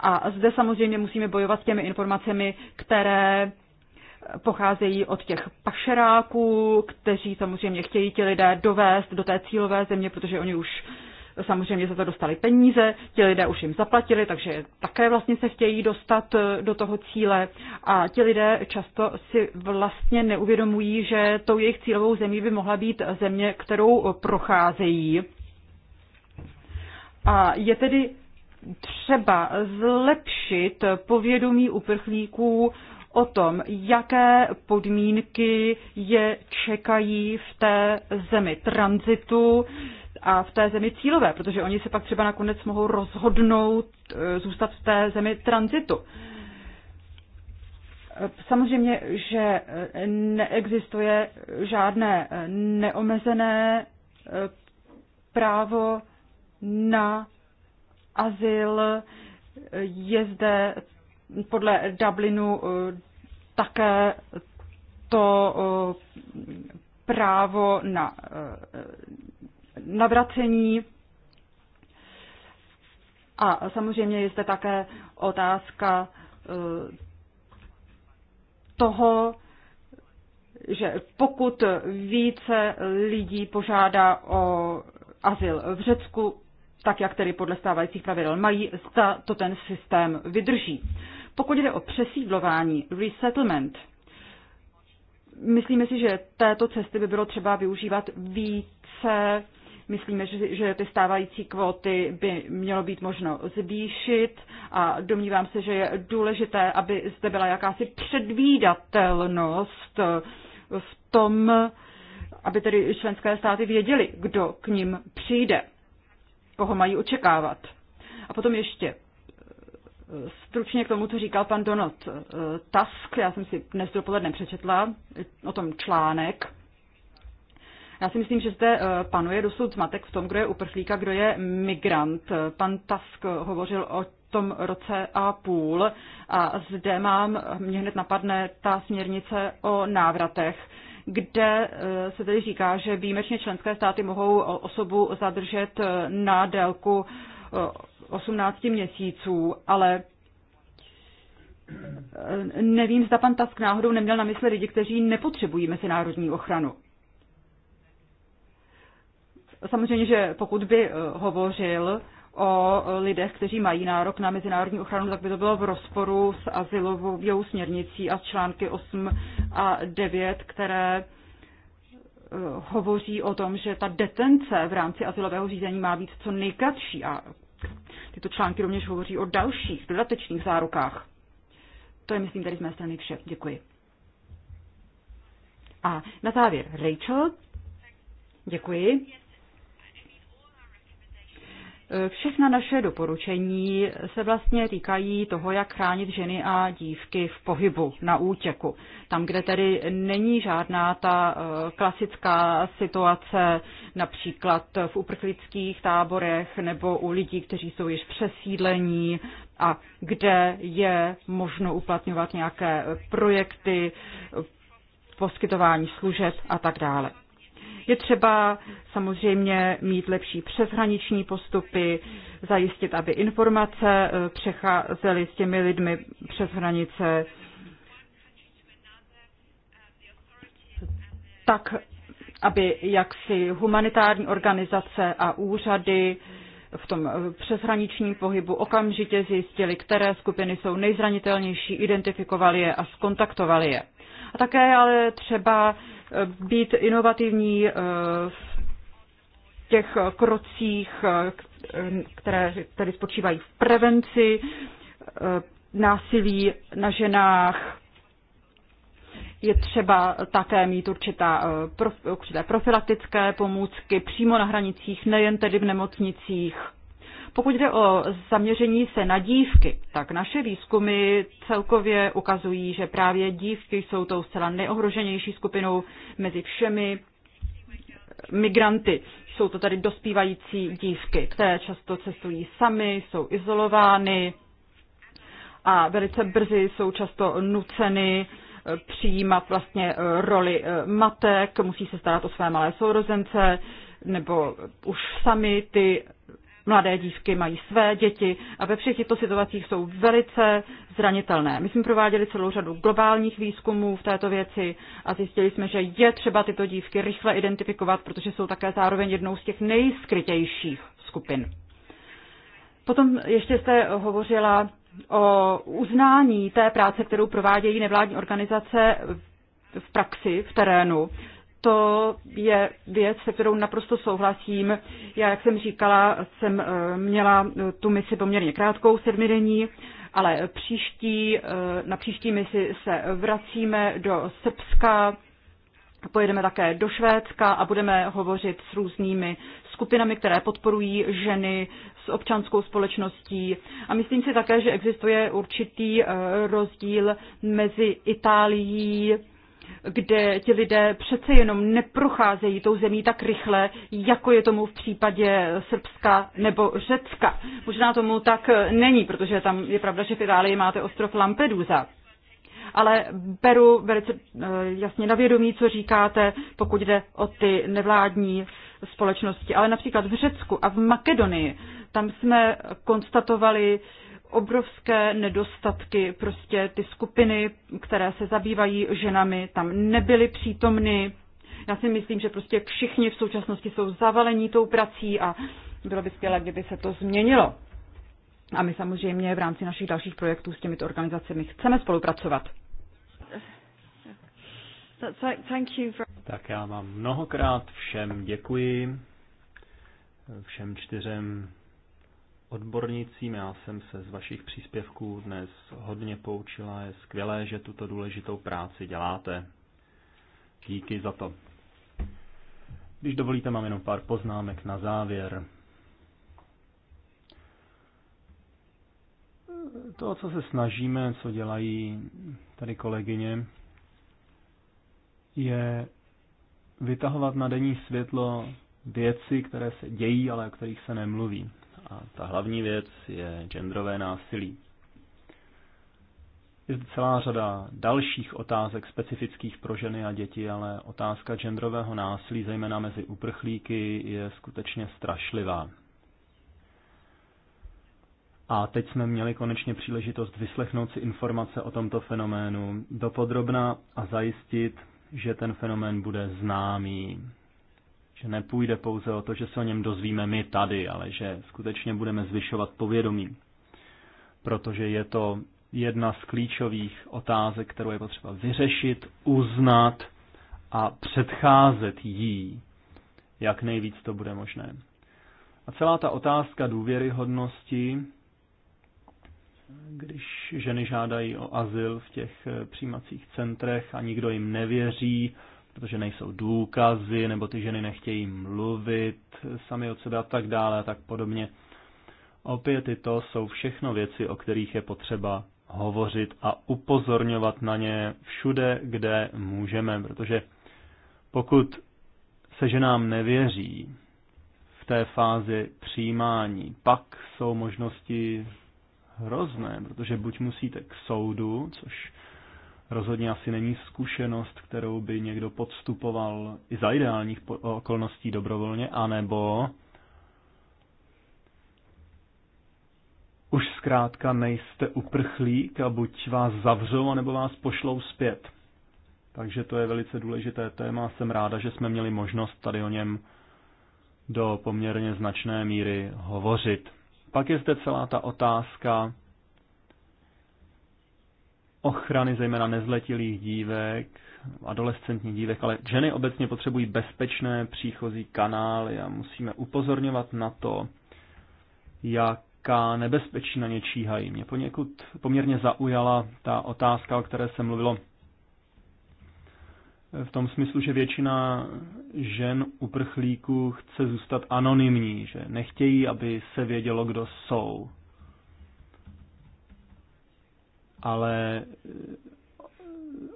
A zde samozřejmě musíme bojovat s těmi informacemi, které eh, pocházejí od těch pašeráků, kteří samozřejmě chtějí ti lidé dovést do té cílové země, protože oni už Samozřejmě za to dostali peníze, ti lidé už jim zaplatili, takže také vlastně se chtějí dostat eh, do toho cíle a ti lidé často si vlastně neuvědomují, že tou jejich cílovou zemí by mohla být země, kterou procházejí. A je tedy třeba zlepšit povědomí uprchlíků o tom, jaké podmínky je čekají v té zemi tranzitu, a v té zemi cílové, protože oni se pak třeba nakonec mohou rozhodnout e, zůstat v té zemi tranzitu. E, samozřejmě, že e, neexistuje žádné neomezené právo na azyl. Je zde podle Dublinu také to právo na navracení. A samozřejmě je zde také otázka eh, toho, že pokud více lidí požádá o azyl v Řecku, tak jak tedy podle stávajících pravidel mají, zda to ten systém vydrží. Pokud jde o přesídlování, resettlement, myslíme si, že této cesty by bylo třeba využívat více Myslíme, že, že ty stávající kvóty by mělo být možno zvýšit a domnívám se, že je důležité, aby zde byla jakási předvídatelnost v tom, aby tedy členské státy věděly, kdo k ním přijde, koho mají očekávat. A potom ještě eh, stručně k tomu, co říkal pan Donald eh, Tusk. Já jsem si dnes dopoledne přečetla eh, o tom článek. Já si myslím, že zde eh, panuje dosud zmatek v tom, kdo je uprchlík a kdo je migrant. Pan Tusk hovořil o tom roce a půl a zde mám, mě hned napadne ta směrnice o návratech, kde eh, se tedy říká, že výjimečně členské státy mohou osobu zadržet eh, na délku 18 měsíců, ale nevím, zda pan Tusk náhodou neměl na mysli lidi, kteří nepotřebují mezinárodní ochranu. Samozřejmě, že pokud by eh, hovořil o eh, lidech, kteří mají nárok na mezinárodní ochranu, tak by to bylo v rozporu s asilovou směrnicí a články 8 a 9, které eh, hovoří o tom, že ta detence v rámci asilového řízení má být co nejkratší a tyto články rovněž hovoří o dalších dodatečných zárukách. To je, myslím, tady z mé strany vše. Děkuji. A na závěr Rachel. Děkuji. Všechna naše doporučení se vlastně týkají toho, jak chránit ženy a dívky v pohybu, na útěku. Tam, kde tedy není žádná ta eh, klasická situace, například v uprchlických táborech nebo u lidí, kteří jsou již přesídlení a kde je možno uplatňovat nějaké projekty, poskytování služeb a tak dále. Je třeba samozřejmě mít lepší přeshraniční postupy, zajistit, aby informace eh, přecházely s těmi lidmi přes hranice. Tak, aby jaksi humanitární organizace a úřady v tom eh, přeshraničním pohybu okamžitě zjistili, které skupiny jsou nejzranitelnější, identifikovali je a skontaktovali je. A také ale třeba být inovativní eh, v těch krocích, eh, které tedy spočívají v prevenci eh, násilí na ženách. Je třeba také mít určitá, určité profilaktické pomůcky přímo na hranicích, nejen tedy v nemocnicích. Pokud jde o zaměření se na dívky, tak naše výzkumy celkově ukazují, že právě dívky jsou tou zcela neohroženější skupinou mezi všemi migranty. Jsou to tady dospívající dívky, které často cestují sami, jsou izolovány a velice brzy jsou často nuceny eh, přijímat vlastně eh, roli eh, matek, musí se starat o své malé sourozence, nebo už sami ty mladé dívky mají své děti a ve všech těchto situacích jsou velice zranitelné. My jsme prováděli celou řadu globálních výzkumů v této věci a zjistili jsme, že je třeba tyto dívky rychle identifikovat, protože jsou také zároveň jednou z těch nejskrytějších skupin. Potom ještě jste hovořila o uznání té práce, kterou provádějí nevládní organizace v praxi, v terénu to je věc, se kterou naprosto souhlasím. Já, jak jsem říkala, jsem eh, měla eh, tu misi poměrně krátkou, sedmidenní, ale příští, eh, na příští misi se vracíme do Srbska, pojedeme také do Švédska a budeme hovořit s různými skupinami, které podporují ženy s občanskou společností. A myslím si také, že existuje určitý rozdíl mezi Itálií, kde ti lidé přece jenom neprocházejí tou zemí tak rychle, jako je tomu v případě Srbska nebo Řecka. Možná tomu tak není, protože tam je pravda, že v Itálii máte ostrov Lampedusa. Ale beru velice eh, jasně na vědomí, co říkáte, pokud jde o ty nevládní společnosti. Ale například v Řecku a v Makedonii, tam jsme konstatovali, obrovské nedostatky, prostě ty skupiny, které se zabývají ženami, tam nebyly přítomny. Já si myslím, že prostě všichni v současnosti jsou zavalení tou prací a bylo by skvělé, kdyby se to změnilo. A my samozřejmě v rámci našich dalších projektů s těmito organizacemi chceme spolupracovat. Tak já vám mnohokrát všem děkuji, všem čtyřem odbornicím. Já jsem se z vašich příspěvků dnes hodně poučila. Je skvělé, že tuto důležitou práci děláte. Díky za to. Když dovolíte, mám jenom pár poznámek na závěr. To, co se snažíme, co dělají tady kolegyně, je vytahovat na denní světlo věci, které se dějí, ale o kterých se nemluví. A ta hlavní věc je genderové násilí. Je celá řada dalších otázek specifických pro ženy a děti, ale otázka genderového násilí, zejména mezi uprchlíky, je skutečně strašlivá. A teď jsme měli konečně příležitost vyslechnout si informace o tomto fenoménu dopodrobna a zajistit, že ten fenomén bude známý že nepůjde pouze o to, že se o něm dozvíme my tady, ale že skutečně budeme zvyšovat povědomí, protože je to jedna z klíčových otázek, kterou je potřeba vyřešit, uznat a předcházet jí, jak nejvíc to bude možné. A celá ta otázka důvěryhodnosti, když ženy žádají o azyl v těch eh, přijímacích centrech a nikdo jim nevěří, protože nejsou důkazy, nebo ty ženy nechtějí mluvit sami od sebe a tak dále a tak podobně. Opět tyto jsou všechno věci, o kterých je potřeba hovořit a upozorňovat na ně všude, kde můžeme, protože pokud se ženám nevěří v té fázi přijímání, pak jsou možnosti hrozné, protože buď musíte k soudu, což rozhodně asi není zkušenost, kterou by někdo podstupoval i za ideálních okolností dobrovolně, anebo už zkrátka nejste uprchlík a buď vás zavřou, anebo vás pošlou zpět. Takže to je velice důležité téma. Jsem ráda, že jsme měli možnost tady o něm do poměrně značné míry hovořit. Pak je zde celá ta otázka ochrany zejména nezletilých dívek, adolescentních dívek, ale ženy obecně potřebují bezpečné příchozí kanály a musíme upozorňovat na to, jaká nebezpečí na ně číhají. Mě poněkud poměrně zaujala ta otázka, o které se mluvilo v tom smyslu, že většina žen uprchlíků chce zůstat anonymní, že nechtějí, aby se vědělo, kdo jsou ale eh,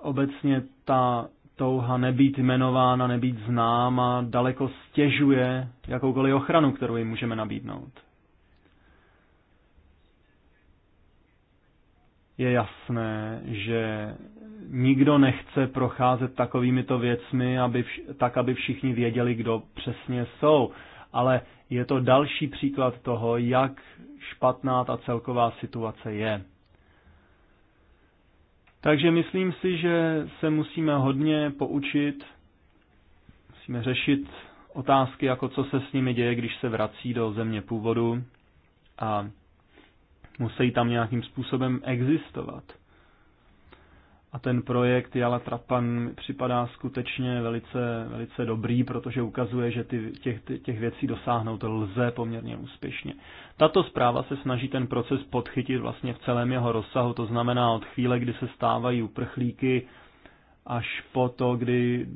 obecně ta touha nebýt jmenována, nebýt známa, daleko stěžuje jakoukoliv ochranu, kterou jim můžeme nabídnout. Je jasné, že nikdo nechce procházet takovýmito věcmi, aby vš- tak, aby všichni věděli, kdo přesně jsou. Ale je to další příklad toho, jak špatná ta celková situace je. Takže myslím si, že se musíme hodně poučit, musíme řešit otázky, jako co se s nimi děje, když se vrací do země původu a musí tam nějakým způsobem existovat. A ten projekt Jala Trapan připadá skutečně velice, velice dobrý, protože ukazuje, že ty, těch, těch věcí dosáhnout lze poměrně úspěšně. Tato zpráva se snaží ten proces podchytit vlastně v celém jeho rozsahu, to znamená od chvíle, kdy se stávají uprchlíky, až po to, kdy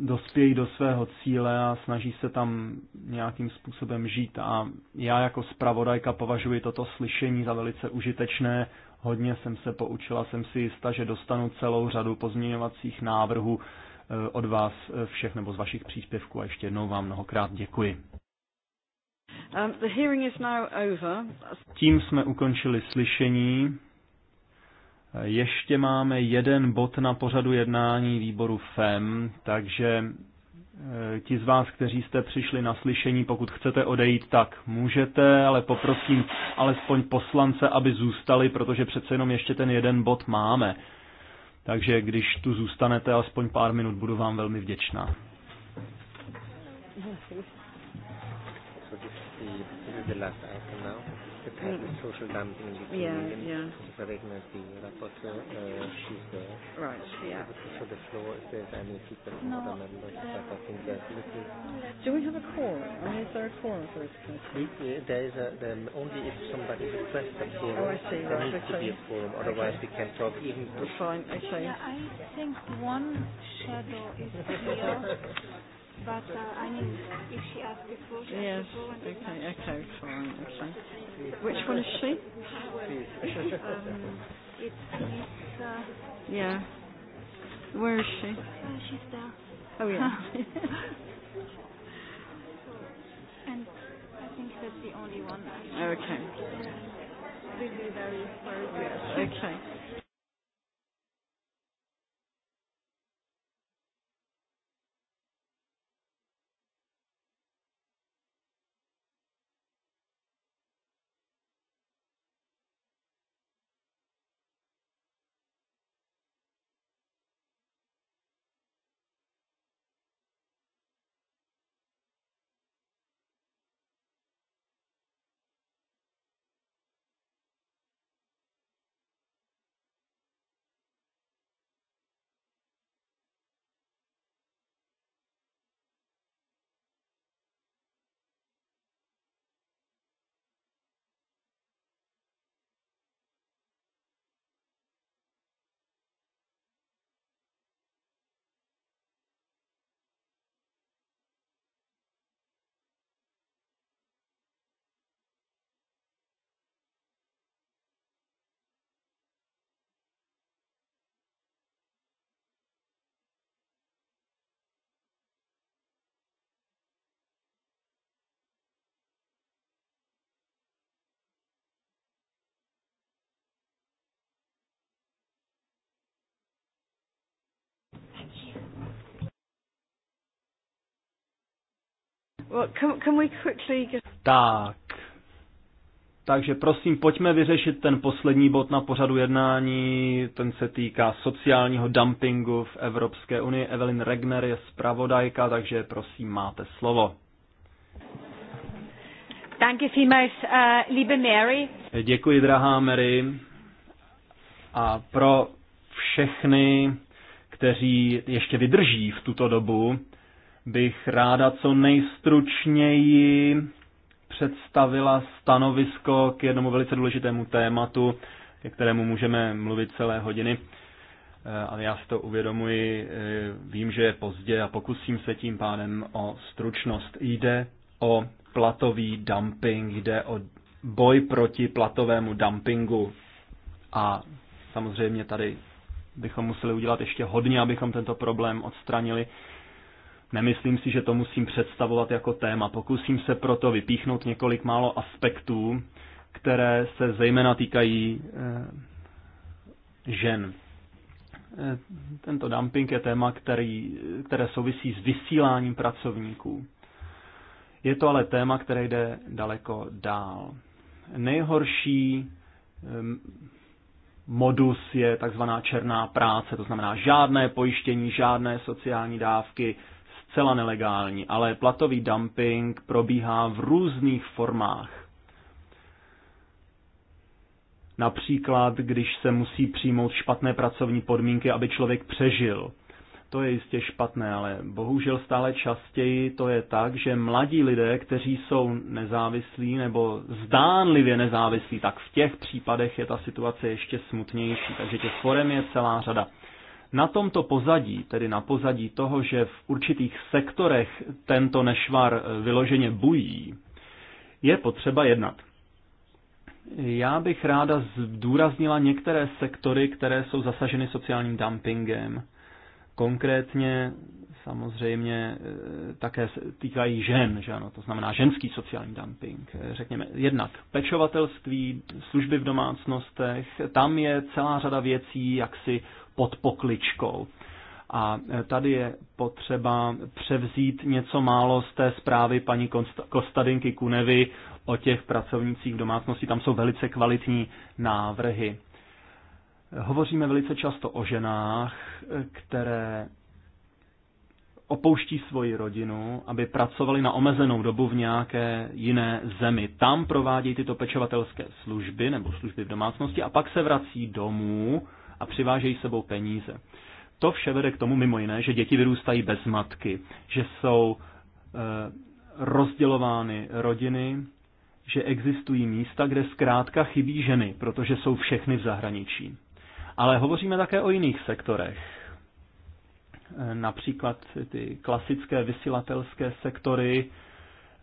dospějí do svého cíle a snaží se tam nějakým způsobem žít. A já jako zpravodajka považuji toto slyšení za velice užitečné, Hodně jsem se poučila, jsem si jista, že dostanu celou řadu pozměňovacích návrhů eh, od vás eh, všech nebo z vašich příspěvků a ještě jednou vám mnohokrát děkuji. Um, Tím jsme ukončili slyšení. Eh, ještě máme jeden bod na pořadu jednání výboru FEM, takže Eh, ti z vás, kteří jste přišli na slyšení, pokud chcete odejít, tak můžete, ale poprosím alespoň poslance, aby zůstali, protože přece jenom ještě ten jeden bod máme. Takže když tu zůstanete alespoň pár minut, budu vám velmi vděčná. Thank you prepared mm. the social dumping between yeah, women. Yeah. Mr. Regner is the rapporteur. Uh, she's there. Right, yeah. For the floor, if there's any feedback from no, other members, no. but I think that this is... Do we have a quorum? I mean, is there a quorum for this case? We, uh, there is a, um, only if somebody requests a quorum, oh, I see. there right, needs okay. to be a quorum. Otherwise, okay. we can talk even... Fine, okay. Yeah, I think one shadow is here. But uh, I mean, if she asked before, she yes. asked before. And okay, okay, fine, okay. Which one is she? um, it's Miss. Uh, yeah. Where is she? Uh, she's there. Oh yeah. and I think that's the only one. Okay. Really very sorry. Okay. Tak. Takže prosím, pojďme vyřešit ten poslední bod na pořadu jednání. Ten se týká sociálního dumpingu v Evropské unii. Evelyn Regner je zpravodajka, takže prosím, máte slovo. Danke vielmals, uh, liebe Mary. Děkuji, drahá Mary. A pro všechny, kteří ještě vydrží v tuto dobu, bych ráda co nejstručněji představila stanovisko k jednomu velice důležitému tématu, ke kterému můžeme mluvit celé hodiny. Eh, ale já si to uvědomuji, eh, vím, že je pozdě a pokusím se tím pádem o stručnost. Jde o platový dumping, jde o boj proti platovému dumpingu a samozřejmě tady bychom museli udělat ještě hodně, abychom tento problém odstranili. Nemyslím si, že to musím představovat jako téma. Pokusím se proto vypíchnout několik málo aspektů, které se zejména týkají eh, žen. Eh, tento dumping je téma, který, které souvisí s vysíláním pracovníků. Je to ale téma, které jde daleko dál. Nejhorší eh, modus je takzvaná černá práce, to znamená žádné pojištění, žádné sociální dávky, zcela nelegální, ale platový dumping probíhá v různých formách. Například, když se musí přijmout špatné pracovní podmínky, aby člověk přežil. To je jistě špatné, ale bohužel stále častěji to je tak, že mladí lidé, kteří jsou nezávislí nebo zdánlivě nezávislí, tak v těch případech je ta situace ještě smutnější. Takže těch forem je celá řada. Na tomto pozadí, tedy na pozadí toho, že v určitých sektorech tento nešvar eh, vyloženě bují, je potřeba jednat. Já bych ráda zdůraznila některé sektory, které jsou zasaženy sociálním dumpingem. Konkrétně samozřejmě eh, také týkají žen, že ano, to znamená ženský sociální dumping. Eh, řekněme jednak pečovatelství, služby v domácnostech, tam je celá řada věcí jak si pod pokličkou. A e, tady je potřeba převzít něco málo z té zprávy paní Kostadinky Kunevy o těch pracovnících v domácnosti. Tam jsou velice kvalitní návrhy. Hovoříme velice často o ženách, e, které opouští svoji rodinu, aby pracovali na omezenou dobu v nějaké jiné zemi. Tam provádějí tyto pečovatelské služby nebo služby v domácnosti a pak se vrací domů a přivážejí sebou peníze. To vše vede k tomu mimo jiné, že děti vyrůstají bez matky, že jsou e, rozdělovány rodiny, že existují místa, kde zkrátka chybí ženy, protože jsou všechny v zahraničí. Ale hovoříme také o jiných sektorech. E, například ty klasické vysílatelské sektory,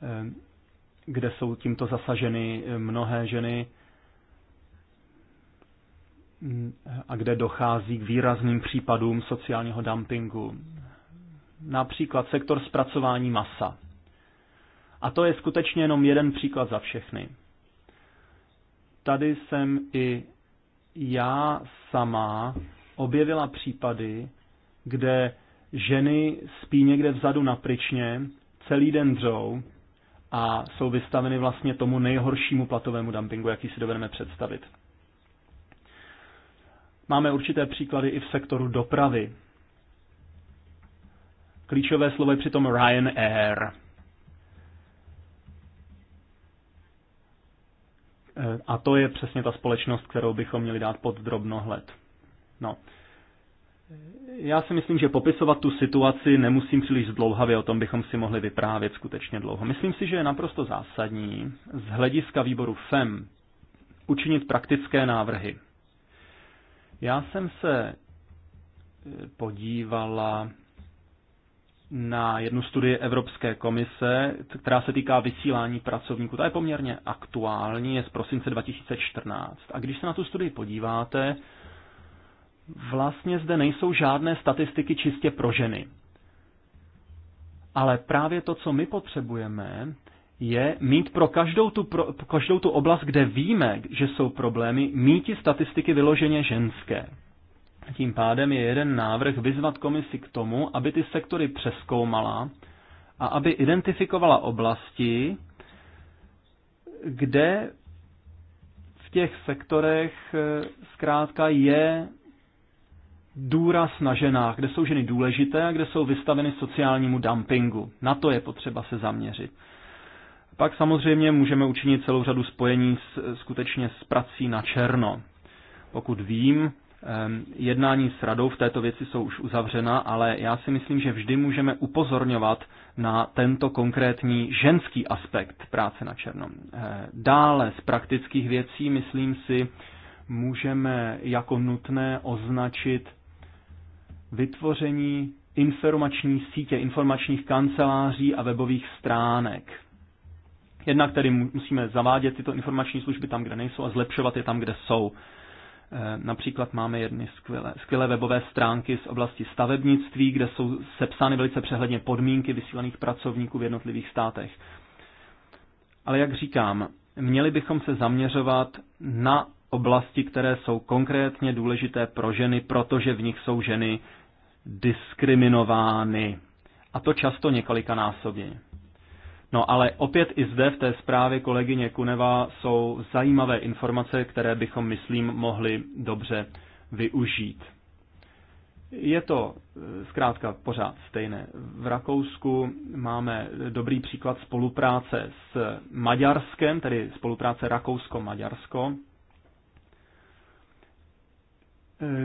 e, kde jsou tímto zasaženy mnohé ženy, Mm, a kde dochází k výrazným případům sociálního dumpingu. Například sektor zpracování masa. A to je skutečně jenom jeden příklad za všechny. Tady jsem i já sama objevila případy, kde ženy spí někde vzadu na pryčně, celý den dřou a jsou vystaveny vlastně tomu nejhoršímu platovému dumpingu, jaký si dovedeme představit. Máme určité příklady i v sektoru dopravy. Klíčové slovo je přitom Ryanair. Eh, a to je přesně ta společnost, kterou bychom měli dát pod drobnohled. No. Já si myslím, že popisovat tu situaci nemusím příliš zdlouhavě, o tom bychom si mohli vyprávět skutečně dlouho. Myslím si, že je naprosto zásadní z hlediska výboru FEM učinit praktické návrhy. Já jsem se e, podívala na jednu studii Evropské komise, která se týká vysílání pracovníků. Ta je poměrně aktuální, je z prosince 2014. A když se na tu studii podíváte, vlastně zde nejsou žádné statistiky čistě pro ženy. Ale právě to, co my potřebujeme, je mít pro každou, tu, pro každou tu oblast, kde víme, že jsou problémy, mít míti statistiky vyloženě ženské. Tím pádem je jeden návrh vyzvat komisi k tomu, aby ty sektory přeskoumala a aby identifikovala oblasti, kde v těch sektorech eh, zkrátka je důraz na ženách, kde jsou ženy důležité a kde jsou vystaveny sociálnímu dumpingu. Na to je potřeba se zaměřit. Pak samozřejmě můžeme učinit celou řadu spojení s, skutečně s prací na černo. Pokud vím, jednání s radou v této věci jsou už uzavřena, ale já si myslím, že vždy můžeme upozorňovat na tento konkrétní ženský aspekt práce na černo. Eh, dále z praktických věcí, myslím si, můžeme jako nutné označit vytvoření informační sítě, informačních kanceláří a webových stránek. Jednak tedy musíme zavádět tyto informační služby tam, kde nejsou a zlepšovat je tam, kde jsou. E, například máme jedny skvělé, skvělé webové stránky z oblasti stavebnictví, kde jsou sepsány velice přehledně podmínky vysílaných pracovníků v jednotlivých státech. Ale jak říkám, měli bychom se zaměřovat na oblasti, které jsou konkrétně důležité pro ženy, protože v nich jsou ženy diskriminovány. A to často několikanásobně. No ale opět i zde v té zprávě kolegyně Kuneva jsou zajímavé informace, které bychom, myslím, mohli dobře využít. Je to eh, zkrátka pořád stejné. V Rakousku máme dobrý příklad spolupráce s Maďarskem, tedy spolupráce Rakousko-Maďarsko,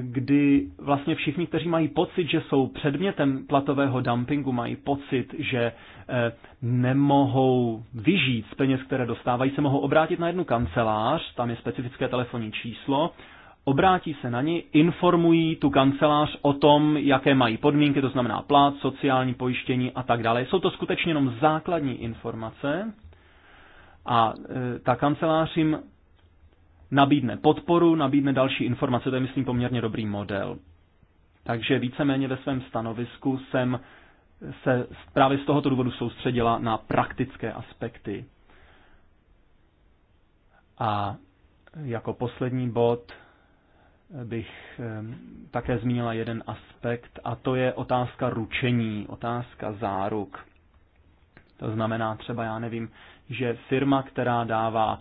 kdy vlastně všichni, kteří mají pocit, že jsou předmětem platového dumpingu, mají pocit, že eh, nemohou vyžít z peněz, které dostávají, se mohou obrátit na jednu kancelář, tam je specifické telefonní číslo, obrátí se na ní, informují tu kancelář o tom, jaké mají podmínky, to znamená plat, sociální pojištění a tak dále. Jsou to skutečně jenom základní informace a eh, ta kancelář jim nabídne podporu, nabídne další informace. To je, myslím, poměrně dobrý model. Takže víceméně ve svém stanovisku jsem se právě z tohoto důvodu soustředila na praktické aspekty. A jako poslední bod bych ehm, také zmínila jeden aspekt, a to je otázka ručení, otázka záruk. To znamená třeba, já nevím, že firma, která dává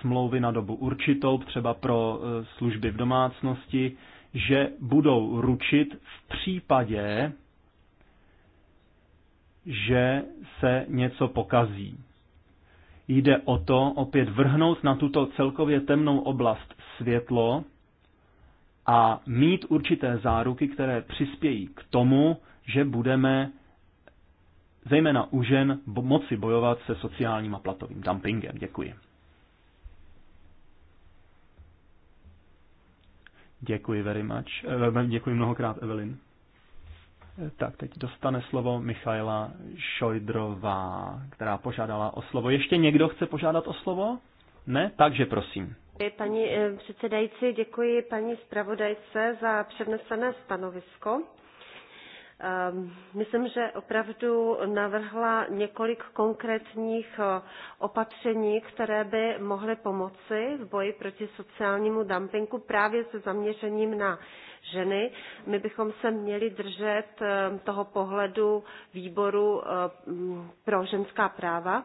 smlouvy na dobu určitou, třeba pro e, služby v domácnosti, že budou ručit v případě, že se něco pokazí. Jde o to opět vrhnout na tuto celkově temnou oblast světlo a mít určité záruky, které přispějí k tomu, že budeme zejména u žen moci bojovat se sociálním a platovým dumpingem. Děkuji. Děkuji very much. Eh, děkuji mnohokrát, Evelyn. Eh, tak, teď dostane slovo Michaela Šojdrová, která požádala o slovo. Ještě někdo chce požádat o slovo? Ne? Takže prosím. Paní eh, předsedající, děkuji paní zpravodajce za přednesené stanovisko. Ehm, myslím, že opravdu navrhla několik konkrétních eh, opatření, které by mohly pomoci v boji proti sociálnímu dumpingu právě se zaměřením na ženy. My bychom se měli držet ehm, toho pohledu výboru eh, pro ženská práva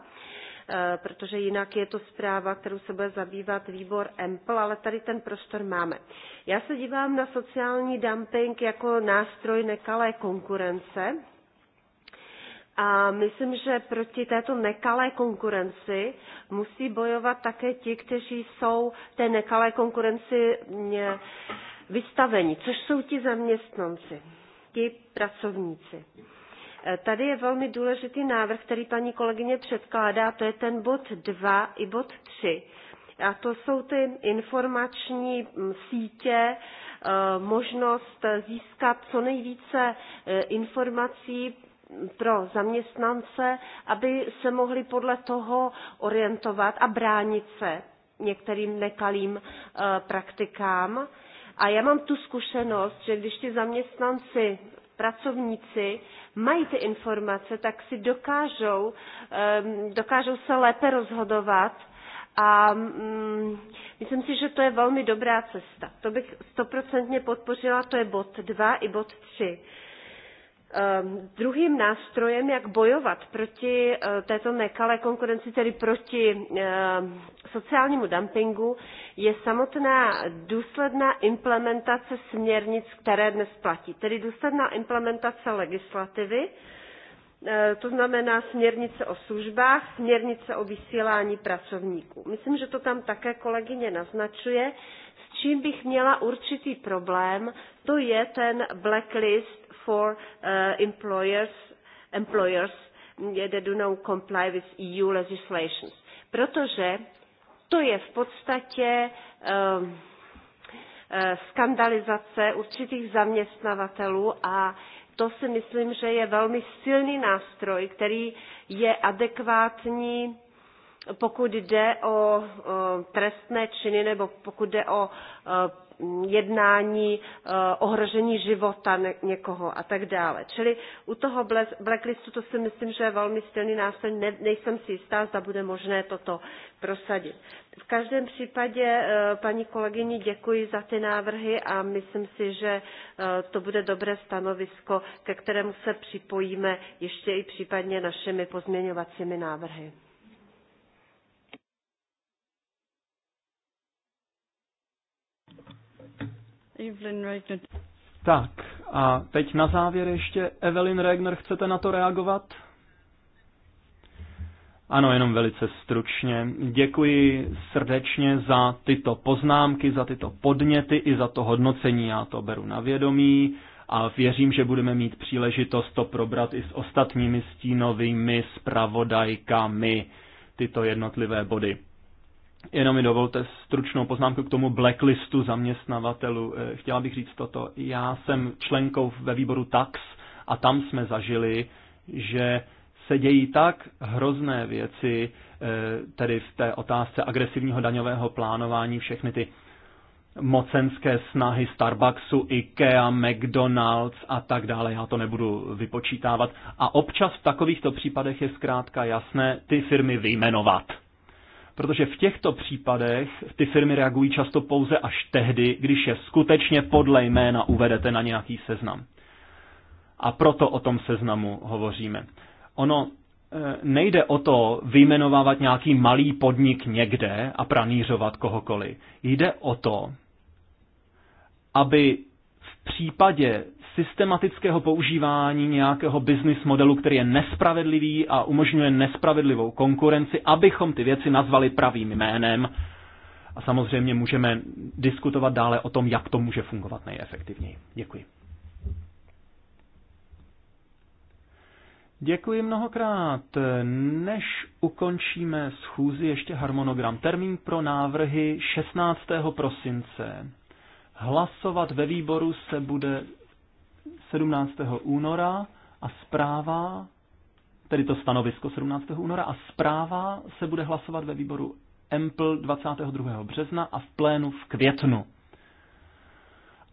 Eh, protože jinak je to zpráva, kterou se bude zabývat výbor EMPL, ale tady ten prostor máme. Já se dívám na sociální dumping jako nástroj nekalé konkurence a myslím, že proti této nekalé konkurenci musí bojovat také ti, kteří jsou té nekalé konkurenci mm, vystaveni, což jsou ti zaměstnanci, ti pracovníci. Eh, tady je velmi důležitý návrh, který paní kolegyně předkládá, to je ten bod 2 i bod 3. A to jsou ty informační mm, sítě, eh, možnost získat co nejvíce eh, informací mm, pro zaměstnance, aby se mohli podle toho orientovat a bránit se některým nekalým praktikám. A já mám tu zkušenost, že když ti zaměstnanci pracovníci mají ty informace, tak si dokážou, ehm, dokážou se lépe rozhodovat a mm, myslím si, že to je velmi dobrá cesta. To bych stoprocentně podpořila, to je bod 2 i bod 3. Ehm, druhým nástrojem, jak bojovat proti eh, této nekalé konkurenci, tedy proti ehm, sociálnímu dumpingu, je samotná důsledná implementace směrnic, které dnes platí, tedy důsledná implementace legislativy, eh, to znamená směrnice o službách, směrnice o vysílání pracovníků. Myslím, že to tam také kolegyně naznačuje čím bych měla určitý problém, to je ten blacklist for uh, employers, employers eh, that do not comply with EU legislations. Protože to je v podstatě um, skandalizace určitých zaměstnavatelů a to si myslím, že je velmi silný nástroj, který je adekvátní pokud jde o trestné činy nebo pokud jde o e, jednání, e, ohrožení života někoho a tak dále. Čili u toho blacklistu to si myslím, že je velmi silný nástroj. Ne, nejsem si jistá, zda bude možné toto prosadit. V každém případě e, paní kolegyni děkuji za ty návrhy a myslím si, že to bude dobré stanovisko, ke kterému se připojíme ještě i případně našimi pozměňovacími návrhy. Evelyn Regner. Tak a teď na závěr ještě Evelyn Regner, chcete na to reagovat? Ano, jenom velice stručně. Děkuji srdečně za tyto poznámky, za tyto podněty i za to hodnocení. Já to beru na vědomí a věřím, že budeme mít příležitost to probrat i s ostatními stínovými zpravodajkami tyto jednotlivé body. Jenom mi dovolte stručnou poznámku k tomu blacklistu zaměstnavatelů. Eh, chtěla bych říct toto. Já jsem členkou ve výboru TAX a tam jsme zažili, že se dějí tak hrozné věci, eh, tedy v té otázce agresivního daňového plánování, všechny ty mocenské snahy Starbucksu, IKEA, McDonald's a tak dále, já to nebudu vypočítávat. A občas v takovýchto případech je zkrátka jasné ty firmy vyjmenovat protože v těchto případech ty firmy reagují často pouze až tehdy, když je skutečně podle jména uvedete na nějaký seznam. A proto o tom seznamu hovoříme. Ono e, nejde o to vyjmenovávat nějaký malý podnik někde a pranířovat kohokoliv. Jde o to, aby v případě systematického používání nějakého business modelu, který je nespravedlivý a umožňuje nespravedlivou konkurenci, abychom ty věci nazvali pravým jménem. A samozřejmě můžeme diskutovat dále o tom, jak to může fungovat nejefektivněji. Děkuji. Děkuji mnohokrát. Než ukončíme schůzi, ještě harmonogram. Termín pro návrhy 16. prosince. Hlasovat ve výboru se bude 17. února a zpráva, tedy to stanovisko 17. února a zpráva se bude hlasovat ve výboru EMPL 22. března a v plénu v květnu.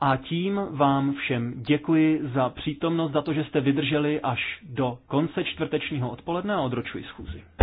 A tím vám všem děkuji za přítomnost, za to, že jste vydrželi až do konce čtvrtečního odpoledne a odročuji schůzi.